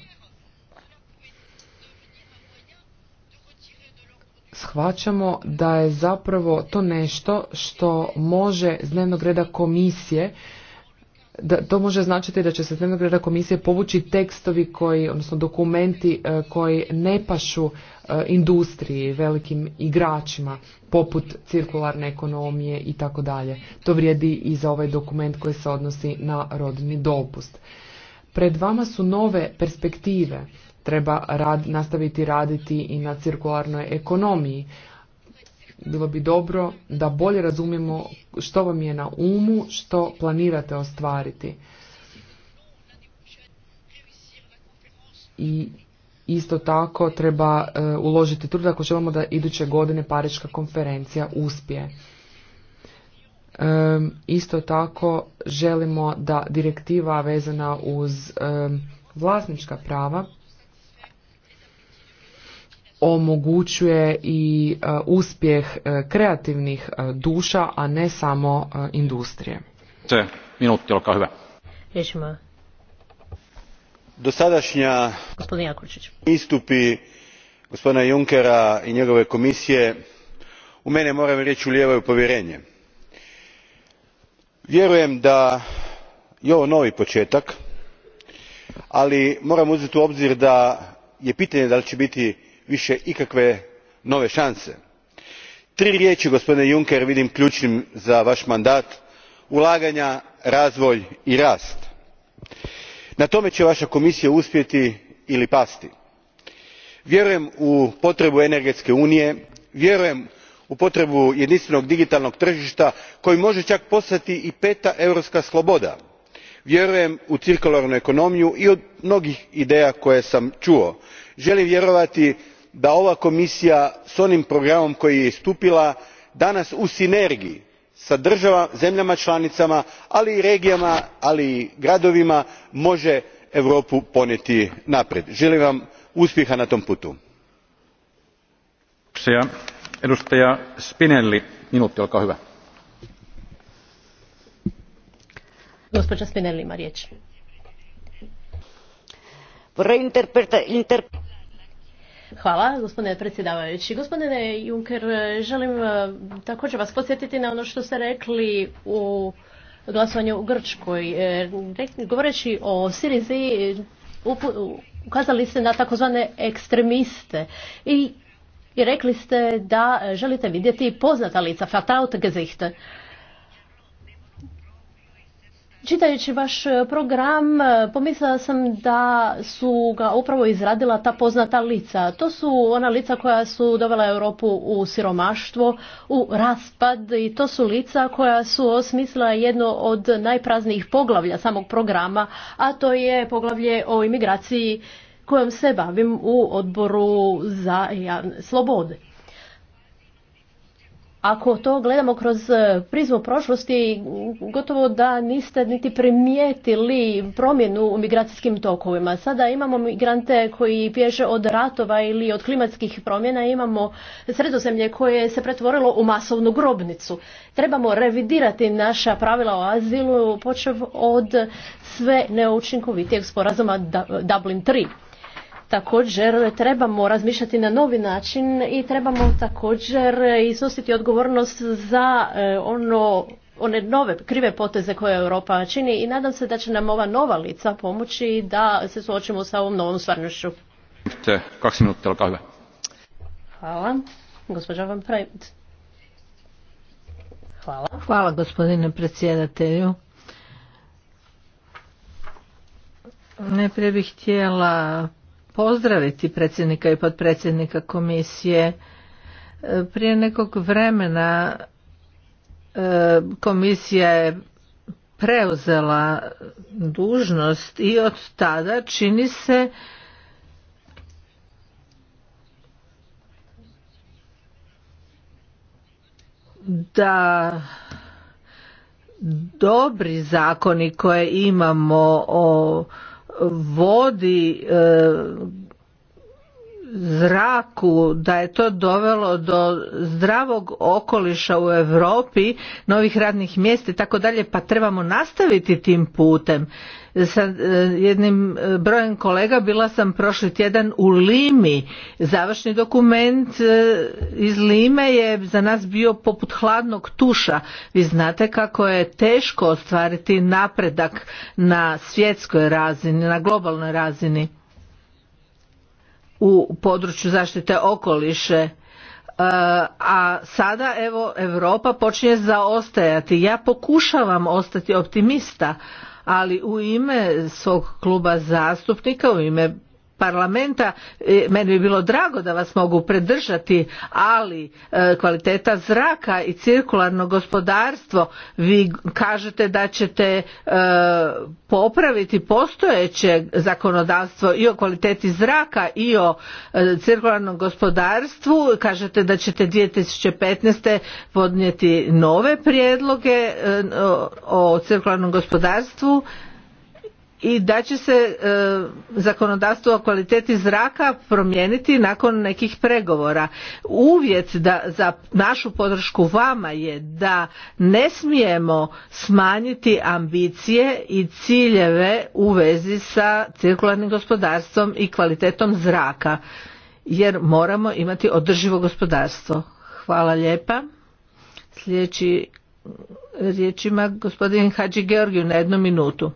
shvaćamo da je zapravo to nešto što može s dnevnog reda komisije to može značiti da će se dnevnog reda komisije povući tekstovi koji, odnosno dokumenti e, koji ne pašu e, industriji, velikim igračima poput cirkularne ekonomije i tako dalje. To vrijedi i za ovaj dokument koji se odnosi na rodni dopust. Pred vama su nove perspektive. Treba rad, nastaviti raditi i na cirkularnoj ekonomiji, bilo bi dobro da bolje razumijemo što vam je na umu, što planirate ostvariti. I isto tako treba e, uložiti trud ako želimo da iduće godine Pariška konferencija uspije. E, isto tako želimo da direktiva vezana uz e, vlasnička prava omogućuje i e, uspjeh e, kreativnih e, duša, a ne samo industrije. Minuti, olkaa hyvä. Dosadašnja istupi gospodina Junkera i njegove komisije u mene moram reći ulijevaju povjerenje. Vjerujem da je ovo novi početak, ali moram uzeti u obzir da je pitanje da li će biti više ikakve nove šanse. tri riječi gospodine juncker vidim ključnim za vaš mandat ulaganja razvoj i rast. na tome će vaša komisija uspjeti ili pasti. vjerujem u potrebu energetske unije vjerujem u potrebu jedinstvenog digitalnog tržišta koji može čak postati i peta europska sloboda. vjerujem u cirkularnu ekonomiju i od mnogih ideja koje sam čuo. želim vjerovati da ova komisija s onim programom koji je istupila danas u sinergiji sa zemljama članicama ali i regijama ali i gradovima može europu ponijeti naprijed. želim vam uspjeha na tom putu. Hvala, gospodine predsjedavajući. Gospodine Juncker, želim e, također vas podsjetiti na ono što ste rekli u glasovanju u Grčkoj. E, govoreći o Sirizi, ukazali ste na takozvane ekstremiste i, rekli ste da želite vidjeti poznata lica, fataut gezichte. Čitajući vaš e, program, e, pomislila sam da su ga upravo izradila ta poznata lica. To su ona lica koja su dovela Europu u siromaštvo, u raspad i to su lica koja su osmislila jedno od najpraznijih poglavlja samog programa, a to je poglavlje o imigraciji kojom se bavim u odboru za slobode. Ako to gledamo kroz e, prizmu prošlosti, gotovo da niste niti primijetili promjenu u migracijskim tokovima. Sada imamo migrante koji bježe od ratova ili od klimatskih promjena, imamo sredozemlje koje se pretvorilo u masovnu grobnicu. Trebamo revidirati naša pravila o azilu, počev od sve neučinkovitijeg sporazuma Dublin 3. Također trebamo razmišljati na novi način i trebamo također iznositi odgovornost za e, ono one nove krive poteze koje Europa čini i nadam se da će nam ova nova lica pomoći da se suočimo sa ovom novom stvarnošću. Hvala. Gospođa Van Hvala. Hvala gospodine predsjedatelju. Najprije bih htjela pozdraviti predsjednika i podpredsjednika komisije. E, prije nekog vremena e, komisija je preuzela dužnost i od tada čini se da dobri zakoni koje imamo o vodi e, zraku da je to dovelo do zdravog okoliša u Europi, novih radnih mjesta i tako dalje, pa trebamo nastaviti tim putem sa e, jednim e, brojem kolega bila sam prošli tjedan u Limi. Završni dokument e, iz Lime je za nas bio poput hladnog tuša. Vi znate kako je teško ostvariti napredak na svjetskoj razini, na globalnoj razini u području zaštite okoliše a sada evo Europa počinje zaostajati. Ja pokušavam ostati optimista, ali u ime svog kluba zastupnika, u ime parlamenta e, meni bi bilo drago da vas mogu predržati ali e, kvaliteta zraka i cirkularno gospodarstvo vi kažete da ćete e, popraviti postojeće zakonodavstvo i o kvaliteti zraka i o cirkularnom gospodarstvu kažete da ćete 2015. podnijeti nove prijedloge o cirkularnom gospodarstvu i da će se e, zakonodavstvo o kvaliteti zraka promijeniti nakon nekih pregovora. Uvjet da za našu podršku vama je da ne smijemo smanjiti ambicije i ciljeve u vezi sa cirkularnim gospodarstvom i kvalitetom zraka jer moramo imati održivo gospodarstvo. Hvala lijepa. Sljedeći riječ ima gospodin Hadži Georgiju na jednu minutu.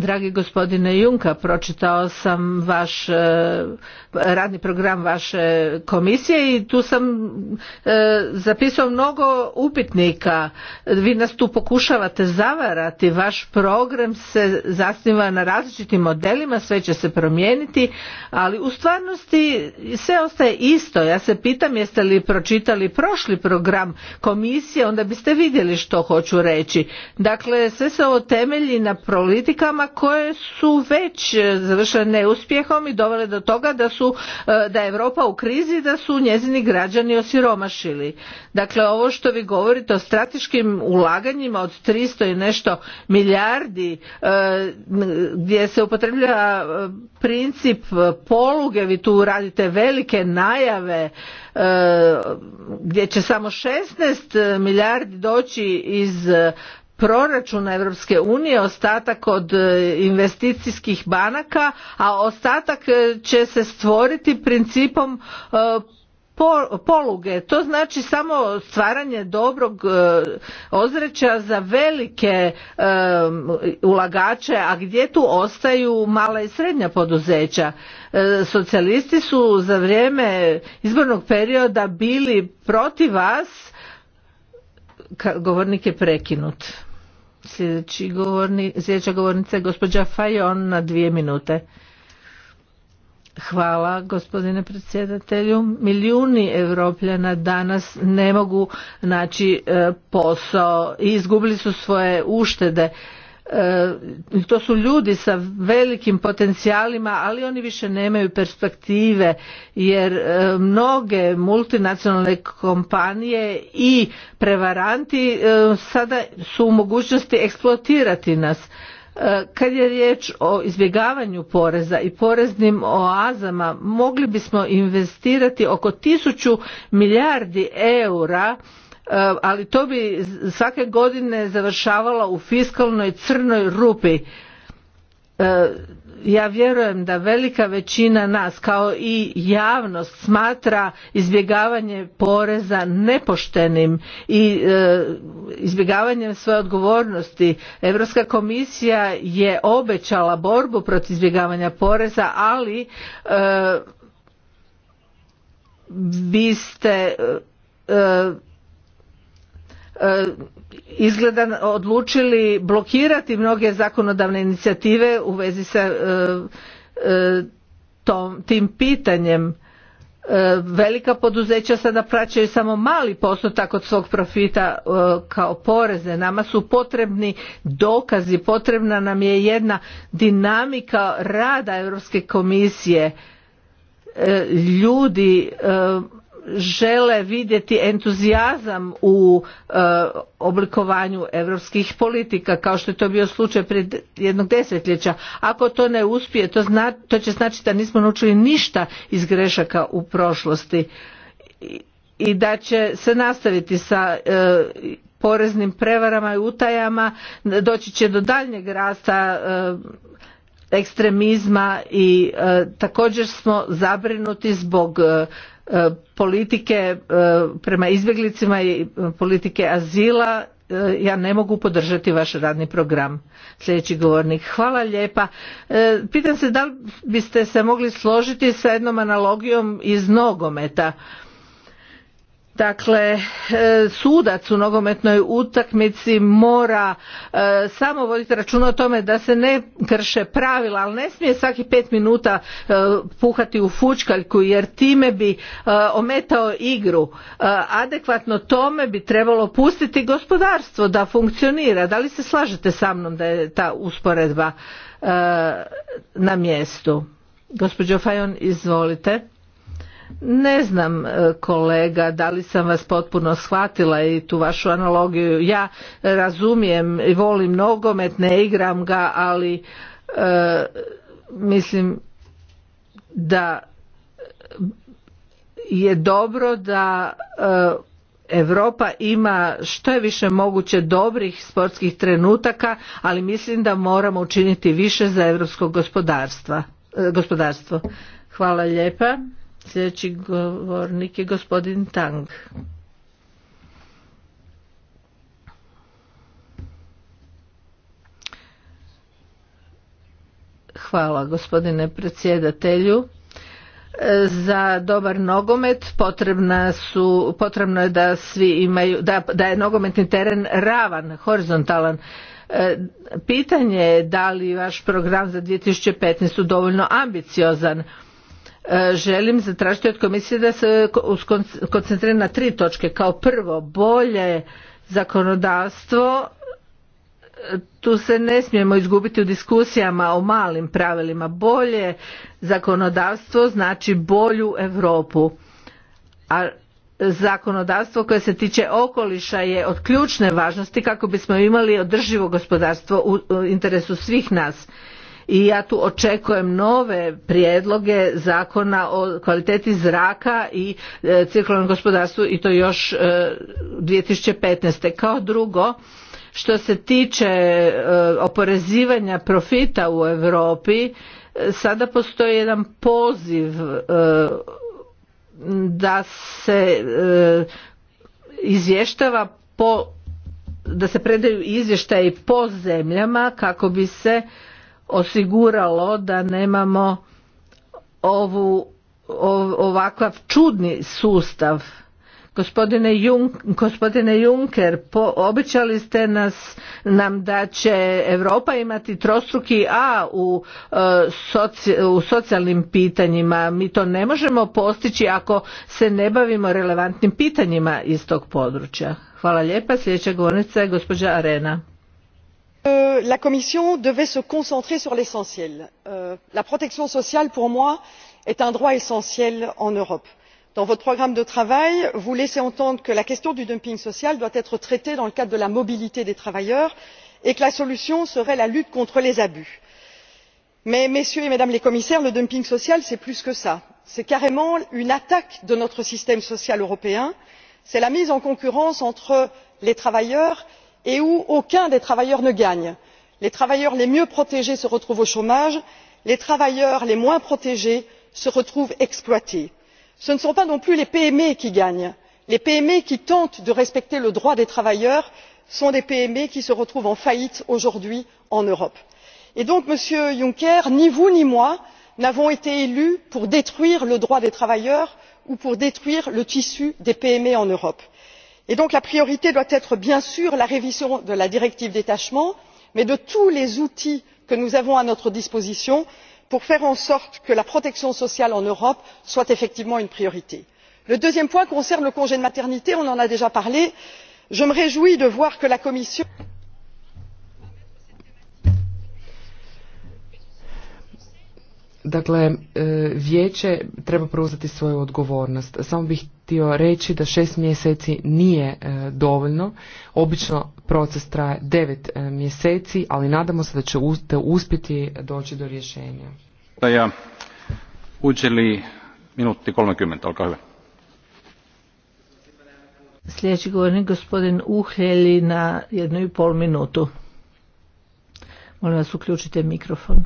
Dragi gospodine Junka, pročitao sam vaš e, radni program vaše komisije i tu sam e, zapisao mnogo upitnika. Vi nas tu pokušavate zavarati, vaš program se zasniva na različitim modelima, sve će se promijeniti, ali u stvarnosti sve ostaje isto. Ja se pitam jeste li pročitali prošli program komisije, onda biste vidjeli što hoću reći. Dakle, sve se ovo temelji na politikama koje su već e, završile neuspjehom i dovele do toga da su e, da je Europa u krizi da su njezini građani osiromašili. Dakle ovo što vi govorite o strateškim ulaganjima od 300 i nešto milijardi e, gdje se upotrebljava princip poluge, vi tu radite velike najave gdje će samo 16 milijardi doći iz proračuna Europske unije, ostatak od e, investicijskih banaka, a ostatak e, će se stvoriti principom e, poluge. To znači samo stvaranje dobrog ozreća za velike ulagače, a gdje tu ostaju mala i srednja poduzeća. Socijalisti su za vrijeme izbornog perioda bili protiv vas, govornik je prekinut sljedeća govornica je gospođa Fajon na dvije minute. Hvala gospodine predsjedatelju. Milijuni Evropljana danas ne mogu naći e, posao i izgubili su svoje uštede E, to su ljudi sa velikim potencijalima ali oni više nemaju perspektive jer e, mnoge multinacionalne kompanije i prevaranti e, sada su u mogućnosti eksploatirati nas kad je riječ o izbjegavanju poreza i poreznim oazama mogli bismo investirati oko tisuću milijardi eura Eh, ali to bi svake godine završavalo u fiskalnoj crnoj rupi eh, ja vjerujem da velika većina nas kao i javnost smatra izbjegavanje poreza nepoštenim i eh, izbjegavanjem svoje odgovornosti europska komisija je obećala borbu protiv izbjegavanja poreza ali vi ste E, izgleda odlučili blokirati mnoge zakonodavne inicijative u vezi sa e, e, tim pitanjem velika poduzeća sada praćaju samo mali postotak od svog profita kao poreze. Nama su potrebni dokazi, potrebna nam je jedna dinamika rada Europske komisije. Ljudi žele vidjeti entuzijazam u e, oblikovanju europskih politika kao što je to bio slučaj pred jednog desetljeća. Ako to ne uspije, to, zna, to će značiti da nismo naučili ništa iz grešaka u prošlosti i da će se nastaviti sa e, poreznim prevarama i utajama, doći će do daljnjeg rasta e, ekstremizma i e, također smo zabrinuti zbog e, e, politike prema izbjeglicima i politike azila ja ne mogu podržati vaš radni program. Sljedeći govornik, hvala lijepa. Pitam se da li biste se mogli složiti sa jednom analogijom iz nogometa. Dakle, e, sudac u nogometnoj utakmici mora e, samo voditi račun o tome da se ne krše pravila, ali ne smije svaki pet minuta e, puhati u fučkaljku jer time bi ometao igru. Adekvatno tome bi trebalo pustiti gospodarstvo da funkcionira. Da li se slažete sa mnom da je ta usporedba na mjestu? Gospođo Fajon, izvolite. Ne znam e, kolega da li sam vas potpuno shvatila i tu vašu analogiju. Ja razumijem i volim nogomet, ne igram ga, ali e, mislim da je dobro da Evropa Europa ima što je više moguće dobrih sportskih trenutaka, ali mislim da moramo učiniti više za europsko e, gospodarstvo. Hvala lijepa. Sljedeći govornik je gospodin Tang. Hvala gospodine predsjedatelju. Za dobar nogomet potrebna su, potrebno je da svi imaju, da, da je nogometni teren ravan, horizontalan. E, pitanje je da li vaš program za 2015. dovoljno ambiciozan želim zatražiti od komisije da se koncentrira na tri točke. Kao prvo, bolje zakonodavstvo tu se ne smijemo izgubiti u diskusijama o malim pravilima. Bolje zakonodavstvo znači bolju Europu. A zakonodavstvo koje se tiče okoliša je od ključne važnosti kako bismo imali održivo gospodarstvo u interesu svih nas i ja tu očekujem nove prijedloge zakona o kvaliteti zraka i e, cirkularnom gospodarstvu i to još 2015. E, Kao drugo, što se tiče e, oporezivanja profita u Europi, sada postoji jedan poziv da se izvještava po da se predaju izvještaji po zemljama kako bi se osiguralo da nemamo ovu ovakav čudni sustav Gospodine, gospodine Juncker, po, obećali ste nas, nam da će Europa imati trostruki A u, e, u socijalnim pitanjima. Mi to ne možemo postići ako se ne bavimo relevantnim pitanjima iz tog područja. Hvala lijepa. Sljedeća govornica je gospođa Arena. Euh, la commission devait se concentrer sur l'essentiel. Euh, la protection sociale pour moi est un droit essentiel en europe. dans votre programme de travail vous laissez entendre que la question du dumping social doit être traitée dans le cadre de la mobilité des travailleurs et que la solution serait la lutte contre les abus. mais messieurs et mesdames les commissaires le dumping social c'est plus que cela c'est carrément une attaque de notre système social européen c'est la mise en concurrence entre les travailleurs et où aucun des travailleurs ne gagne les travailleurs les mieux protégés se retrouvent au chômage les travailleurs les moins protégés se retrouvent exploités. ce ne sont pas non plus les pme qui gagnent les pme qui tentent de respecter le droit des travailleurs sont des pme qui se retrouvent en faillite aujourd'hui en europe. et donc monsieur juncker ni vous ni moi n'avons été élus pour détruire le droit des travailleurs ou pour détruire le tissu des pme en europe la priorité doit être bien sûr la révision de la directive détachement mais de tous les outils que nous avons à notre disposition pour faire en sorte que la protection sociale en europe soit effectivement une priorité. le deuxième point concerne le congé de maternité on en a déjà parlé. je me réjouis de voir que la commission Dakle, e, vijeće treba preuzeti svoju odgovornost. Samo bih htio reći da šest mjeseci nije e, dovoljno. Obično proces traje devet e, mjeseci, ali nadamo se da će uspjeti doći do rješenja. Ja, minuti 30, Sljedeći govornik gospodin Uhljeli na jednu i pol minutu. Molim vas uključite mikrofon.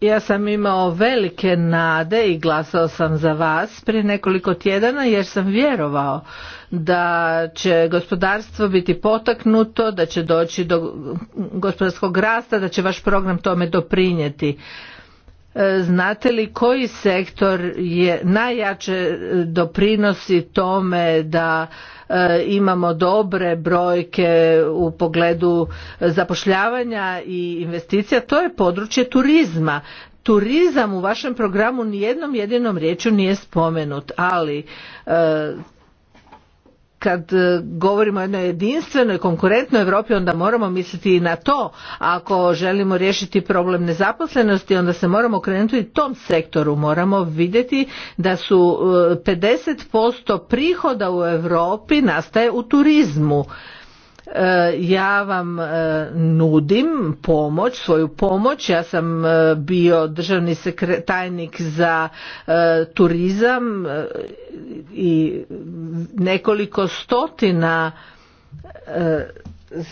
ja sam imao velike nade i glasao sam za vas prije nekoliko tjedana jer sam vjerovao da će gospodarstvo biti potaknuto, da će doći do gospodarskog rasta, da će vaš program tome doprinijeti. E, znate li koji sektor je najjače doprinosi tome da E, imamo dobre brojke u pogledu zapošljavanja i investicija, to je područje turizma. Turizam u vašem programu nijednom jedinom riječju nije spomenut, ali e, kad e, govorimo o jednoj jedinstvenoj konkurentnoj Europi onda moramo misliti i na to. Ako želimo riješiti problem nezaposlenosti onda se moramo okrenuti i tom sektoru. Moramo vidjeti da su 50% e, prihoda u Europi nastaje u turizmu. E, ja vam e, nudim pomoć, svoju pomoć. Ja sam e, bio državni tajnik za turizam i nekoliko stotina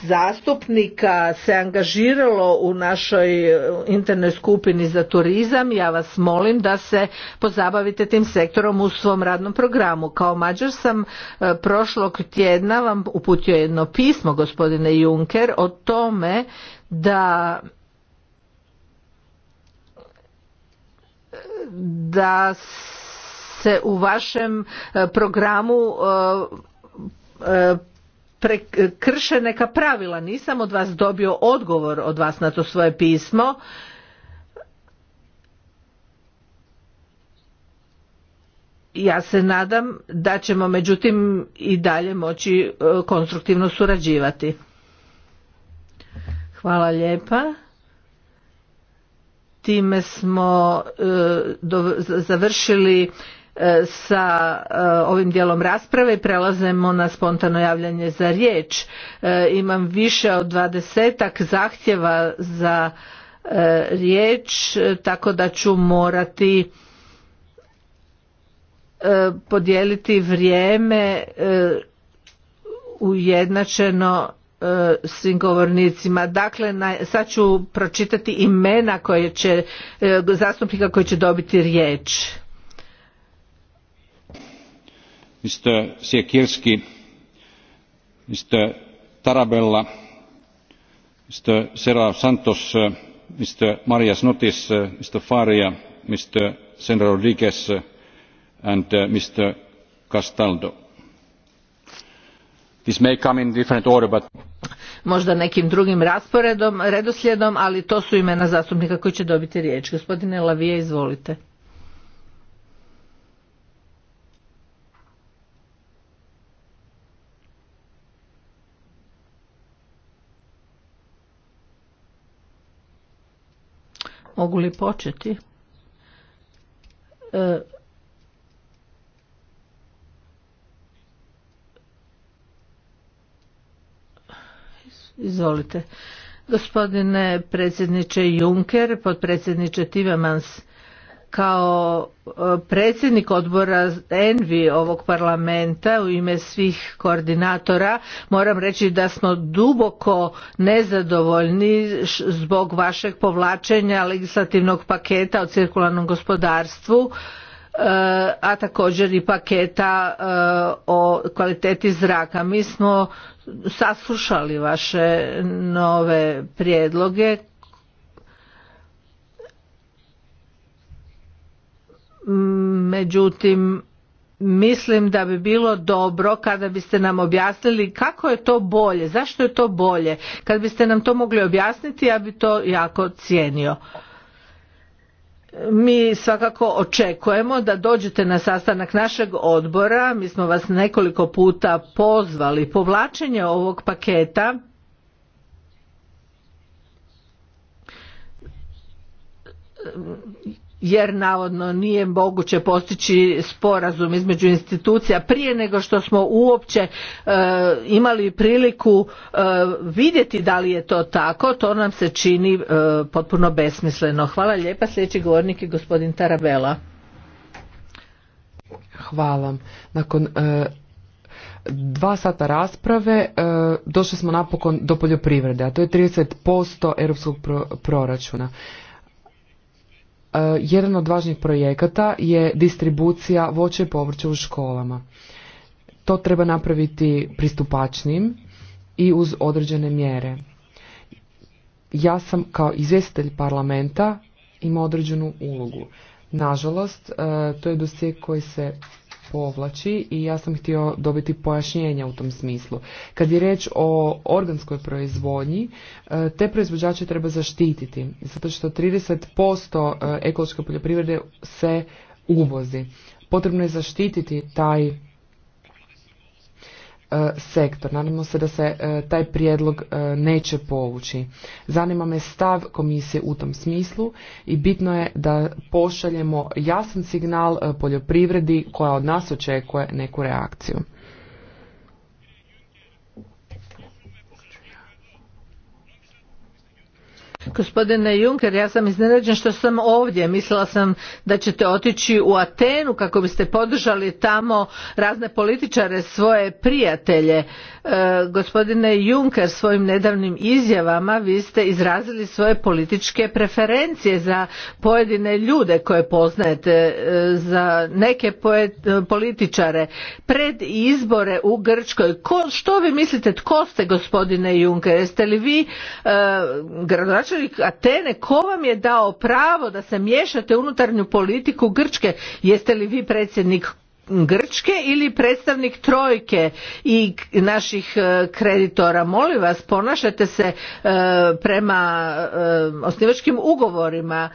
zastupnika se angažiralo u našoj e, internoj skupini za turizam ja vas molim da se pozabavite tim sektorom u svom radnom programu kao mađar sam e, prošlog tjedna vam uputio jedno pismo gospodine Juncker o tome da da se u vašem e, programu prekrše neka pravila. Nisam od vas dobio odgovor od vas na to svoje pismo. Ja se nadam da ćemo međutim i dalje moći e, konstruktivno surađivati. Hvala lijepa. Time smo e, završili E, sa e, ovim dijelom rasprave prelazimo na spontano javljanje za riječ. E, imam više od dvadesetak zahtjeva za riječ, tako da ću morati podijeliti vrijeme ujednačeno svim govornicima. Dakle, sad ću pročitati imena koje će, zastupnika koji će dobiti riječ mr siekierski mr tarabella mr serra santos mr marias notis mr faria mr senra rodriguez and uh, mr castaldo. this may come in different order but možda nekim drugim rasporedom redoslijedom ali to su imena zastupnika koji će dobiti riječ. gospodine lavije izvolite. Mogu li početi? E, izvolite. Gospodine predsjedniče Juncker, potpredsjedniče Tivemans, kao e, predsjednik odbora Envi ovog parlamenta u ime svih koordinatora moram reći da smo duboko nezadovoljni zbog vašeg povlačenja legislativnog paketa o cirkularnom gospodarstvu e, a također i paketa e, o kvaliteti zraka. Mi smo saslušali vaše nove prijedloge međutim mislim da bi bilo dobro kada biste nam objasnili kako je to bolje, zašto je to bolje. Kad biste nam to mogli objasniti, ja bi to jako cijenio. Mi svakako očekujemo da dođete na sastanak našeg odbora, mi smo vas nekoliko puta pozvali. Povlačenje ovog paketa jer navodno nije moguće postići sporazum između institucija prije nego što smo uopće e, imali priliku e, vidjeti da li je to tako, to nam se čini e, potpuno besmisleno. Hvala lijepa, sljedeći govornik je gospodin Tarabela. Hvala. Nakon dva sata rasprave došli smo napokon do poljoprivrede, a to je 30% europskog proračuna. E, jedan od važnih projekata je distribucija voća i povrća u školama. To treba napraviti pristupačnim i uz određene mjere. Ja sam kao izvjestitelj parlamenta imao određenu ulogu. Nažalost, e, to je dosje koji se povlači i ja sam htio dobiti pojašnjenja u tom smislu. Kad je reč o organskoj proizvodnji, e, te proizvođače treba zaštititi, zato što 30% e, ekološke poljoprivrede se uvozi. Potrebno je zaštititi taj E, sektor. Nadamo se da se e, taj prijedlog e, neće povući. Zanima me stav komisije u tom smislu i bitno je da pošaljemo jasan signal poljoprivredi koja od nas očekuje neku reakciju. Gospodine Juncker, ja sam iznenađen što sam ovdje. Mislila sam da ćete otići u Atenu kako biste podržali tamo razne političare, svoje prijatelje. E, gospodine Juncker, svojim nedavnim izjavama vi ste izrazili svoje političke preferencije za pojedine ljude koje poznajete, e, za neke e, političare. Pred izbore u Grčkoj, ko, što vi mislite, tko ste gospodine Juncker? Jeste li vi e, gradonačelnik Atene, ko vam je dao pravo da se miješate unutarnju politiku Grčke? Jeste li vi predsjednik Grčke ili predstavnik trojke i naših e, kreditora. Molim vas, ponašajte se e, prema e, osnivačkim ugovorima.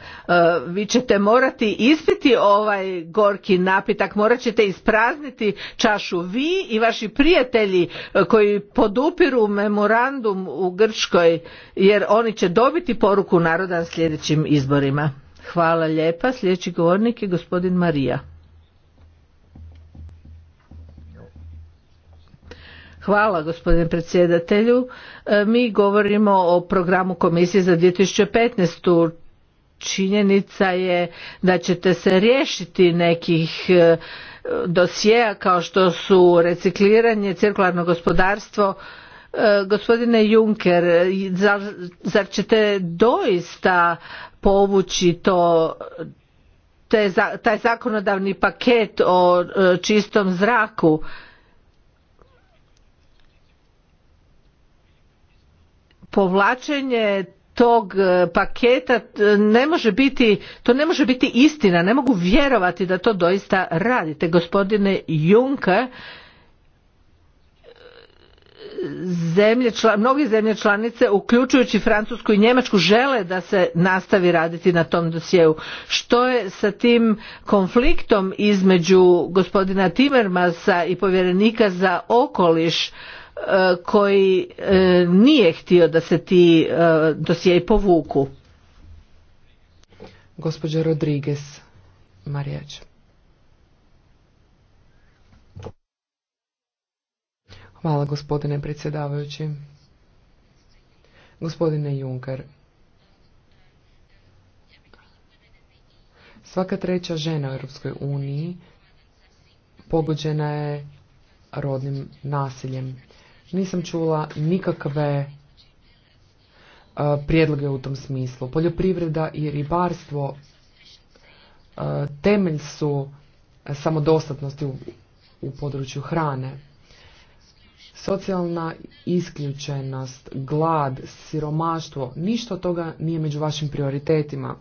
Vi ćete morati ispiti ovaj gorki napitak, morat ćete isprazniti čašu vi i vaši prijatelji koji podupiru memorandum u Grčkoj jer oni će dobiti poruku naroda na sljedećim izborima. Hvala lijepa. Sljedeći govornik je gospodin Marija. Hvala gospodine predsjedatelju. E, mi govorimo o programu komisije za 2015. Činjenica je da ćete se riješiti nekih e, dosjeja kao što su recikliranje, cirkularno gospodarstvo, e, gospodine Juncker, zar, ćete doista povući to taj zakonodavni paket o čistom zraku? povlačenje tog e, paketa ne može biti, to ne može biti istina, ne mogu vjerovati da to doista radite. Gospodine Juncker, zemlje, mnogi zemlje članice, uključujući Francusku i Njemačku, žele da se nastavi raditi na tom dosjeu. Što je sa tim konfliktom između gospodina Timmermasa i povjerenika za okoliš? E, koji e, nije htio da se ti e, dosjei povuku. Gospođa Rodriguez Marijač. Hvala gospodine predsjedavajući. Gospodine Juncker, svaka treća žena u Europskoj uniji pogođena je rodnim nasiljem nisam čula nikakve e, prijedloge u tom smislu. Poljoprivreda i ribarstvo e, temelj su samodostatnosti u, području hrane. Socijalna isključenost, glad, siromaštvo, ništa od toga nije među vašim prioritetima.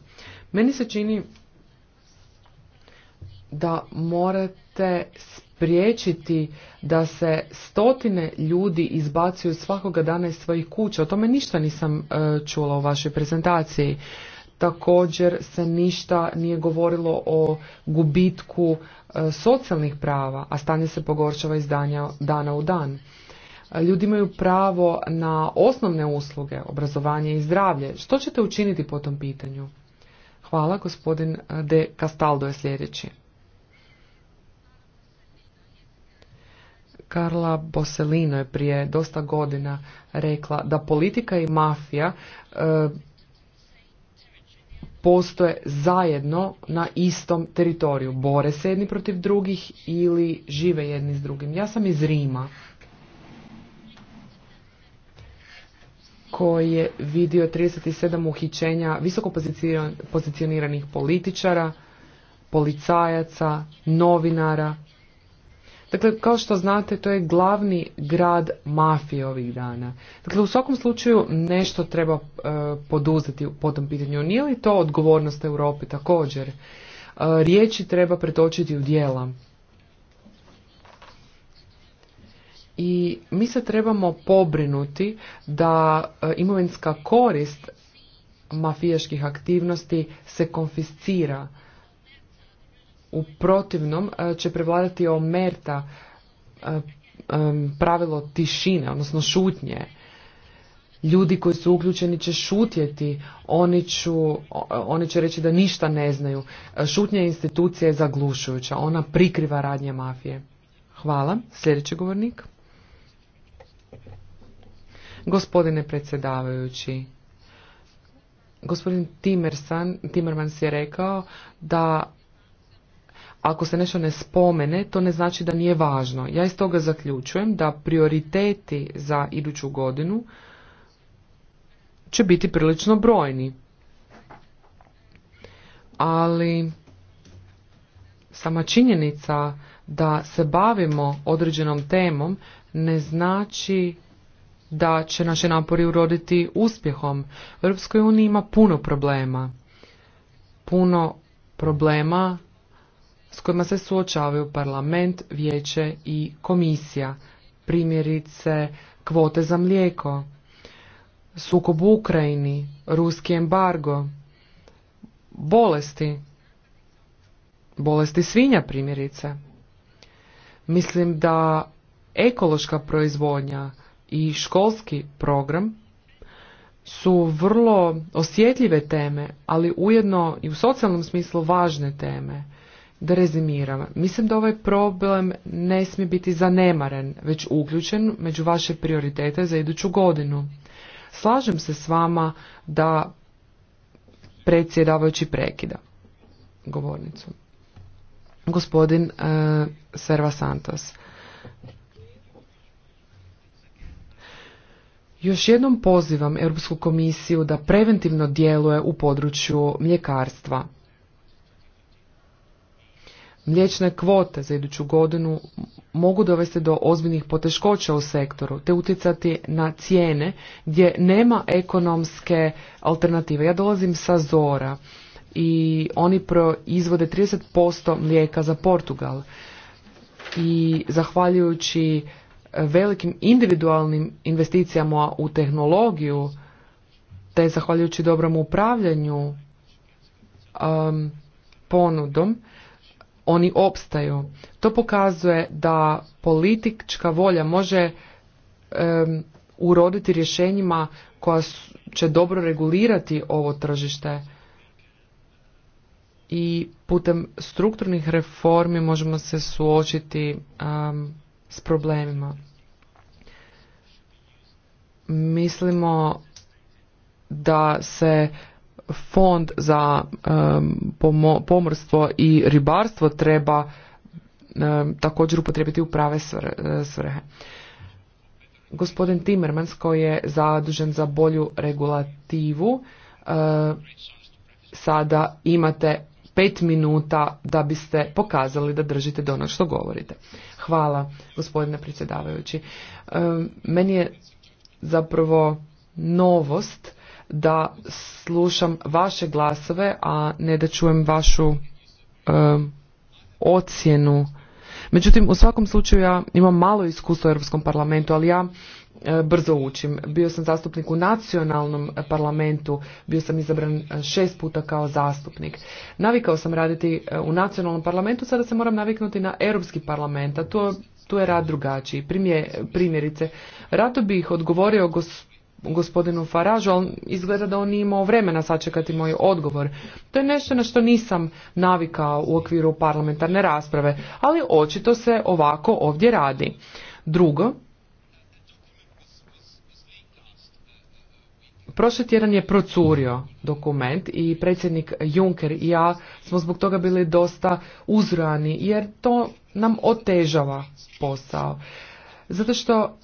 Meni se čini da morate spriječiti da se stotine ljudi izbacuju svakoga dana iz svojih kuća. O tome ništa nisam e, čula u vašoj prezentaciji. Također se ništa nije govorilo o gubitku e, socijalnih prava, a stanje se pogoršava iz dana u dan. Ljudi imaju pravo na osnovne usluge, obrazovanje i zdravlje. Što ćete učiniti po tom pitanju? Hvala, gospodin e, De Castaldo je sljedeći. Karla Boselino je prije dosta godina rekla da politika i mafija e, postoje zajedno na istom teritoriju. Bore se jedni protiv drugih ili žive jedni s drugim. Ja sam iz Rima koji je vidio 37 uhićenja visoko pozicioniranih političara, policajaca, novinara, Dakle, kao što znate, to je glavni grad mafije ovih dana. Dakle, u svakom slučaju nešto treba e, poduzeti po tom pitanju. Nije li to odgovornost Europe također? E, riječi treba pretočiti u dijela. I mi se trebamo pobrinuti da e, imovinska korist mafijaških aktivnosti se konfiscira u protivnom e, će prevladati omerta e, e, pravilo tišine, odnosno šutnje. Ljudi koji su uključeni će šutjeti, oni, ću, oni će reći da ništa ne znaju. Šutnja institucija je zaglušujuća, ona prikriva radnje mafije. Hvala. Sljedeći govornik. Gospodine predsjedavajući, gospodin si je rekao da ako se nešto ne spomene, to ne znači da nije važno. Ja iz toga zaključujem da prioriteti za iduću godinu će biti prilično brojni. Ali sama činjenica da se bavimo određenom temom ne znači da će naše napori uroditi uspjehom. U Europskoj ima puno problema. Puno problema s kojima se suočavaju parlament, vijeće i komisija. Primjerice kvote za mlijeko, sukob u Ukrajini, ruski embargo, bolesti, bolesti svinja primjerice. Mislim da ekološka proizvodnja i školski program su vrlo osjetljive teme, ali ujedno i u socijalnom smislu važne teme. Da rezimiram, mislim da ovaj problem ne smije biti zanemaren, već uključen među vaše prioritete za iduću godinu. Slažem se s vama da predsjedavajući prekida govornicu. Gospodin e, Serva Santos. Još jednom pozivam Europsku komisiju da preventivno djeluje u području mljekarstva mliječne kvote za iduću godinu mogu dovesti do ozbiljnih poteškoća u sektoru te utjecati na cijene gdje nema ekonomske alternative. Ja dolazim sa Zora i oni proizvode 30% mlijeka za Portugal i zahvaljujući velikim individualnim investicijama u tehnologiju te zahvaljujući dobrom upravljanju um, ponudom oni opstaju. To pokazuje da politička volja može uroditi rješenjima koja će dobro regulirati ovo tržište i putem strukturnih reformi možemo se suočiti s problemima. Mislimo da se fond za pomorstvo i ribarstvo treba također upotrijebiti u prave e, svrhe. Gospodin Timmermans koji je zadužen za bolju regulativu e, sada imate pet minuta da biste pokazali da držite do ono što govorite. Hvala gospodine predsjedavajući. E, meni je zapravo novost da slušam vaše glasove, a ne da čujem vašu ocjenu. Međutim, u svakom slučaju ja imam malo iskustva u Europskom parlamentu, ali ja e, brzo učim. Bio sam zastupnik u nacionalnom parlamentu, bio sam izabran e, šest puta kao zastupnik. Navikao sam raditi e, u nacionalnom parlamentu, sada se moram naviknuti na Europski parlament, a tu, je rad drugačiji. primjerice, rado bih odgovorio gospodinu gospodinu Faražu, ali izgleda da on nije imao vremena sačekati moj odgovor. To je nešto na što nisam navikao u okviru parlamentarne rasprave, ali očito se ovako ovdje radi. Drugo, Prošli tjedan je procurio dokument i predsjednik Juncker i ja smo zbog toga bili dosta uzrojani jer to nam otežava posao zato što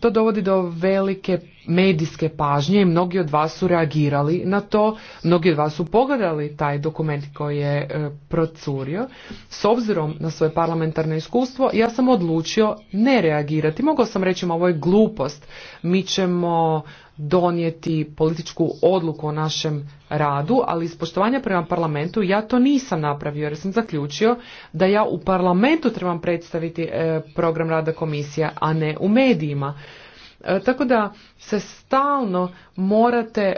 to dovodi do velike medijske pažnje i mnogi od vas su reagirali na to, mnogi od vas su pogledali taj dokument koji je e, procurio. S obzirom na svoje parlamentarno iskustvo, ja sam odlučio ne reagirati. Mogao sam reći, ovo je glupost, mi ćemo donijeti političku odluku o našem radu, ali iz poštovanja prema parlamentu ja to nisam napravio jer sam zaključio da ja u parlamentu trebam predstaviti e, program rada komisija, a ne u medijima. E, tako da se stalno morate e,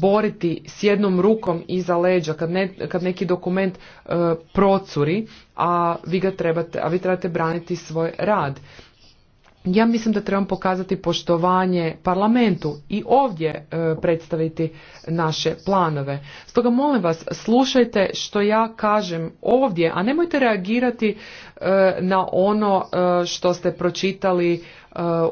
boriti s jednom rukom iza leđa kad, ne, kad neki dokument procuri, a vi ga trebate, a vi trebate braniti svoj rad ja mislim da trebam pokazati poštovanje parlamentu i ovdje e, predstaviti naše planove. Stoga molim vas, slušajte što ja kažem ovdje, a nemojte reagirati e, na ono e, što ste pročitali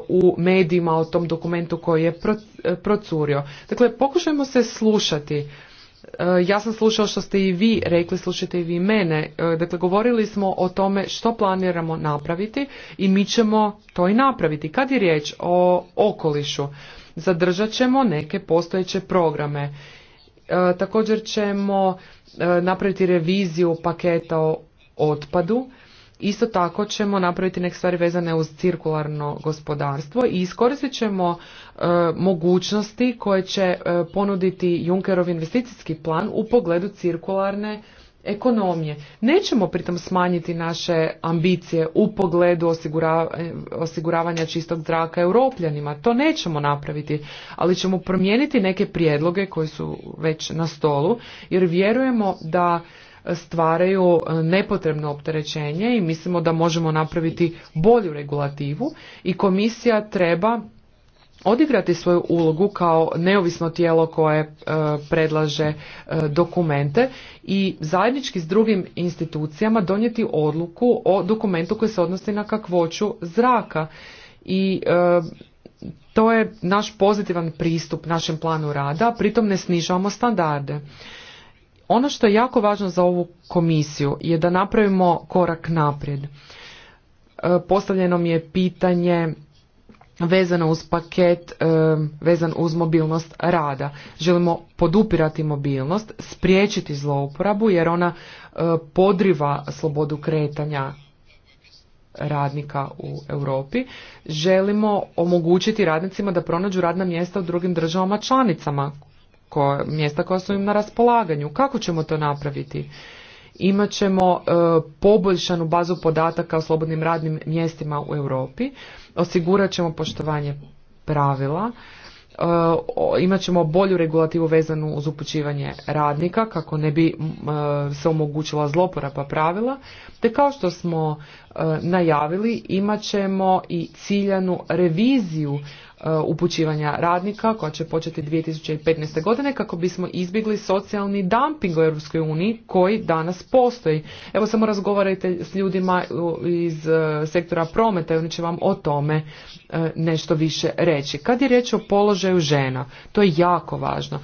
u medijima o tom dokumentu koji je pro, procurio. Dakle, pokušajmo se slušati E, ja sam slušao što ste i vi rekli, slušajte i vi mene. E, dakle, govorili smo o tome što planiramo napraviti i mi ćemo to i napraviti. Kad je riječ o okolišu, zadržat ćemo neke postojeće programe. E, također ćemo napraviti reviziju paketa o otpadu. Isto tako ćemo napraviti neke stvari vezane uz cirkularno gospodarstvo i iskoristit ćemo E, mogućnosti koje će e, ponuditi Junckerov investicijski plan u pogledu cirkularne ekonomije. Nećemo pritom smanjiti naše ambicije u pogledu e, osiguravanja čistog zraka europljanima. To nećemo napraviti, ali ćemo promijeniti neke prijedloge koji su već na stolu, jer vjerujemo da stvaraju nepotrebno opterećenje i mislimo da možemo napraviti bolju regulativu i komisija treba odigrati svoju ulogu kao neovisno tijelo koje e, predlaže e, dokumente i zajednički s drugim institucijama donijeti odluku o dokumentu koji se odnosi na kakvoću zraka i e, to je naš pozitivan pristup našem planu rada, pritom ne snižavamo standarde. Ono što je jako važno za ovu komisiju je da napravimo korak naprijed. Postavljeno mi je pitanje vezano uz paket e, vezan uz mobilnost rada. Želimo podupirati mobilnost, spriječiti zlouporabu jer ona e, podriva slobodu kretanja radnika u Europi. Želimo omogućiti radnicima da pronađu radna mjesta u drugim državama članicama, mjesta koja su im na raspolaganju. Kako ćemo to napraviti? Imat ćemo e, poboljšanu bazu podataka o slobodnim radnim mjestima u Europi osigurat ćemo poštovanje pravila, e, imat ćemo bolju regulativu vezanu uz upućivanje radnika kako ne bi e, se omogućila zloporaba pravila, te kao što smo e, najavili imat ćemo i ciljanu reviziju E, upućivanja radnika koja će početi 2015. godine kako bismo izbjegli socijalni dumping u Europskoj uniji koji danas postoji. Evo samo razgovarajte s ljudima iz e, sektora prometa i oni će vam o tome e, nešto više reći. Kad je riječ o položaju žena, to je jako važno.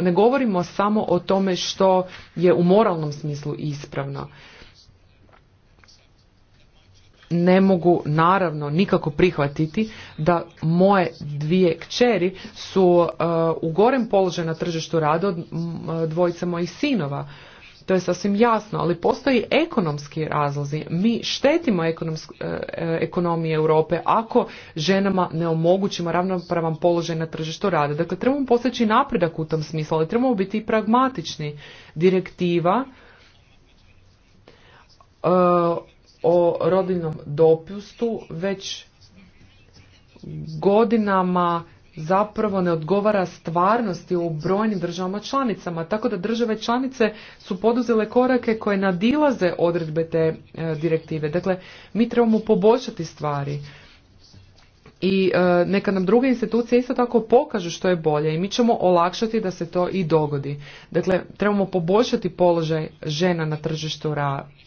Ne govorimo samo o tome što je u moralnom smislu ispravno ne mogu naravno nikako prihvatiti da moje dvije kćeri su uh, u gorem položaju na tržištu rada od dvojice mojih sinova. To je sasvim jasno, ali postoji ekonomski razlozi. Mi štetimo ekonomsk, e, e, Europe ako ženama ne omogućimo ravnopravan položaj na tržištu rada. Dakle, trebamo postići napredak u tom smislu, ali trebamo biti i pragmatični. Direktiva e, o rodiljnom dopustu već godinama zapravo ne odgovara stvarnosti u brojnim državama članicama, tako da države članice su poduzele korake koje nadilaze odredbe te e, direktive. Dakle, mi trebamo poboljšati stvari i e, neka nam druge institucije isto tako pokažu što je bolje i mi ćemo olakšati da se to i dogodi. Dakle, trebamo poboljšati položaj žena na tržištu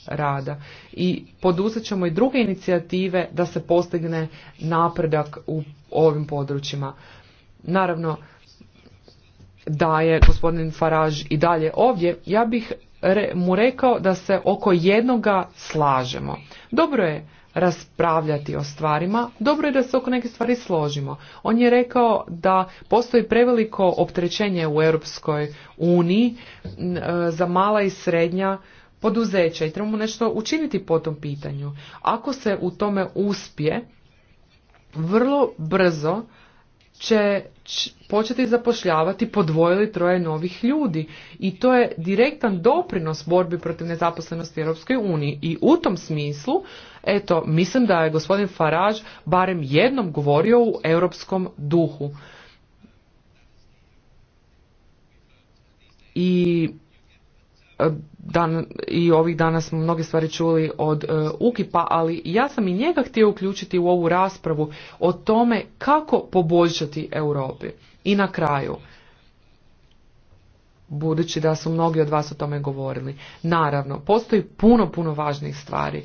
rada i poduzet ćemo i druge inicijative da se postigne napredak u ovim područjima. Naravno, da je gospodin Faraž i dalje ovdje, ja bih mu rekao da se oko jednoga slažemo. Dobro je raspravljati o stvarima, dobro je da se oko neke stvari složimo. On je rekao da postoji preveliko opterećenje u Europskoj uniji e, za mala i srednja poduzeća i trebamo nešto učiniti po tom pitanju. Ako se u tome uspije, vrlo brzo će početi zapošljavati podvojili troje novih ljudi i to je direktan doprinos borbi protiv nezaposlenosti Europskoj uniji i u tom smislu eto mislim da je gospodin Farage barem jednom govorio u europskom duhu i e, dan, i ovih dana smo mnoge stvari čuli od e, Ukipa, ali ja sam i njega htio uključiti u ovu raspravu o tome kako poboljšati Europi. I na kraju, budući da su mnogi od vas o tome govorili, naravno, postoji puno, puno važnih stvari.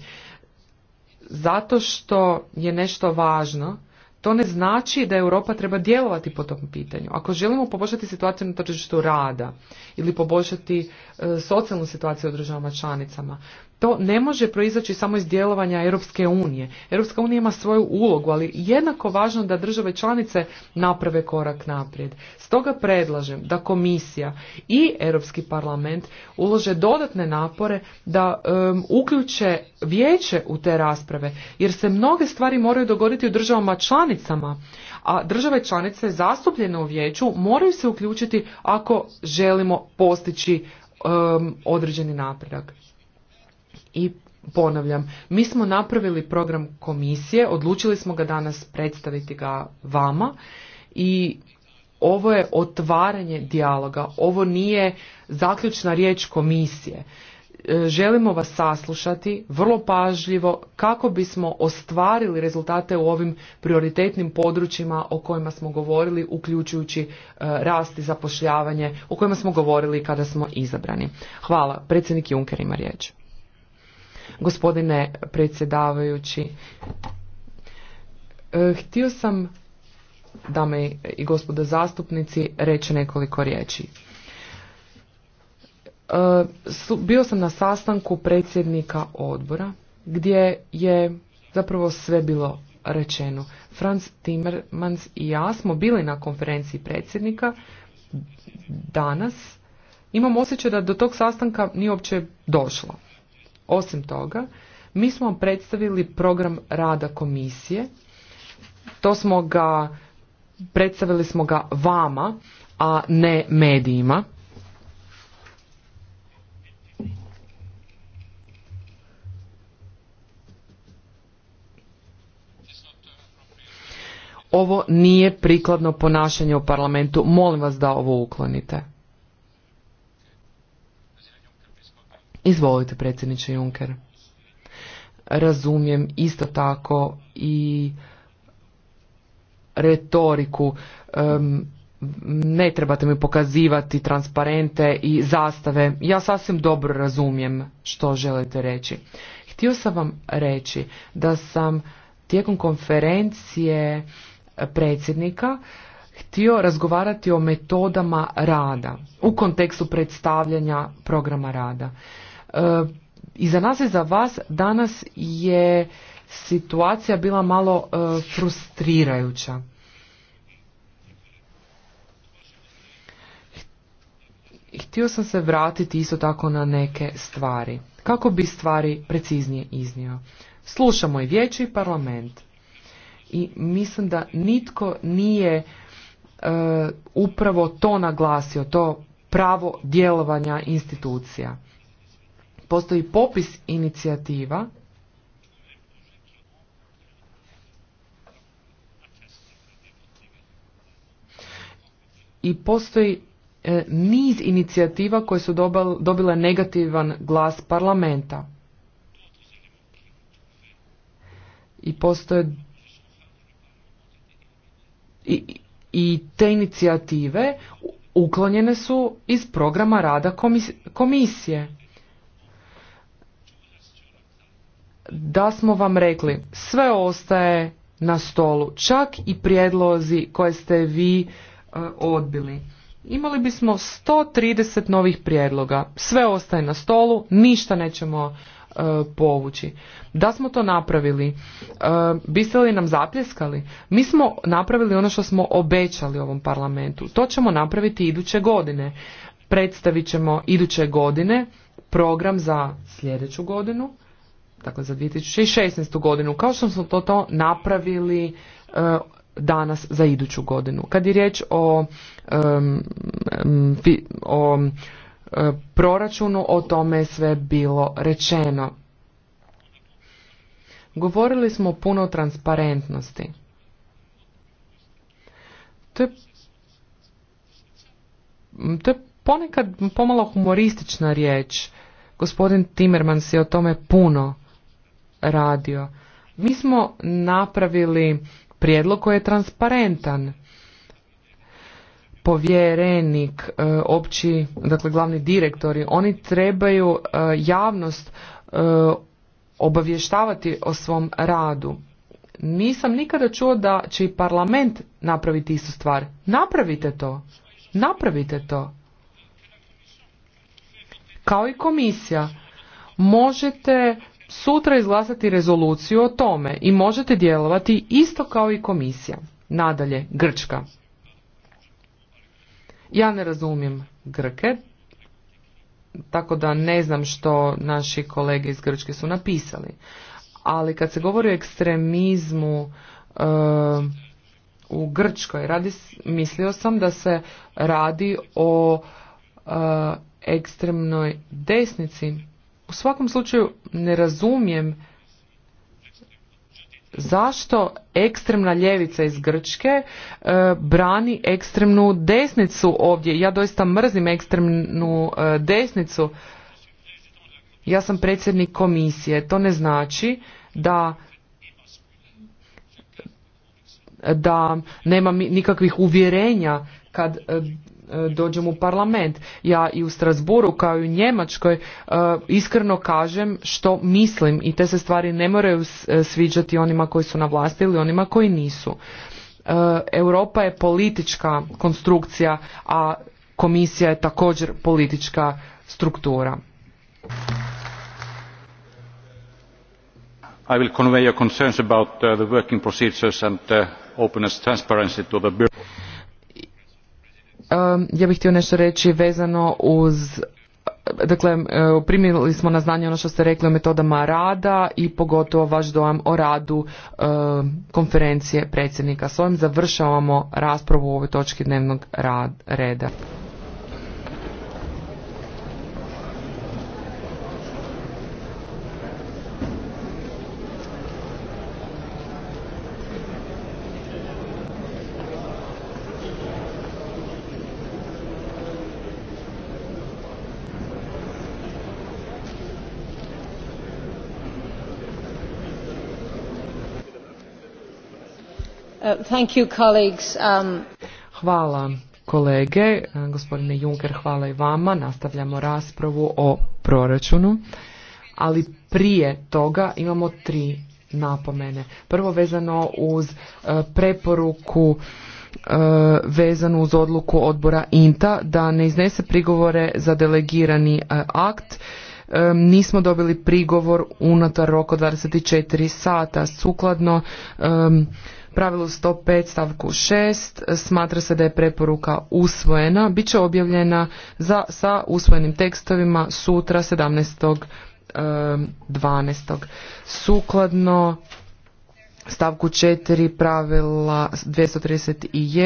Zato što je nešto važno, to ne znači da Europa treba djelovati po tom pitanju. Ako želimo poboljšati situaciju na tržištu rada ili poboljšati e, socijalnu situaciju u državama članicama, to ne može proizaći samo iz djelovanja Europske unije. Europska unija ima svoju ulogu, ali jednako važno da države članice naprave korak naprijed. Stoga predlažem da komisija i Europski parlament ulože dodatne napore da uključe vijeće u te rasprave, jer se mnoge stvari moraju dogoditi u državama članicama, a države članice zastupljene u vijeću moraju se uključiti ako želimo postići određeni napredak. I ponavljam, mi smo napravili program komisije, odlučili smo ga danas predstaviti ga vama i ovo je otvaranje dijaloga, ovo nije zaključna riječ komisije. E, želimo vas saslušati vrlo pažljivo kako bismo ostvarili rezultate u ovim prioritetnim područjima o kojima smo govorili, uključujući e, rast i zapošljavanje, o kojima smo govorili kada smo izabrani. Hvala. Predsjednik Juncker ima riječ. Gospodine predsjedavajući, e, htio sam, dame i gospodo zastupnici, reći nekoliko riječi. E, bio sam na sastanku predsjednika odbora gdje je zapravo sve bilo rečeno. Franz Timmermans i ja smo bili na konferenciji predsjednika danas. Imam osjećaj da do tog sastanka nije uopće došlo. Osim toga, mi smo predstavili program rada komisije. To smo ga predstavili smo ga vama, a ne medijima. Ovo nije prikladno ponašanje u parlamentu. Molim vas da ovo uklonite. Izvolite, predsjedniče Juncker. Razumijem isto tako i retoriku. ne trebate mi pokazivati transparente i zastave. Ja sasvim dobro razumijem što želite reći. Htio sam vam reći da sam tijekom konferencije predsjednika htio razgovarati o metodama rada u kontekstu predstavljanja programa rada. E, i za nas i za vas danas je situacija bila malo e, frustrirajuća. Htio sam se vratiti isto tako na neke stvari. Kako bi stvari preciznije iznio? Slušamo i vijeće i parlament. I mislim da nitko nije e, upravo to naglasio, to pravo djelovanja institucija postoji popis inicijativa i postoji e, niz inicijativa koje su dobile negativan glas parlamenta. I postoje i, te inicijative uklonjene su iz programa rada komisije. da smo vam rekli sve ostaje na stolu, čak i prijedlozi koje ste vi e, odbili. Imali bismo 130 novih prijedloga, sve ostaje na stolu, ništa nećemo e, povući. Da smo to napravili, e, biste li nam zapljeskali? Mi smo napravili ono što smo obećali ovom parlamentu. To ćemo napraviti iduće godine. Predstavit ćemo iduće godine program za sljedeću godinu dakle za 2016. godinu, kao što smo to, to napravili e, danas za iduću godinu. Kad je riječ o, o e, proračunu, o tome je sve bilo rečeno. Govorili smo puno o transparentnosti. To je, ponekad pomalo humoristična riječ. Gospodin Timerman je o tome puno radio. Mi smo napravili prijedlog koji je transparentan. Povjerenik, e, opći, dakle glavni direktori, oni trebaju e, javnost e, obavještavati o svom radu. Nisam nikada čuo da će i parlament napraviti istu stvar. Napravite to. Napravite to. Kao i komisija. Možete sutra izglasati rezoluciju o tome i možete djelovati isto kao i komisija. Nadalje, Grčka. Ja ne razumijem Grke, tako da ne znam što naši kolege iz Grčke su napisali. Ali kad se govori o ekstremizmu eh, u Grčkoj, radi, mislio sam da se radi o eh, ekstremnoj desnici u svakom slučaju ne razumijem zašto ekstremna ljevica iz Grčke e, brani ekstremnu desnicu ovdje. Ja doista mrzim ekstremnu e, desnicu. Ja sam predsjednik komisije. To ne znači da da nemam nikakvih uvjerenja kad e, E, dođem u parlament. Ja i u Strasburu kao i u Njemačkoj e, iskreno kažem što mislim i te se stvari ne moraju e, sviđati onima koji su na vlasti ili onima koji nisu. Europa je politička konstrukcija, a komisija je također politička struktura. I will convey your concerns about uh, the working procedures and uh, openness transparency to the ja bih htio nešto reći vezano uz dakle primili smo na znanje ono što ste rekli o metodama rada i pogotovo vaš dojam o radu konferencije predsjednika. S ovim završavamo raspravu u ovoj točki dnevnog reda. Uh, thank you, um, Hvala kolege, uh, gospodine Juncker, hvala i vama. Nastavljamo raspravu o proračunu, ali prije toga imamo tri napomene. Prvo vezano uz uh, preporuku vezanu uz odluku odbora INTA da ne iznese prigovore za delegirani akt. Um, nismo dobili prigovor unutar roka 24 sata. Sukladno um, pravilu 105 stavku 6 smatra se da je preporuka usvojena. Biće objavljena za, sa usvojenim tekstovima sutra 17. 12. Sukladno stavku 4 pravila 231